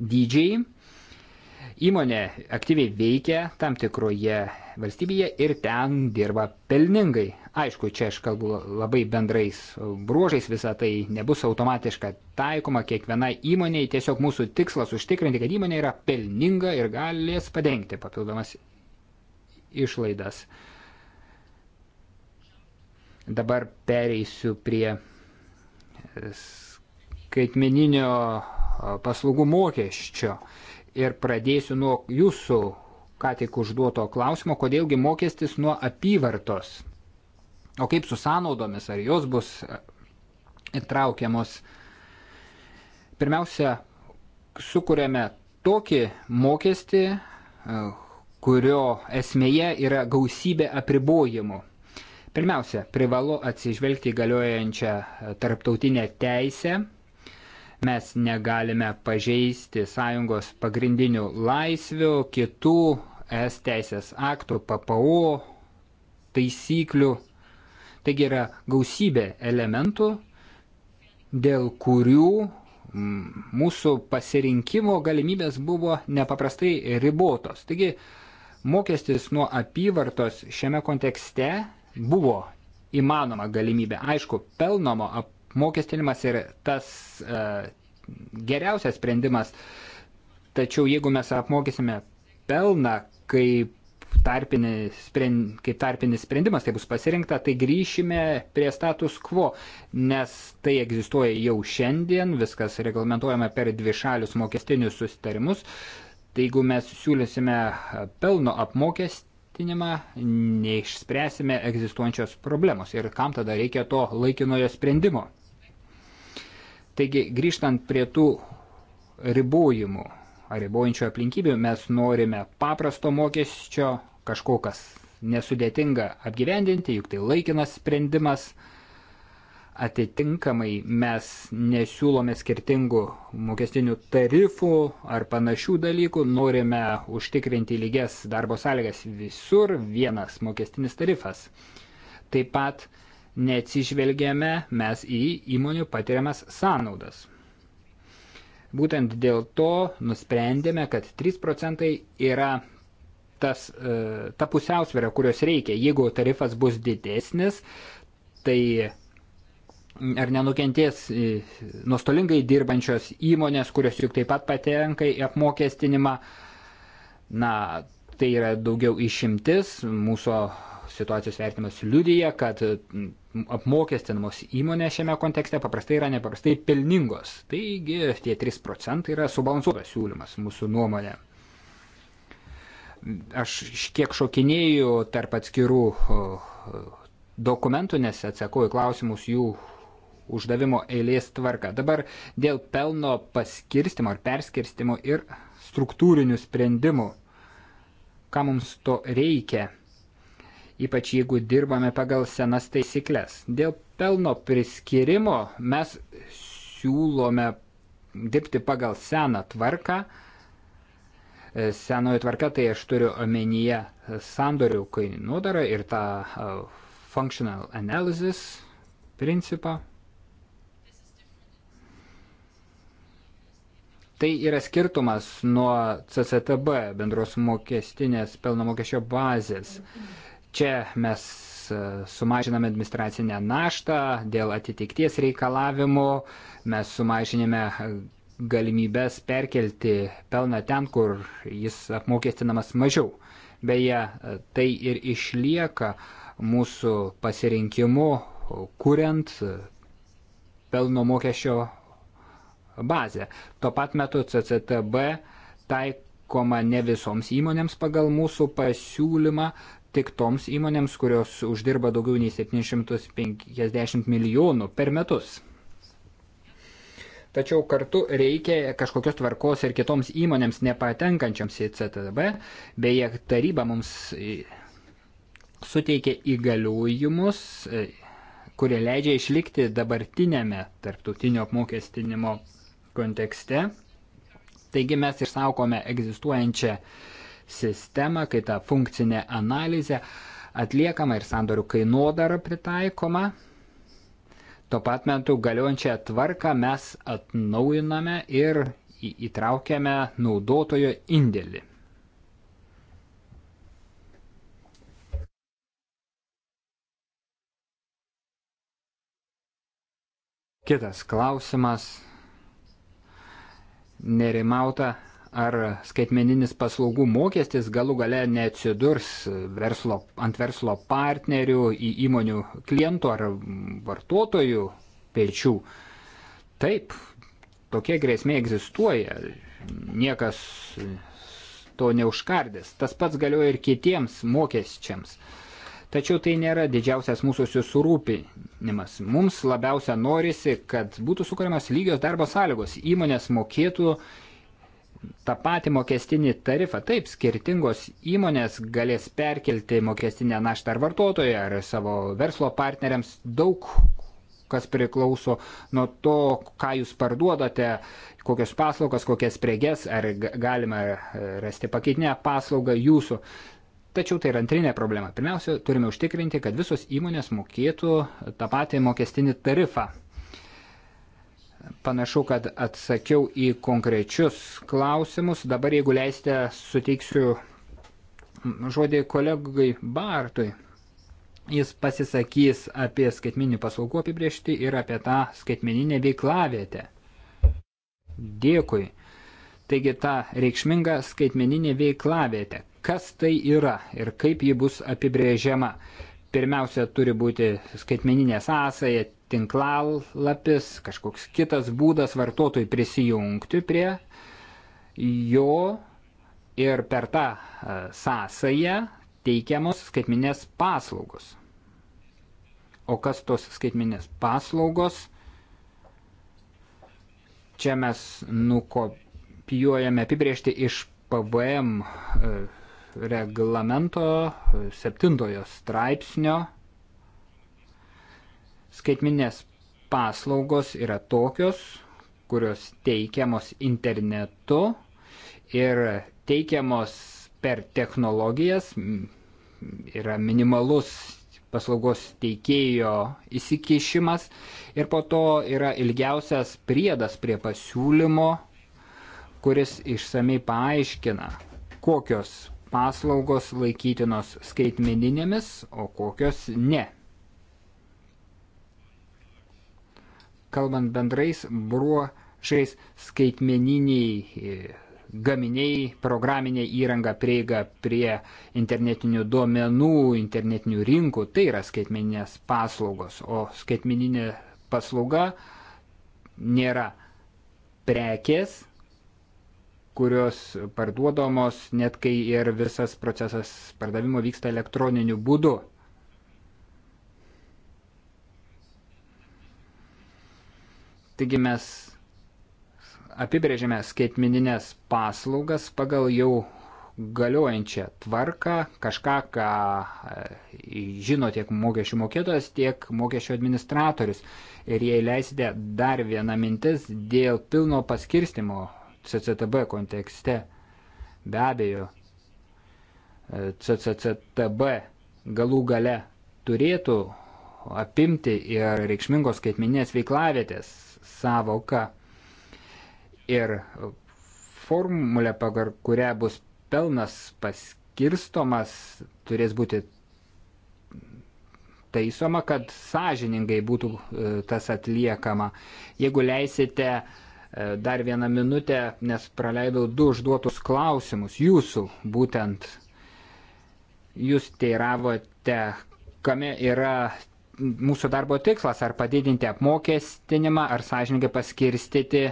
dydžiai. Įmonė aktyviai veikia tam tikroje valstybėje ir ten dirba pelningai. Aišku, čia aš kalbu labai bendrais bruožais, visa tai nebus automatiška taikoma kiekvienai įmoniai, tiesiog mūsų tikslas užtikrinti, kad įmonė yra pelninga ir galės padengti papildomas išlaidas. Dabar pereisiu prie skaitmeninio paslaugų mokesčio. Ir pradėsiu nuo jūsų ką tik užduoto klausimo, kodėlgi mokestis nuo apyvartos. O kaip su sąnaudomis, ar jos bus įtraukiamos? Pirmiausia, sukūrėme tokį mokestį, kurio esmėje yra gausybė apribojimų. Pirmiausia, privalu atsižvelgti galiojančią tarptautinę teisę Mes negalime pažeisti sąjungos pagrindinių laisvių, kitų es teisės aktų, PPO taisyklių. Taigi yra gausybė elementų, dėl kurių mūsų pasirinkimo galimybės buvo nepaprastai ribotos. Taigi mokestis nuo apyvartos šiame kontekste buvo įmanoma galimybė. Aišku, pelnomo ap apmokestinimas ir tas e, geriausias sprendimas. Tačiau jeigu mes apmokysime pelną kaip tarpinis, sprend, kaip tarpinis sprendimas, tai bus pasirinkta, tai grįšime prie status quo, nes tai egzistuoja jau šiandien, viskas reglamentuojama per dvišalius mokestinius susitarimus. Tai jeigu mes siūlysime pelno apmokestį, vertinimą, neišspręsime egzistuojančios problemos ir kam tada reikia to laikinojo sprendimo. Taigi, grįžtant prie tų ribojimų ar ribojančių aplinkybių, mes norime paprasto mokesčio, kažkokas nesudėtinga apgyvendinti, juk tai laikinas sprendimas. Atitinkamai mes nesiūlome skirtingų mokestinių tarifų ar panašių dalykų, norime užtikrinti lygias darbo sąlygas visur, vienas mokestinis tarifas. Taip pat neatsižvelgiame mes į įmonių patiriamas sąnaudas. Būtent dėl to nusprendėme, kad 3 procentai yra tas, e, ta pusiausvėra, kurios reikia. Jeigu tarifas bus didesnis, tai ar nenukentės e, nuostolingai dirbančios įmonės, kurios juk taip pat patenka į apmokestinimą. Na, tai yra daugiau išimtis, mūsų situacijos vertimas liudyja, kad apmokestinamos įmonės šiame kontekste paprastai yra nepaprastai pelningos. Taigi tie 3 procentai yra subalansuotas siūlymas mūsų nuomonė. Aš kiek šokinėjau tarp atskirų dokumentų, nes atsakau į klausimus jų uždavimo eilės tvarka. Dabar dėl pelno paskirstimo ar perskirstimo ir struktūrinių sprendimų. Ką mums to reikia? ypač jeigu dirbame pagal senas taisyklės. Dėl pelno priskirimo mes siūlome dirbti pagal seną tvarką. E, senoji tvarka, tai aš turiu omenyje sandorių kainodarą ir tą e, functional analysis principą. Tai yra skirtumas nuo CCTB bendros mokestinės pelno mokesčio bazės. Čia mes e, sumažiname administracinę naštą dėl atitikties reikalavimų, mes sumažinėme e, galimybės perkelti pelną ten, kur jis apmokestinamas mažiau. Beje, e, tai ir išlieka mūsų pasirinkimu, kuriant pelno mokesčio bazę. Tuo pat metu CCTB taikoma ne visoms įmonėms pagal mūsų pasiūlymą, tik toms įmonėms, kurios uždirba daugiau nei 750 milijonų per metus. Tačiau kartu reikia kažkokios tvarkos ir kitoms įmonėms nepatenkančiams į CTB, beje, taryba mums suteikė įgaliojimus, e, kurie leidžia išlikti dabartinėme tarptautinio apmokestinimo kontekste. Taigi mes išsaukome egzistuojančią uh, sistemą, kai ta funkcinė analizė atliekama ir sandorių kainodara pritaikoma. Tuo pat metu galiojančią tvarką mes atnaujiname ir įtraukiame naudotojo indėlį. Kitas klausimas. Nerimauta ar skaitmeninis paslaugų mokestis galų gale neatsidurs verslo, ant verslo partnerių, į įmonių klientų ar vartotojų pečių. Taip, tokia grėsmė egzistuoja. Niekas to neužkardys. Tas pats galioja ir kitiems mokesčiams. Tačiau tai nėra didžiausias mūsų susirūpinimas. Mums labiausia norisi, kad būtų sukūrimas lygios darbo sąlygos. Įmonės mokėtų tą patį mokestinį tarifą. Taip, skirtingos įmonės galės perkelti mokestinę naštą ar vartotojai, ar savo verslo partneriams. Daug kas priklauso nuo to, ką jūs parduodate, kokios paslaugas, kokias preges, ar galima rasti pakeitinę paslaugą jūsų. Tačiau tai yra antrinė problema. Pirmiausia, turime užtikrinti, kad visos įmonės mokėtų tą patį mokestinį tarifą. Panašu, kad atsakiau į konkrečius klausimus. Dabar, jeigu leisite, suteiksiu žodį kolegai Bartui. Jis pasisakys apie skaitminį paslaugų apibriešti ir apie tą skaitmeninę veiklavietę. Dėkui. Taigi ta reikšminga skaitmeninė veiklavietė. Kas tai yra ir kaip ji bus apibrėžiama? pirmiausia turi būti skaitmeninė sąsaja, tinklalapis, kažkoks kitas būdas vartotojui prisijungti prie jo ir per tą e, sąsają teikiamos skaitminės paslaugos. O kas tos skaitminės paslaugos? Čia mes nukopijuojame apibriežti iš PVM e, reglamento septintojo straipsnio skaitminės paslaugos yra tokios, kurios teikiamos internetu ir teikiamos per technologijas yra minimalus paslaugos teikėjo įsikišimas ir po to yra ilgiausias priedas prie pasiūlymo, kuris išsamei paaiškina, kokios paslaugos laikytinos skaitmeninėmis, o kokios ne. Kalbant bendrais bruožais, skaitmeniniai e, gaminiai, programinė įranga, prieiga prie internetinių duomenų, internetinių rinkų, tai yra skaitmeninės paslaugos, o skaitmeninė paslauga nėra prekės, kurios parduodamos, net kai ir visas procesas pardavimo vyksta elektroniniu būdu. Taigi mes apibrėžėme skaitmininės paslaugas pagal jau galiojančią tvarką, kažką, ką e, žino tiek mokesčių mokėtojas, tiek mokesčių administratorius. Ir jei leisite dar vieną mintis dėl pilno paskirstimo CCTB kontekste. Be abejo, e, CCCTB galų gale turėtų apimti ir reikšmingos skaitminės veiklavietės savoką ir formulė, pagal kurią bus pelnas paskirstomas, turės būti taisoma, kad sąžiningai būtų e, tas atliekama. Jeigu leisite uh, E, dar vieną minutę, nes praleidau du užduotus klausimus jūsų būtent. Jūs teiravote, kame yra mūsų darbo tikslas, ar padidinti apmokestinimą, ar sąžininkai paskirstyti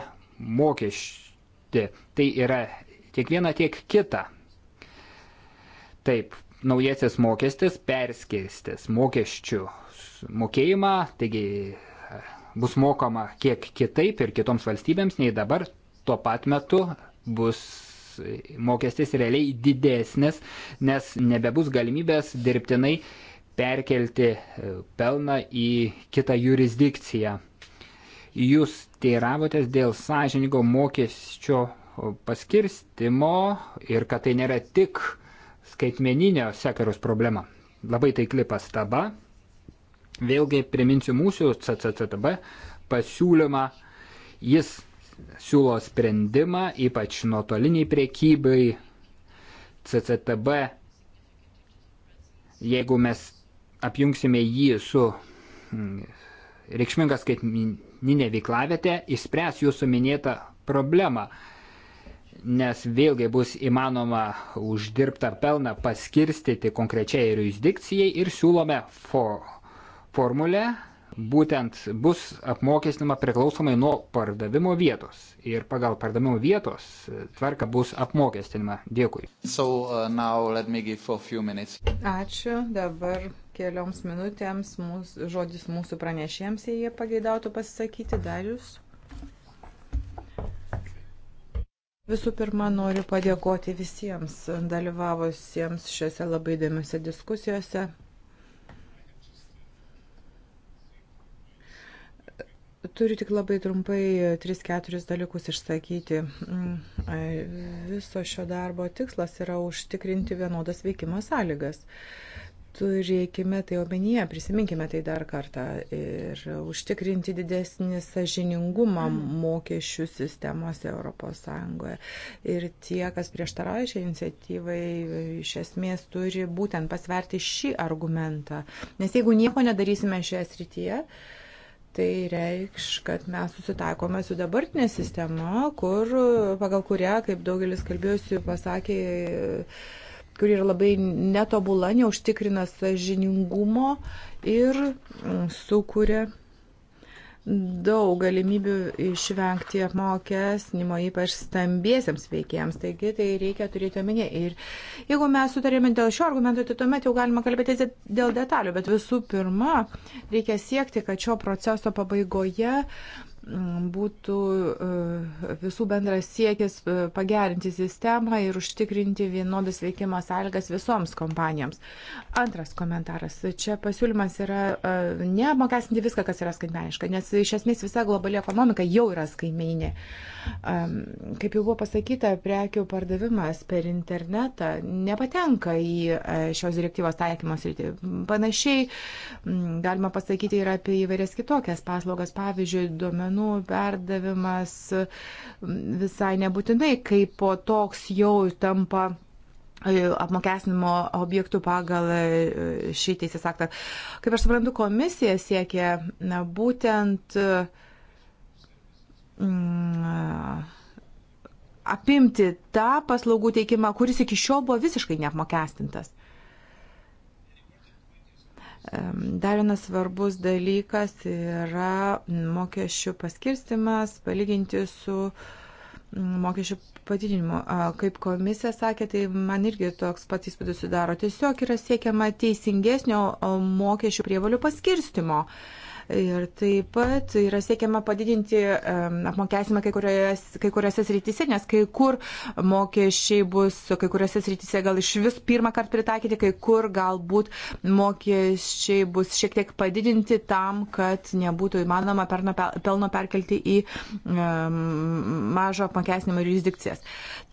mokestį. Tai yra tiek viena, tiek kita. Taip, naujasis mokestis perskirstis mokesčių mokėjimą, taigi bus mokama kiek kitaip ir kitoms valstybėms nei dabar, tuo pat metu bus mokestis realiai didesnis, nes nebebus galimybės dirbtinai perkelti e, pelną į kitą jurisdikciją. Jūs teiravotės dėl sąžininko mokesčio paskirstimo ir kad tai nėra tik skaitmeninio sektoriaus problema. Labai taikli pastaba. Vėlgi priminsiu mūsų CCCTB pasiūlymą. Jis siūlo sprendimą, ypač nuotoliniai priekybai. CCTB, jeigu mes apjungsime jį su mm, reikšminga skaitmininė veiklavietė, išspręs jūsų minėtą problemą, nes vėlgi bus įmanoma uždirbtą pelną paskirstyti konkrečiai jurisdikcijai ir siūlome for formulę būtent bus apmokestinama priklausomai nuo pardavimo vietos ir pagal pardavimo vietos tvarka bus apmokestinama. Dėkui. So, uh, Ačiū. Dabar kelioms minutėms mūs, žodis mūsų pranešėjams, jei jie pageidautų pasisakyti. Darius. Visų pirma, noriu padėkoti visiems dalyvavusiems šiuose labai įdomiuose diskusijose. Turiu tik labai trumpai 3-4 e, dalykus išsakyti. Mm, e, viso šio darbo tikslas yra užtikrinti vienodas veikimo sąlygas. Turėkime tai omenyje, prisiminkime tai dar kartą ir užtikrinti didesnį sažiningumą mm. mokesčių sistemose ES. Ir tie, kas prieštarauja šią iniciatyvai, iš esmės turi būtent pasverti šį argumentą. Nes jeigu nieko nedarysime šioje srityje, uh, tai reikš, kad mes susitaikome su dabartinė sistema, kur, pagal kurią, kaip daugelis kalbėjusių pasakė, kuri yra labai netobula, neužtikrina sažiningumo ir mm, sukuria daug galimybių išvengti apmokesnimo, ypač stambiesiams veikėjams. Taigi tai reikia turėti omenyje. Ir jeigu mes sutarėme dėl šio argumento, tai tuomet jau galima kalbėti dėl detalių. Bet visų pirma, reikia siekti, kad šio proceso pabaigoje būtų e, visų bendras siekis e, pagerinti sistemą ir užtikrinti vienodas veikimo sąlygas visoms kompanijoms. Antras komentaras. Čia pasiūlymas yra e, neapmokestinti viską, kas yra skaitmeniška, nes iš esmės visa globali ekonomika jau yra skaitmeninė. Uh, Kaip jau buvo pasakyta, prekių pardavimas per internetą nepatenka į e, šios direktyvos taikymos rytį. Panašiai galima pasakyti ir apie įvairias kitokias paslaugas, pavyzdžiui, duomenų perdavimas visai nebūtinai kaip po toks jau tampa e, apmokesnimo objektų pagal e, šį teisės aktą. Kaip aš suprantu, komisija siekia na, būtent uh, Mm, apimti tą paslaugų teikimą, kuris iki šiol buvo visiškai neapmokestintas. Dar vienas svarbus dalykas yra mokesčių paskirstimas palyginti su mm, mokesčių padidinimu. Kaip komisija sakė, tai man irgi toks pats įspūdis sudaro. Tiesiog yra siekiama teisingesnio mokesčių prievalių paskirstimo. Uh, Ir taip pat yra siekiama padidinti apmokestimą kai, kurios, kai kuriuose srityse, nes kai kur mokesčiai bus, kai kuriuose srityse gal iš vis pirmą kartą pritaikyti, kai kur galbūt mokesčiai bus šiek tiek padidinti tam, kad nebūtų įmanoma perno, pelno perkelti į mažo apmokestinimo jurisdikcijas.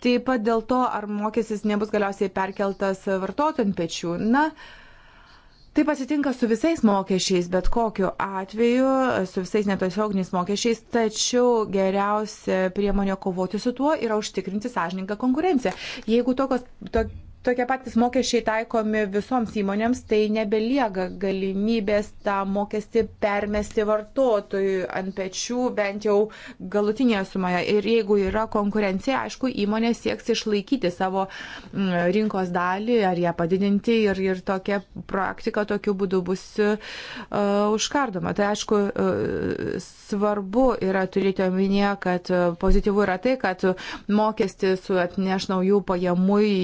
Taip pat dėl to, ar mokestis nebus galiausiai perkeltas vartotojų pečių. Na, Taip atsitinka su visais mokesčiais, bet kokiu atveju, su visais netiesioginiais mokesčiais, tačiau geriausia priemonė kovoti su tuo yra užtikrinti sąžininką konkurenciją. Jeigu tokios, to, tokie patys mokesčiai taikomi visoms įmonėms, tai nebelieka galimybės tą mokestį permesti vartotojui ant pečių, bent jau galutinėje sumoje. Ir jeigu yra konkurencija, aišku, įmonė sieks išlaikyti savo mm, rinkos dalį ar ją padidinti ir, ir tokia praktika tokiu būdu bus uh, užkardoma. Tai aišku, uh, svarbu yra turėti omenyje, kad uh, pozityvu yra tai, kad mokestis atneš naujų pajamų į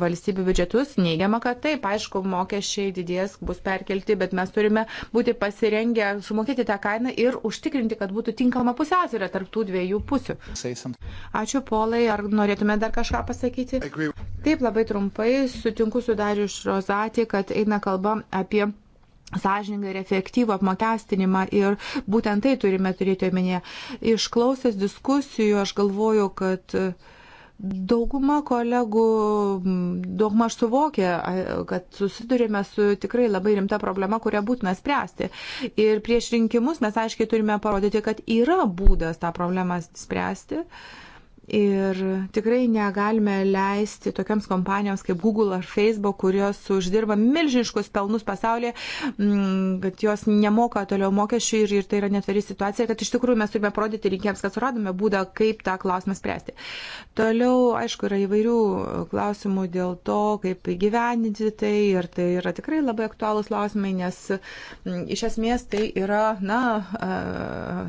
valstybę valstybių biudžetus, neigiama, kad taip, aišku, mokesčiai didės, bus perkelti, bet mes turime būti pasirengę sumokėti tą kainą ir užtikrinti, kad būtų tinkama pusiausvyrė tarptų dviejų pusių. Ačiū, Polai, ar norėtume dar kažką pasakyti? Taip, labai trumpai, sutinku su Dariu iš Rozatį, kad eina kalba apie sąžiningą ir efektyvų apmokestinimą ir būtent tai turime turėti omenyje. Išklausęs diskusijų aš galvoju, kad uh, Dauguma kolegų, daugma aš suvokia, kad susidurime su tikrai labai rimta problema, kurią būtina spręsti. Ir prieš rinkimus mes aiškiai turime parodyti, kad yra būdas tą problemą spręsti. Uh, Ir tikrai negalime leisti tokiams kompanijoms kaip Google ar Facebook, kurios uždirba milžiniškus pelnus pasaulyje, mm, kad jos nemoka toliau mokesčių ir, ir tai yra netvari situacija, kad iš tikrųjų mes turime parodyti rinkėjams, kad suradome būdą, kaip tą klausimą spręsti. Toliau, aišku, yra įvairių klausimų dėl to, kaip įgyveninti tai ir tai yra tikrai labai aktualūs klausimai, nes mm, iš esmės tai yra, na, uh,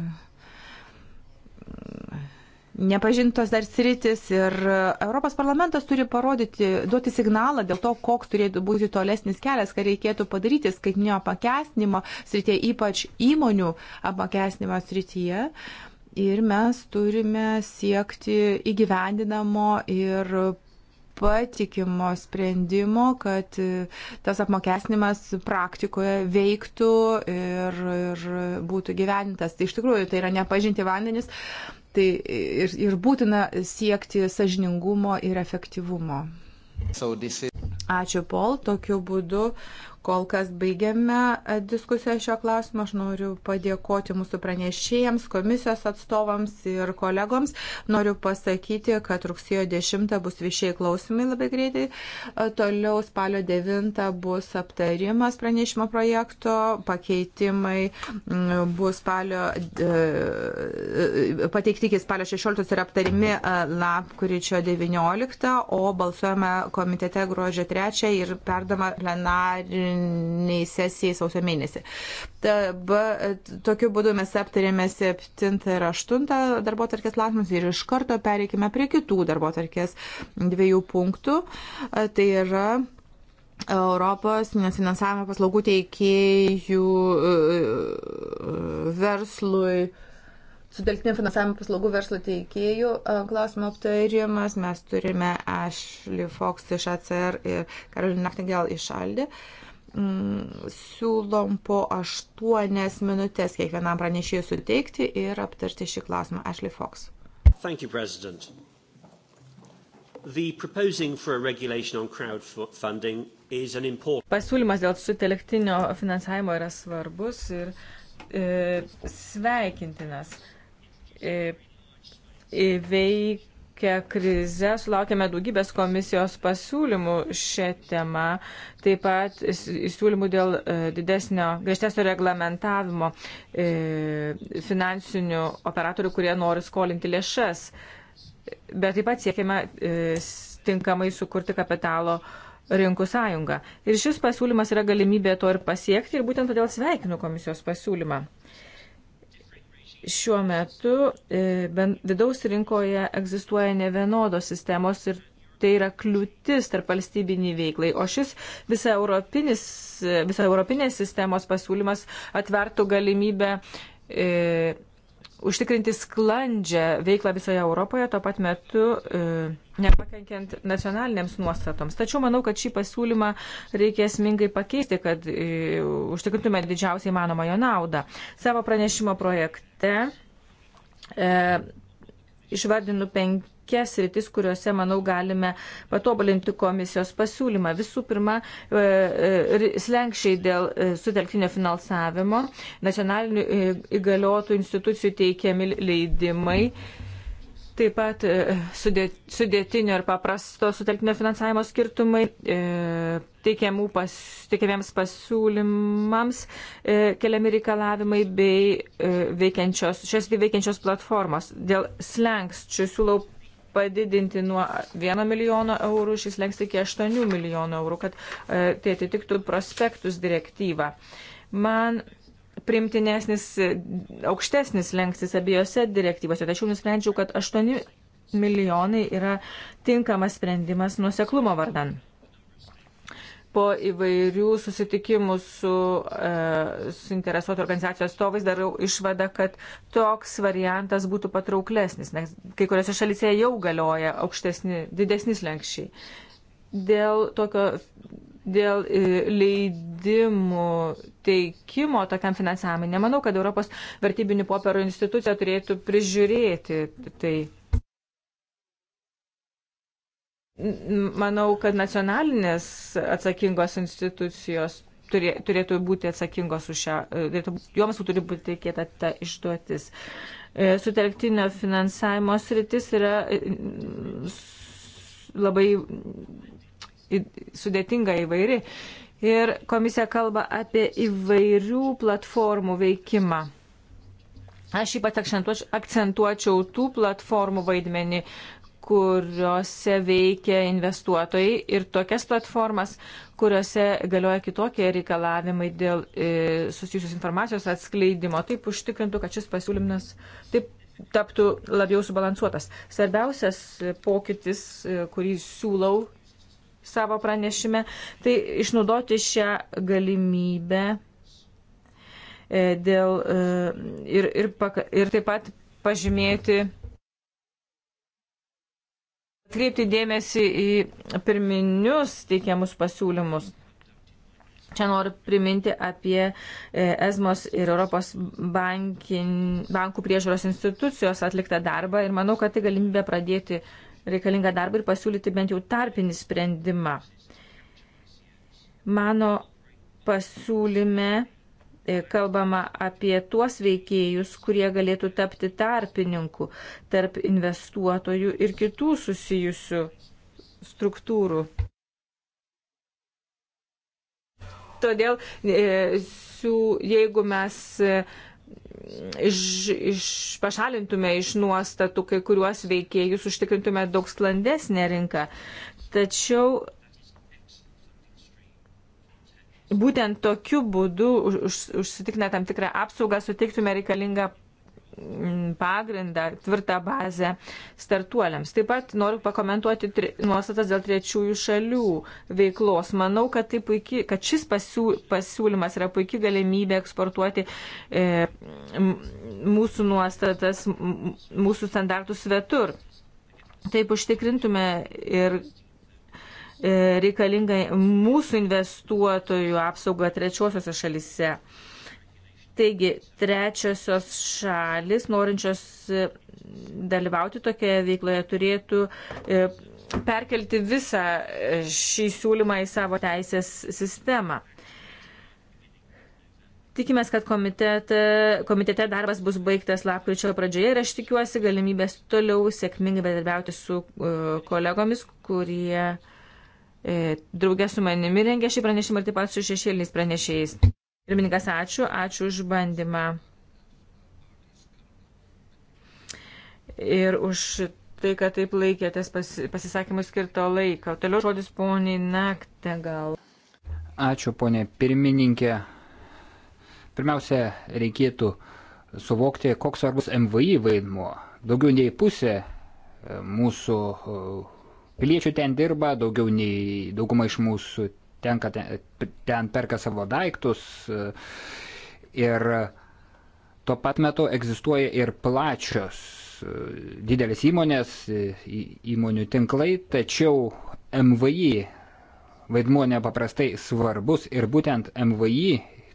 nepažintos dar sritis ir e, Europos parlamentas turi parodyti, duoti signalą dėl to, koks turėtų būti tolesnis kelias, ką reikėtų padaryti skaitinio apakesnimo srityje, ypač įmonių apakesnimo srityje. Ir mes turime siekti įgyvendinamo ir patikimo sprendimo, kad e, tas apmokesnimas praktikoje veiktų ir, ir būtų gyvenintas. Tai iš tikrųjų tai yra nepažinti vandenis, Tai ir, ir būtina siekti sažiningumo ir efektyvumo. Ačiū, Pol. Tokiu būdu Kol kas baigiame e, diskusiją šio klausimo. Aš noriu padėkoti mūsų pranešėjams, komisijos atstovams ir kolegoms. Noriu pasakyti, kad rugsėjo 10 bus viešiai klausimai labai greitai. E, toliau spalio 9 bus aptarimas pranešimo projekto. Pakeitimai bus spalio, e, pateikti iki spalio 16 ir aptarimi lapkričio 19, o balsuojame komitete gruodžio 3 ir perdama plenarinį plenariniai sesijai sausio mėnesį. Taba, e, tokiu būdu mes aptarėme 7 ir 8 darbo tarkės klausimus ir iš karto pereikime prie kitų darbo tarkės dviejų punktų. E, tai yra Europos finansavimo paslaugų teikėjų e, verslui sutelktinio finansavimo paslaugų verslo teikėjų klausimo aptarimas. Mes turime Ashley Fox iš ACR ir Karolina Naktingel iš Aldė. Uh, mm, siūlom po aštuonias minutės kiekvienam pranešėjui suteikti ir aptarti šį klausimą. Ashley Fox. Thank you, President. The proposing for a regulation on crowdfunding is an important. Pasiūlymas dėl sutelktinio finansavimo yra svarbus ir e, sveikintinas. E, įveik, e, tokią krizę sulaukėme daugybės komisijos pasiūlymų šią temą, taip pat siūlymų dėl e, didesnio, griežtesnio reglamentavimo e, finansinių operatorių, kurie nori skolinti lėšas. Bet taip pat siekime e, tinkamai sukurti kapitalo rinkų sąjungą. Ir šis pasiūlymas yra galimybė to ir pasiekti ir būtent todėl sveikinu komisijos pasiūlymą šiuo metu e, vidaus rinkoje egzistuoja nevienodos sistemos ir tai yra kliūtis tarp valstybiniai veiklai, o šis visa, visa europinės sistemos pasiūlymas atvertų galimybę e, užtikrinti sklandžią veiklą visoje Europoje, tuo pat metu e, nepakenkiant nacionalinėms nuostatoms. Tačiau manau, kad šį pasiūlymą reikia esmingai pakeisti, kad e, užtikrintume didžiausiai manomą jo naudą. Savo pranešimo projekte e, išvardinu penk, penkias rytis, kuriuose, manau, galime patobulinti komisijos pasiūlymą. Visų pirma, e, e, slengščiai dėl e, sutelktinio finansavimo, nacionalinių įgaliotų institucijų teikiami leidimai. Taip pat sudėtinio ir paprasto sutelkinio finansavimo skirtumai pas, teikiamiems pasiūlymams keliami reikalavimai bei veikiančios, šios dvi veikiančios platformos. Dėl slengsčių siūlau padidinti nuo 1 milijono eurų šis lengs iki 8 milijonų eurų, kad e, tai atitiktų prospektus direktyvą. Man primtinesnis, e, aukštesnis lengstis abiejose direktyvose, tačiau nusprendžiau, kad 8 milijonai yra tinkamas sprendimas nuoseklumo vardan po įvairių susitikimų su e, suinteresuotų organizacijų atstovais darau išvadą, kad toks variantas būtų patrauklesnis, nes kai kuriuose šalyse jau galioja aukštesni, didesnis lenkščiai. Dėl tokio dėl e, leidimų teikimo tokiam finansavimui. Nemanau, kad Europos vertybinių popierų institucija turėtų prižiūrėti tai. Manau, kad nacionalinės atsakingos institucijos turė, turėtų būti atsakingos už šią, e, turėtų, joms turi būti teikėta ta išduotis. E, sutelktinio finansavimo sritis yra e, labai sudėtinga įvairi. Ir komisija kalba apie įvairių platformų veikimą. Aš ypač akcentuočiau tų platformų vaidmenį, kuriuose veikia investuotojai ir tokias platformas, kuriuose galioja kitokie reikalavimai dėl e, susijusios informacijos atskleidimo. Taip užtikrintų, kad šis pasiūlymas taip taptų labiau subalansuotas. Svarbiausias e, pokytis, e, kurį siūlau savo pranešime, tai išnaudoti šią galimybę e, dėl, ir, ir, ir taip pat pažymėti atkreipti dėmesį į pirminius teikiamus pasiūlymus. Čia noriu priminti apie e, ESMOS ir Europos bankin, bankų priežaros institucijos atliktą darbą ir manau, kad tai galimybė pradėti reikalingą darbą ir pasiūlyti bent jau tarpinį sprendimą. Mano pasiūlyme E, kalbama apie tuos veikėjus, kurie galėtų tapti tarpininku tarp investuotojų ir kitų susijusių struktūrų. Todėl, e, jeigu mes e, iš, iš, pašalintume iš nuostatų kai kuriuos veikėjus, užtikrintume daug sklandesnę rinką. Tačiau būtent tokiu būdu už, užsitikrinę tam tikrą apsaugą suteiktume reikalingą mm, pagrindą, tvirtą bazę startuoliams. Taip pat noriu pakomentuoti tri, nuostatas dėl trečiųjų šalių veiklos. Manau, kad, tai puikiai, kad šis pasiū, pasiūlymas yra puikia galimybė eksportuoti e, mūsų nuostatas, mūsų standartus svetur. Taip užtikrintume ir E, reikalinga mūsų investuotojų apsauga trečiosiuose šalise. Taigi, trečiosios šalis, norinčios e, dalyvauti tokioje veikloje, turėtų e, perkelti visą šį siūlymą į savo teisės sistemą. Tikimės, kad komitete, komitete darbas bus baigtas lapkričio pradžioje ir aš tikiuosi galimybės toliau sėkmingai bendradarbiauti su kolegomis, kurie uh, E, draugė su manimi rengė šį pranešimą ir taip pat su šešėliniais pranešėjais. Pirmininkas, ačiū, ačiū už bandymą. Ir už tai, kad taip laikėtės pasi, pasisakymų skirto laiko. Toliau žodis poniai naktę gal. Ačiū, ponė pirmininkė. Pirmiausia, reikėtų suvokti, koks svarbus MVI vaidmuo. Daugiau nei pusė e, mūsų e, piliečių ten dirba, daugiau nei dauguma iš mūsų tenka ten, ten perka savo daiktus e, ir tuo pat metu egzistuoja ir plačios e, didelės įmonės, e, įmonių tinklai, tačiau MVI vaidmuo nepaprastai svarbus ir būtent MVI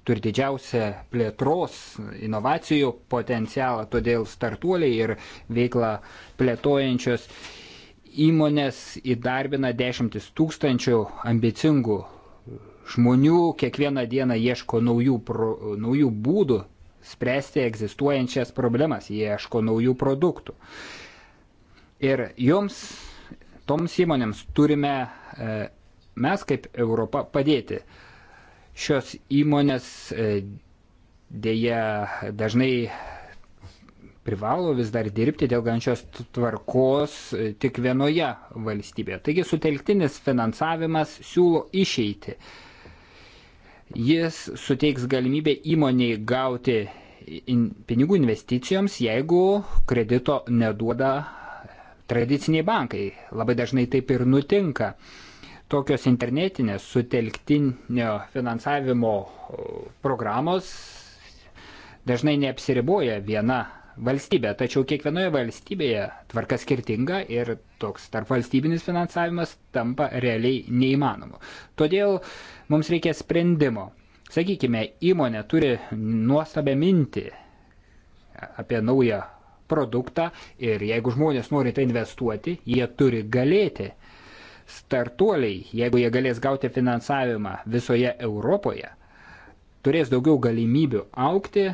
turi didžiausią plėtros, inovacijų potencialą, todėl startuoliai ir veiklą plėtojančios Įmonės įdarbina dešimtis tūkstančių ambicingų žmonių, kiekvieną dieną ieško naujų, pro, naujų būdų spręsti egzistuojančias problemas, jie ieško naujų produktų. Ir joms, toms įmonėms turime e, mes kaip Europa padėti. Šios įmonės e, dėja dažnai privalo vis dar dirbti dėl gančios tvarkos e, tik vienoje valstybėje. Taigi sutelktinis finansavimas siūlo išeiti. Jis suteiks galimybę įmoniai gauti in, pinigų investicijoms, jeigu kredito neduoda tradiciniai bankai. Labai dažnai taip ir nutinka. Tokios internetinės sutelktinio finansavimo programos dažnai neapsiriboja viena valstybę, tačiau kiekvienoje valstybėje tvarka skirtinga ir toks tarpvalstybinis finansavimas tampa realiai neįmanomu. Todėl mums reikia sprendimo. Sakykime, įmonė turi nuostabę mintį apie naują produktą ir jeigu žmonės nori tai investuoti, jie turi galėti. Startuoliai, jeigu jie galės gauti finansavimą visoje Europoje, turės daugiau galimybių aukti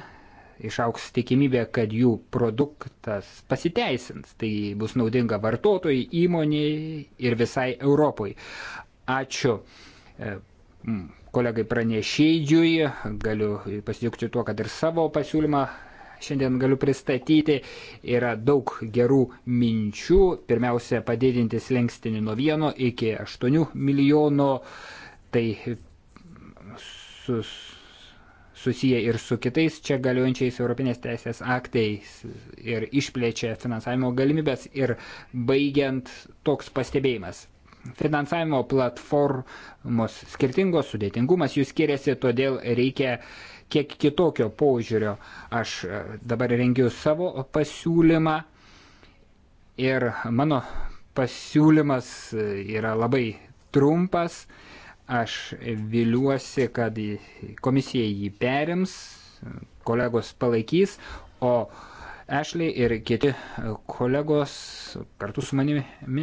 išauks tikimybė, kad jų produktas pasiteisins. Tai bus naudinga vartotojai, įmoniai ir visai Europai. Ačiū e, kolegai pranešėjui, galiu pasidžiaugti tuo, kad ir savo pasiūlymą šiandien galiu pristatyti. Yra daug gerų minčių. Pirmiausia, padidinti slengstinį nuo 1 iki 8 milijono. Tai sus susiję ir su kitais čia galiojančiais Europinės teisės aktais ir išplečia finansavimo galimybės ir baigiant toks pastebėjimas. Finansavimo platformos skirtingos, sudėtingumas jų skiriasi, todėl reikia kiek kitokio požiūrio. Aš e, dabar rengiu savo pasiūlymą ir mano pasiūlymas e, yra labai trumpas Aš viliuosi, kad komisija jį perims, kolegos palaikys, o Ešley ir kiti kolegos kartu su manimi,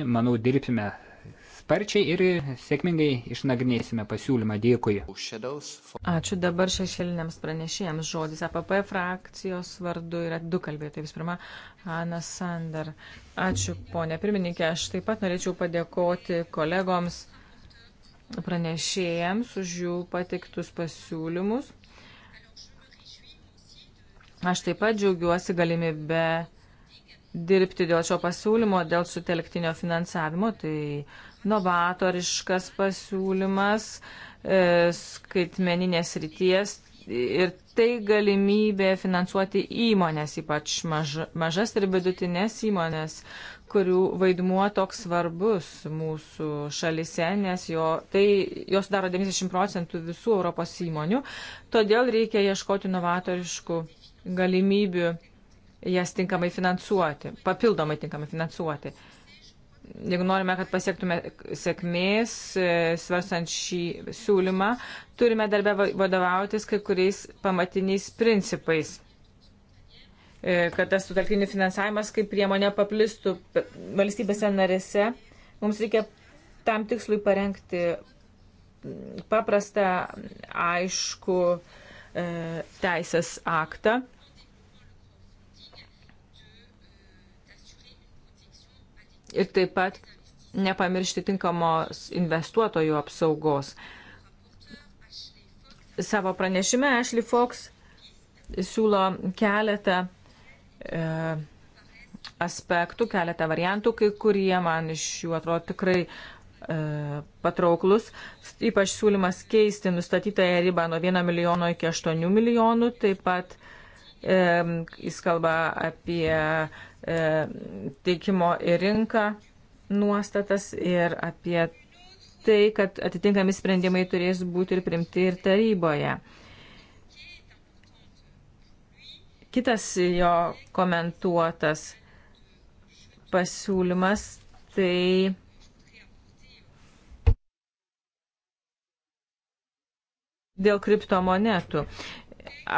manau, dirbsime sparčiai ir sėkmingai išnagrinėsime pasiūlymą. Dėkui. Ačiū dabar šešėliniams pranešėjams. Žodis APP frakcijos vardu yra du kalbėtojai. Visų pirma, Ana Sander. Ačiū, ponė pirmininkė. Aš taip pat norėčiau padėkoti kolegoms pranešėjams už jų patiktus pasiūlymus. Aš taip pat džiaugiuosi galimybę dirbti dėl šio pasiūlymo, dėl sutelktinio finansavimo. Tai novatoriškas pasiūlymas e, skaitmeninės ryties ir tai galimybė finansuoti įmonės, ypač maž, mažas ir vidutinės įmonės, kurių vaidmuo toks svarbus mūsų šalise, nes jo, tai, jos daro 90 procentų visų Europos įmonių, todėl reikia ieškoti novatoriškų galimybių jas tinkamai finansuoti, papildomai tinkamai finansuoti. Jeigu norime, kad pasiektume sėkmės, e, svarstant šį siūlymą, turime darbę vadovautis kai kuriais pamatiniais principais E, kad tas sutartinių finansavimas kaip priemonė paplistų valstybėse narėse. Mums reikia tam tikslui parengti paprastą, aišku e, teisės aktą. Ir taip pat nepamiršti tinkamos investuotojų apsaugos. Savo pranešime Ashley Fox siūlo keletą E, aspektų, keletą variantų, kai kurie man iš jų atrodo tikrai e, patrauklus, ypač siūlymas keisti nustatytąją ribą nuo 1 milijono iki 8 milijonų, taip pat e, jis kalba apie e, teikimo į rinką nuostatas ir apie tai, kad atitinkami sprendimai turės būti ir primti ir taryboje. E, Kitas jo komentuotas pasiūlymas tai. Dėl kriptomonetų.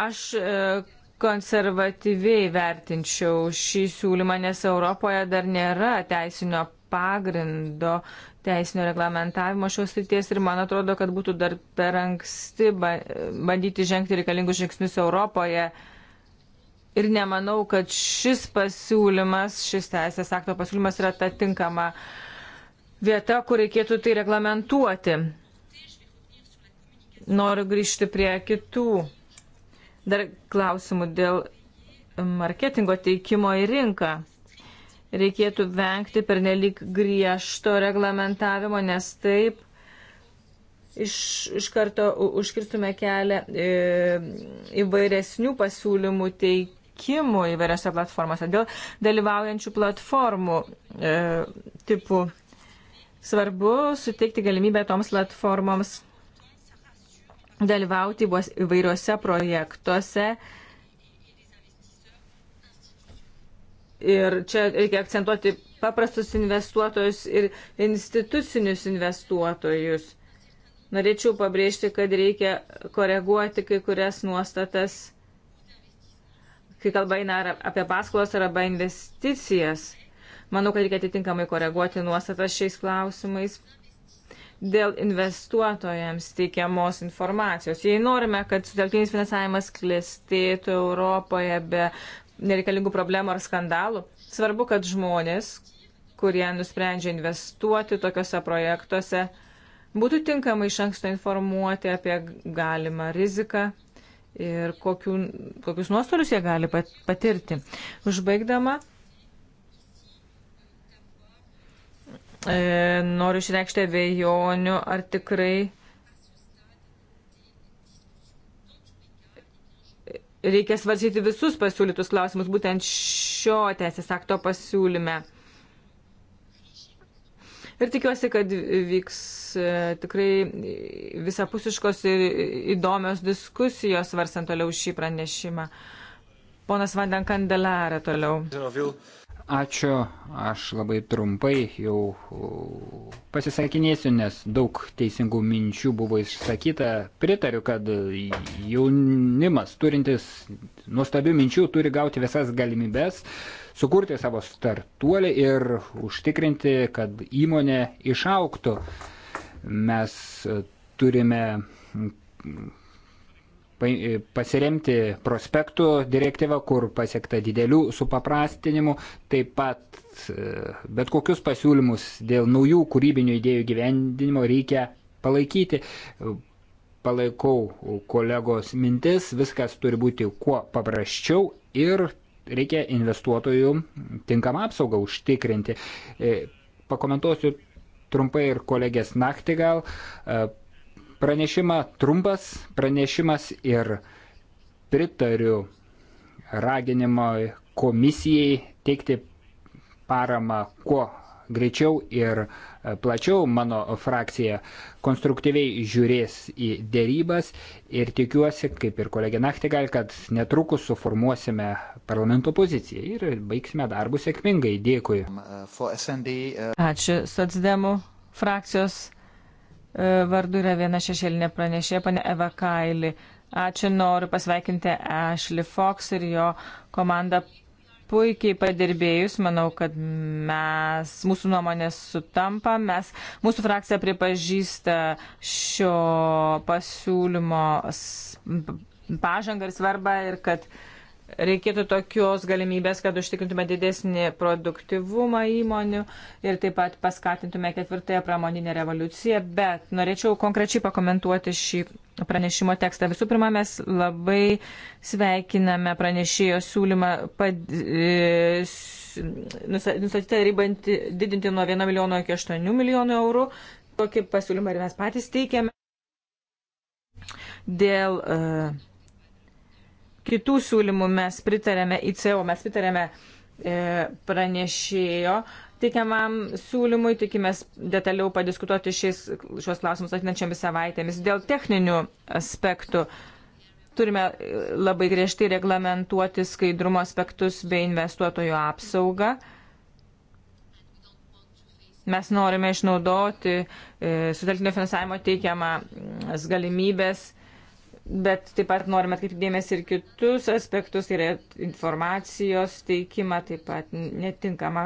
Aš e, konservatyviai vertinčiau šį siūlymą, nes Europoje dar nėra teisinio pagrindo, teisinio reglamentavimo šios ryties ir man atrodo, kad būtų dar per anksti bandyti žengti reikalingus žingsnius Europoje. Uh, ir nemanau, kad šis pasiūlymas, šis teisės akto pasiūlymas yra ta tinkama vieta, kur reikėtų tai reglamentuoti. Noriu grįžti prie kitų. Dar klausimų dėl marketingo teikimo į rinką. Reikėtų vengti per nelik griežto reglamentavimo, nes taip iš, iš karto užkirstume kelią e, įvairesnių pasiūlymų teikimų pirkimų įvairiose platformose, dėl dalyvaujančių platformų e, tipų. Svarbu suteikti galimybę toms platformoms dalyvauti įvairiuose projektuose. Ir čia reikia akcentuoti paprastus investuotojus ir institucinius investuotojus. Norėčiau pabrėžti, kad reikia koreguoti kai kurias nuostatas kai kalba eina apie paskolas arba investicijas. Manau, kad reikia atitinkamai koreguoti nuostatas šiais klausimais dėl investuotojams teikiamos informacijos. Jei norime, kad sutelkinis finansavimas klestėtų Europoje be nereikalingų problemų ar skandalų, svarbu, kad žmonės, kurie nusprendžia investuoti tokiuose projektuose, būtų tinkamai iš anksto informuoti apie galimą riziką ir kokiu, kokius nuostolius jie gali patirti. Užbaigdama, e, noriu išreikšti abejonių, ar tikrai reikia svarsyti visus pasiūlytus klausimus būtent šio teisės akto pasiūlyme. Ir tikiuosi, kad vyks e, tikrai visapusiškos ir įdomios diskusijos varsant toliau šį pranešimą. Ponas Vanden Kandelarė toliau. Ačiū, aš labai trumpai jau pasisakinėsiu, nes daug teisingų minčių buvo išsakyta. Pritariu, kad jaunimas turintis nuostabių minčių turi gauti visas galimybės. Uh, sukurti savo startuolį ir užtikrinti, kad įmonė išauktų. Mes turime pasiremti prospektų direktyvą, kur pasiekta didelių supaprastinimų, taip pat bet kokius pasiūlymus dėl naujų kūrybinių idėjų gyvendinimo reikia palaikyti. Palaikau kolegos mintis, viskas turi būti kuo paprasčiau ir reikia investuotojų tinkamą apsaugą užtikrinti. E, pakomentuosiu trumpai ir kolegės naktį gal. E, pranešimą trumpas, pranešimas ir pritariu raginimo komisijai teikti paramą kuo greičiau ir e, plačiau mano frakcija konstruktyviai žiūrės į dėrybas ir tikiuosi, kaip ir kolegė Nachtigal, kad netrukus suformuosime parlamento poziciją ir baigsime darbus sėkmingai. Dėkui. Um, uh, uh, Ačiū Sotsdemų frakcijos uh, vardu yra viena šešėlinė pranešė, pane Eva Kaili. Ačiū, noriu pasveikinti Ashley Fox ir jo komandą puikiai padirbėjus, manau, kad mes, mūsų nuomonės sutampa, mes, mūsų frakcija pripažįsta šio pasiūlymo pažangą ir svarbą ir kad uh, reikėtų tokios galimybės, kad užtikrintume didesnį produktivumą įmonių ir taip pat paskatintume ketvirtąją pramoninę revoliuciją, bet norėčiau konkrečiai pakomentuoti šį pranešimo tekstą. Visų pirma, mes labai sveikiname pranešėjo siūlymą pad, e, nustatytą ribą didinti nuo 1 milijono iki 8 milijonų eurų. Tokį pasiūlymą ir mes patys teikėme. Dėl uh, kitų siūlymų mes pritarėme ICO, mes pritarėme e, pranešėjo teikiamam siūlymui, tikimės detaliau padiskutuoti šiais, šios klausimus atinančiomis savaitėmis. Dėl techninių aspektų turime e, labai griežtai reglamentuoti skaidrumo aspektus bei investuotojų apsaugą. Mes norime išnaudoti e, sutelkinio finansavimo teikiamas galimybės Bet taip pat norime atkreipti dėmesį ir kitus aspektus, tai yra informacijos teikimą, taip pat netinkamą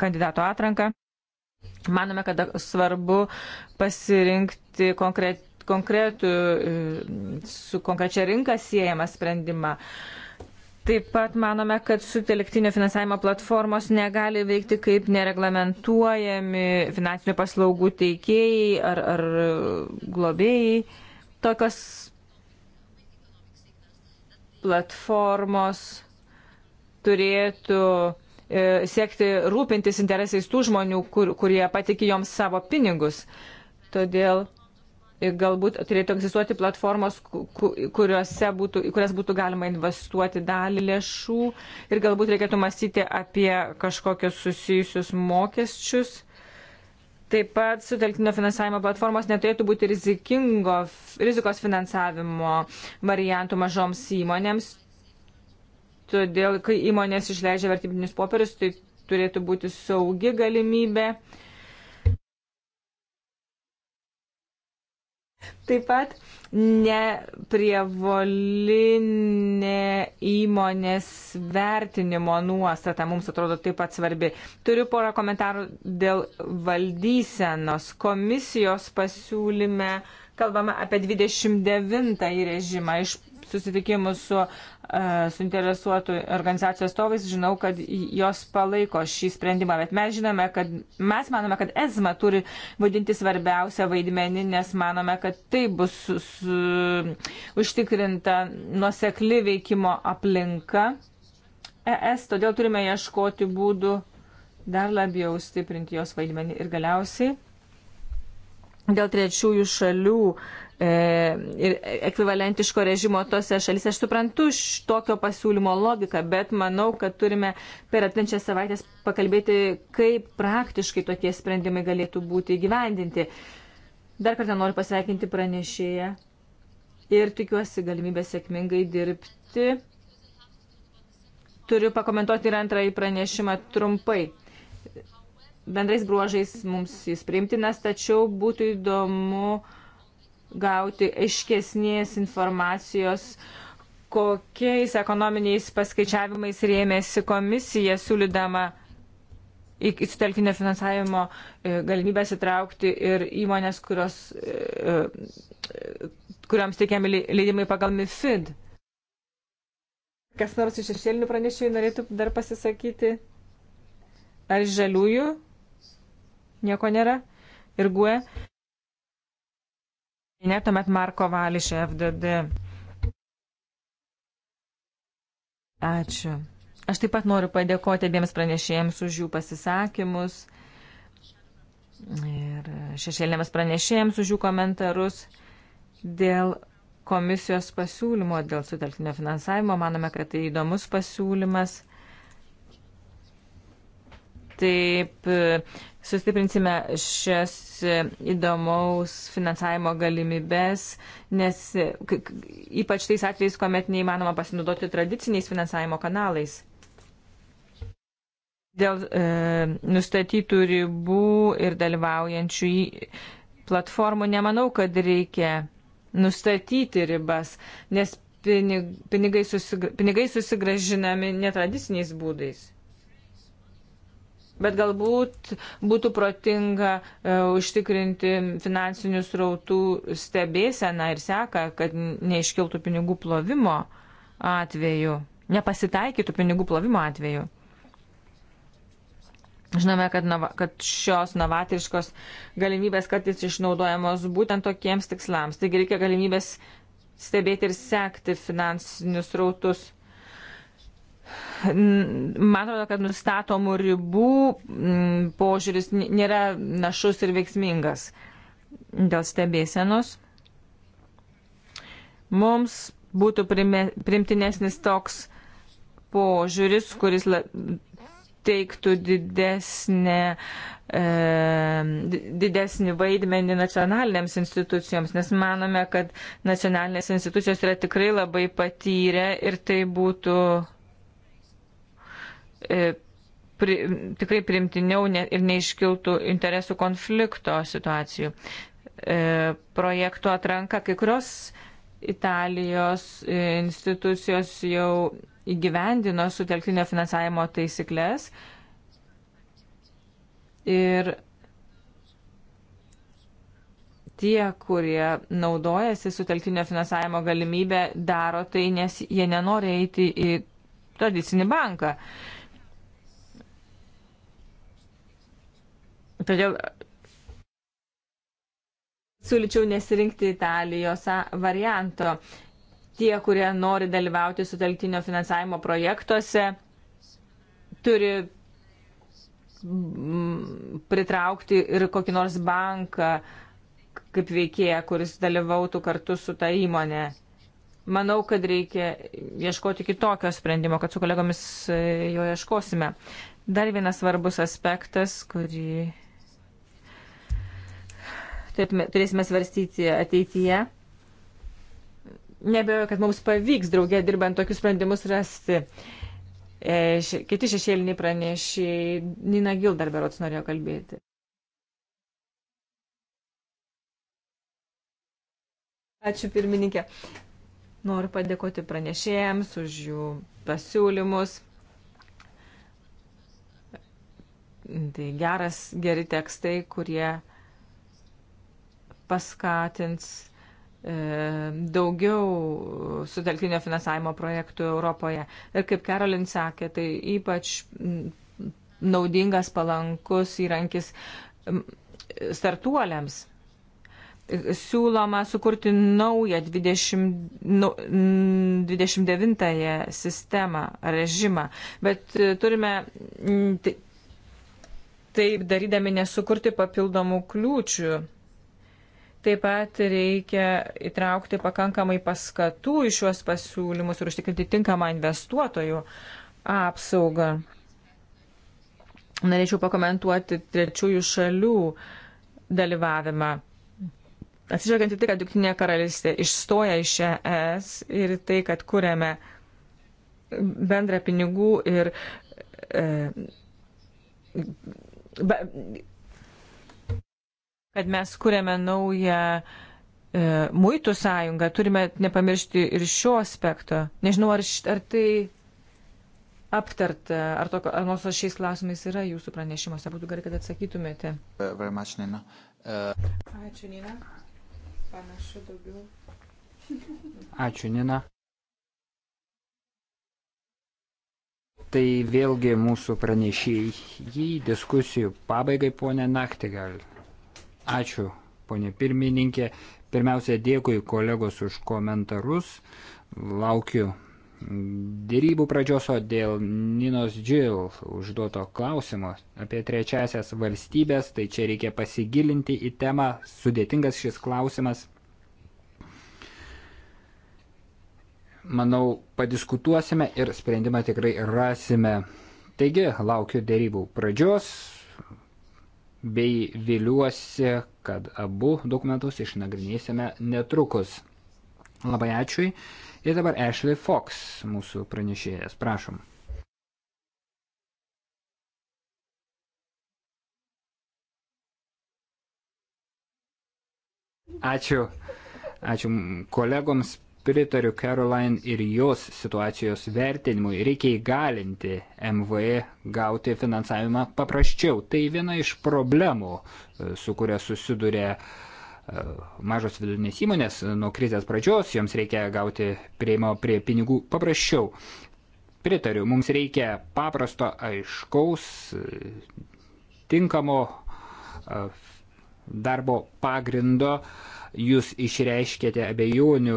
kandidato atranką. Manome, kad svarbu pasirinkti konkret, konkretų, e, su konkrečia rinka siejamą sprendimą. Taip pat manome, kad sutelktinio finansavimo platformos negali veikti kaip nereglamentuojami finansinių paslaugų teikėjai ar, ar globėjai. Tokios platformos turėtų e, siekti rūpintis interesais tų žmonių, kur, kurie patikė joms savo pinigus. Todėl e, galbūt turėtų egzistuoti platformos, kuriuose būtų, kurias būtų galima investuoti dalį lėšų ir galbūt reikėtų mąstyti apie kažkokius susijusius mokesčius Taip pat sutelktinio finansavimo platformos neturėtų būti rizikingo, rizikos finansavimo variantų mažoms įmonėms. Todėl, kai įmonės išleidžia vertybinius popierius, tai turėtų būti saugi galimybė. Uh, Taip pat neprievolinė įmonės vertinimo nuostata mums atrodo taip pat svarbi. Turiu porą komentarų dėl valdysenos. Komisijos pasiūlyme kalbama apie 29 režimą. Iš susitikimus su e, suinteresuotų organizacijų atstovais, žinau, kad jos palaiko šį sprendimą, bet mes žinome, kad mes manome, kad ESMA turi vaidinti svarbiausią vaidmenį, nes manome, kad tai bus su, su, užtikrinta nuosekli veikimo aplinka ES, todėl turime ieškoti būdų dar labiau stiprinti jos vaidmenį ir galiausiai dėl trečiųjų šalių E, ir ekvivalentiško režimo tose šalyse. Aš suprantu iš tokio pasiūlymo logiką, bet manau, kad turime per atvenčią savaitę pakalbėti, kaip praktiškai tokie sprendimai galėtų būti įgyvendinti. Dar kartą noriu pasveikinti pranešėją ir tikiuosi galimybę sėkmingai dirbti. Turiu pakomentuoti ir antrąjį pranešimą trumpai bendrais bruožais mums jis priimtinas, tačiau būtų įdomu gauti aiškesnės informacijos, kokiais ekonominiais paskaičiavimais rėmėsi komisija siūlydama į sutelkinio finansavimo e, galimybės įtraukti ir įmonės, kurios, e, e, kuriams teikiami leidimai pagal MIFID. Kas nors iš šešėlinių pranešėjų norėtų dar pasisakyti? Ar žaliųjų? Nieko nėra? Ir guė? Ne, tuomet Marko Vališ, FDD. Ačiū. Aš taip pat noriu padėkoti abiems pranešėjams už jų pasisakymus ir šešėlėms pranešėjams už jų komentarus dėl komisijos pasiūlymo, dėl sutelktinio finansavimo. Manome, kad tai įdomus pasiūlymas Taip sustiprinsime šias įdomaus finansavimo galimybės, nes ypač tais atvejais, kuomet neįmanoma pasinaudoti tradiciniais finansavimo kanalais. Dėl e, nustatytų ribų ir dalyvaujančių platformų nemanau, kad reikia nustatyti ribas, nes pinig, pinigai, susigra, pinigai susigražinami netradiciniais būdais. Bet galbūt būtų protinga e, užtikrinti finansinių srautų stebėseną ir seką, kad neiškiltų pinigų plovimo atveju, nepasitaikytų pinigų plovimo atveju. Žinome, kad, nava, kad šios navatiškos galimybės kartais išnaudojamos būtent tokiems tikslams. Taigi reikia galimybės stebėti ir sekti finansinius rautus man atrodo, kad nustatomų ribų mm, požiūris nėra našus ir veiksmingas dėl stebėsenos. Mums būtų primtinesnis toks požiūris, kuris teiktų didesnę, e, didesnį vaidmenį nacionalinėms institucijoms, nes manome, kad nacionalinės institucijos yra tikrai labai patyrę ir tai būtų E, pri, tikrai primtiniau ne, ir neiškiltų interesų konflikto situacijų. E, projektų atranka kai kurios Italijos e, institucijos jau įgyvendino sutelktinio finansavimo taisyklės ir tie, kurie naudojasi sutelktinio finansavimo galimybę, daro tai, nes jie nenori eiti į tradicinį banką. E, Todėl siūlyčiau nesirinkti Italijos varianto. Tie, kurie nori dalyvauti sutelktinio finansavimo projektuose, turi mm, pritraukti ir kokį nors banką kaip veikėją, kuris dalyvautų kartu su ta įmonė. Manau, kad reikia ieškoti kitokio sprendimo, kad su kolegomis e, jo ieškosime. Dar vienas svarbus aspektas, kurį turėsime svarstyti ateityje. Nebejoju, kad mums pavyks draugė dirbant tokius sprendimus rasti. E, kiti šešėliniai pranešiai, Nina Gildarberots norėjo kalbėti. Ačiū pirmininkė. Noriu padėkoti pranešėjams už jų pasiūlymus. Tai geras, geri tekstai, kurie paskatins e, daugiau sutelkinio finansavimo projektų Europoje. Ir kaip Karolin sakė, tai ypač naudingas, palankus įrankis startuoliams. Siūloma sukurti naują 20, 29-ąją nu, sistemą, režimą, bet e, turime taip darydami nesukurti papildomų kliūčių Taip pat reikia įtraukti pakankamai paskatų į šiuos pasiūlymus ir užtikrinti tinkamą investuotojų apsaugą. Norėčiau pakomentuoti trečiųjų šalių dalyvavimą. Atsižvelgiant į tai, kad Junktinė karalystė išstoja iš ES ir tai, kad kuriame bendrą pinigų ir e, be, kad mes kuriame naują e, muitų sąjungą, turime nepamiršti ir šio aspekto. Nežinau, ar, ar tai aptarta, ar, to, ar nors šiais klausimais yra jūsų pranešimuose, būtų gerai, kad atsakytumėte. Very much, Nina. Uh... Ačiū, Nina. Panašu daugiau. Ačiū, Nina. Tai vėlgi mūsų pranešėjai diskusijų pabaigai, ponė Naktigal. Ačiū, ponė pirmininkė. Pirmiausia, dėkui kolegos už komentarus. Laukiu dėrybų pradžios, o dėl Ninos Džil užduoto klausimo apie trečiasias valstybės, tai čia reikia pasigilinti į temą. Sudėtingas šis klausimas. Manau, padiskutuosime ir sprendimą tikrai rasime. Taigi, laukiu dėrybų pradžios bei viliuosi, kad abu dokumentus išnagrinėsime netrukus. Labai ačiū. Ir dabar Ashley Fox, mūsų pranešėjas, prašom. Ačiū. Ačiū kolegoms Pritariu Caroline ir jos situacijos vertinimui. Reikia įgalinti MVE gauti finansavimą paprasčiau. Tai viena iš problemų, e, su kuria susiduria e, mažos vidutinės įmonės nuo krizės pradžios, joms reikia gauti prieimo prie pinigų paprasčiau. Pritariu, mums reikia paprasto, aiškaus, e, tinkamo darbo pagrindo. Jūs išreiškėte abejonių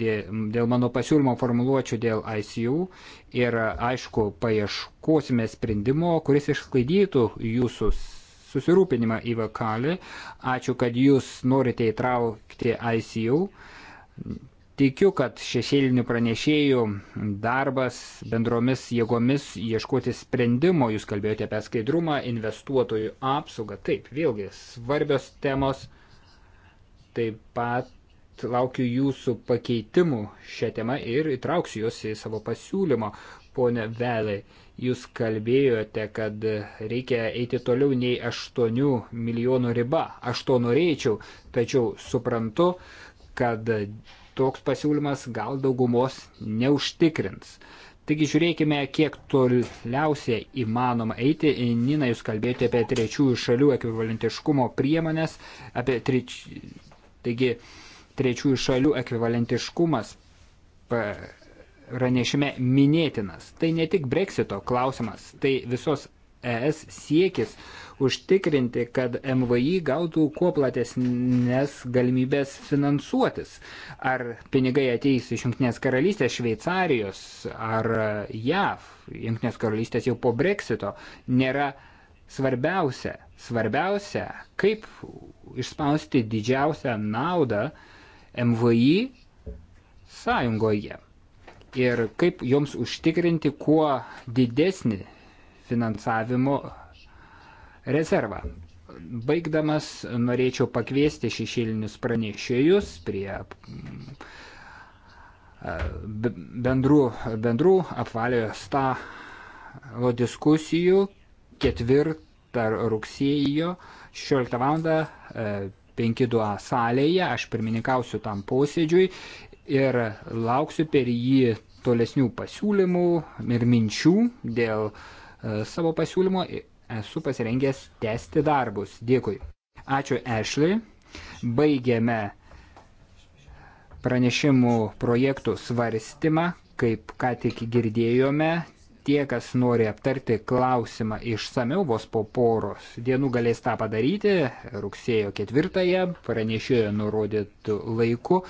dėl mano pasiūlymo formuluočių dėl ICU ir aišku paieškosime sprendimo, kuris išsklaidytų jūsų susirūpinimą į vakalį. Ačiū, kad jūs norite įtraukti ICU. Tikiu, kad šešėlinių pranešėjų darbas bendromis jėgomis ieškoti sprendimo, jūs kalbėjote apie skaidrumą, investuotojų apsaugą, taip, vėlgi svarbios temos, taip pat kad laukiu jūsų pakeitimų šią temą ir įtrauksiu juos į savo pasiūlymą. Pone Velai, jūs kalbėjote, kad reikia eiti toliau nei 8 milijonų riba. Aš to norėčiau, tačiau suprantu, kad toks pasiūlymas gal daugumos neužtikrins. Taigi žiūrėkime, kiek toliausiai įmanoma eiti. Nina, jūs kalbėjote apie trečiųjų šalių ekvivalentiškumo priemonės, apie treč... Taigi, trečiųjų šalių ekvivalentiškumas pranešime minėtinas. Tai ne tik breksito klausimas, tai visos ES siekis užtikrinti, kad MVI gautų kuo platesnės galimybės finansuotis. Ar pinigai ateis iš Junktinės karalystės, Šveicarijos ar JAV, Junktinės karalystės jau po breksito, nėra svarbiausia. Svarbiausia, kaip išspausti didžiausią naudą uh, MVI sąjungoje ir kaip joms užtikrinti kuo didesnį finansavimo rezervą. Baigdamas norėčiau pakviesti šešėlinius pranešėjus prie mm, bendrų, bendrų apvaliojo stalo diskusijų ketvirtą rugsėjo 16 val. 5-2A salėje, aš pirmininkausiu tam posėdžiui ir lauksiu per jį tolesnių pasiūlymų ir minčių dėl savo pasiūlymo. Esu pasirengęs tęsti darbus. Dėkui. Ačiū, Ešli. Baigėme pranešimų projektų svarstymą, kaip ką tik girdėjome, tie, kas nori aptarti klausimą išsameu vos po poros dienų galės tą padaryti rugsėjo ketvirtąją pranešėjo nurodytų laiku.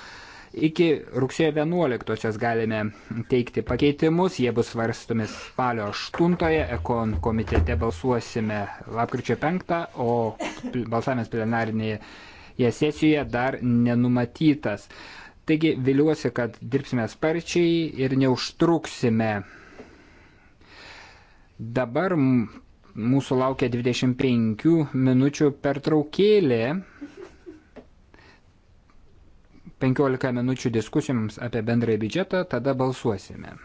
Iki rugsėjo 11-osios galime teikti pakeitimus, jie bus svarstomi spalio 8-ąją, ekon komitete balsuosime lapkričio 5 o balsavimas plenarinėje sesijoje dar nenumatytas. Taigi viliuosi, kad dirbsime sparčiai ir neužtruksime Dabar mūsų laukia 25 minučių pertraukėlė. 15 minučių diskusijoms apie bendrąjį biudžetą, tada balsuosime.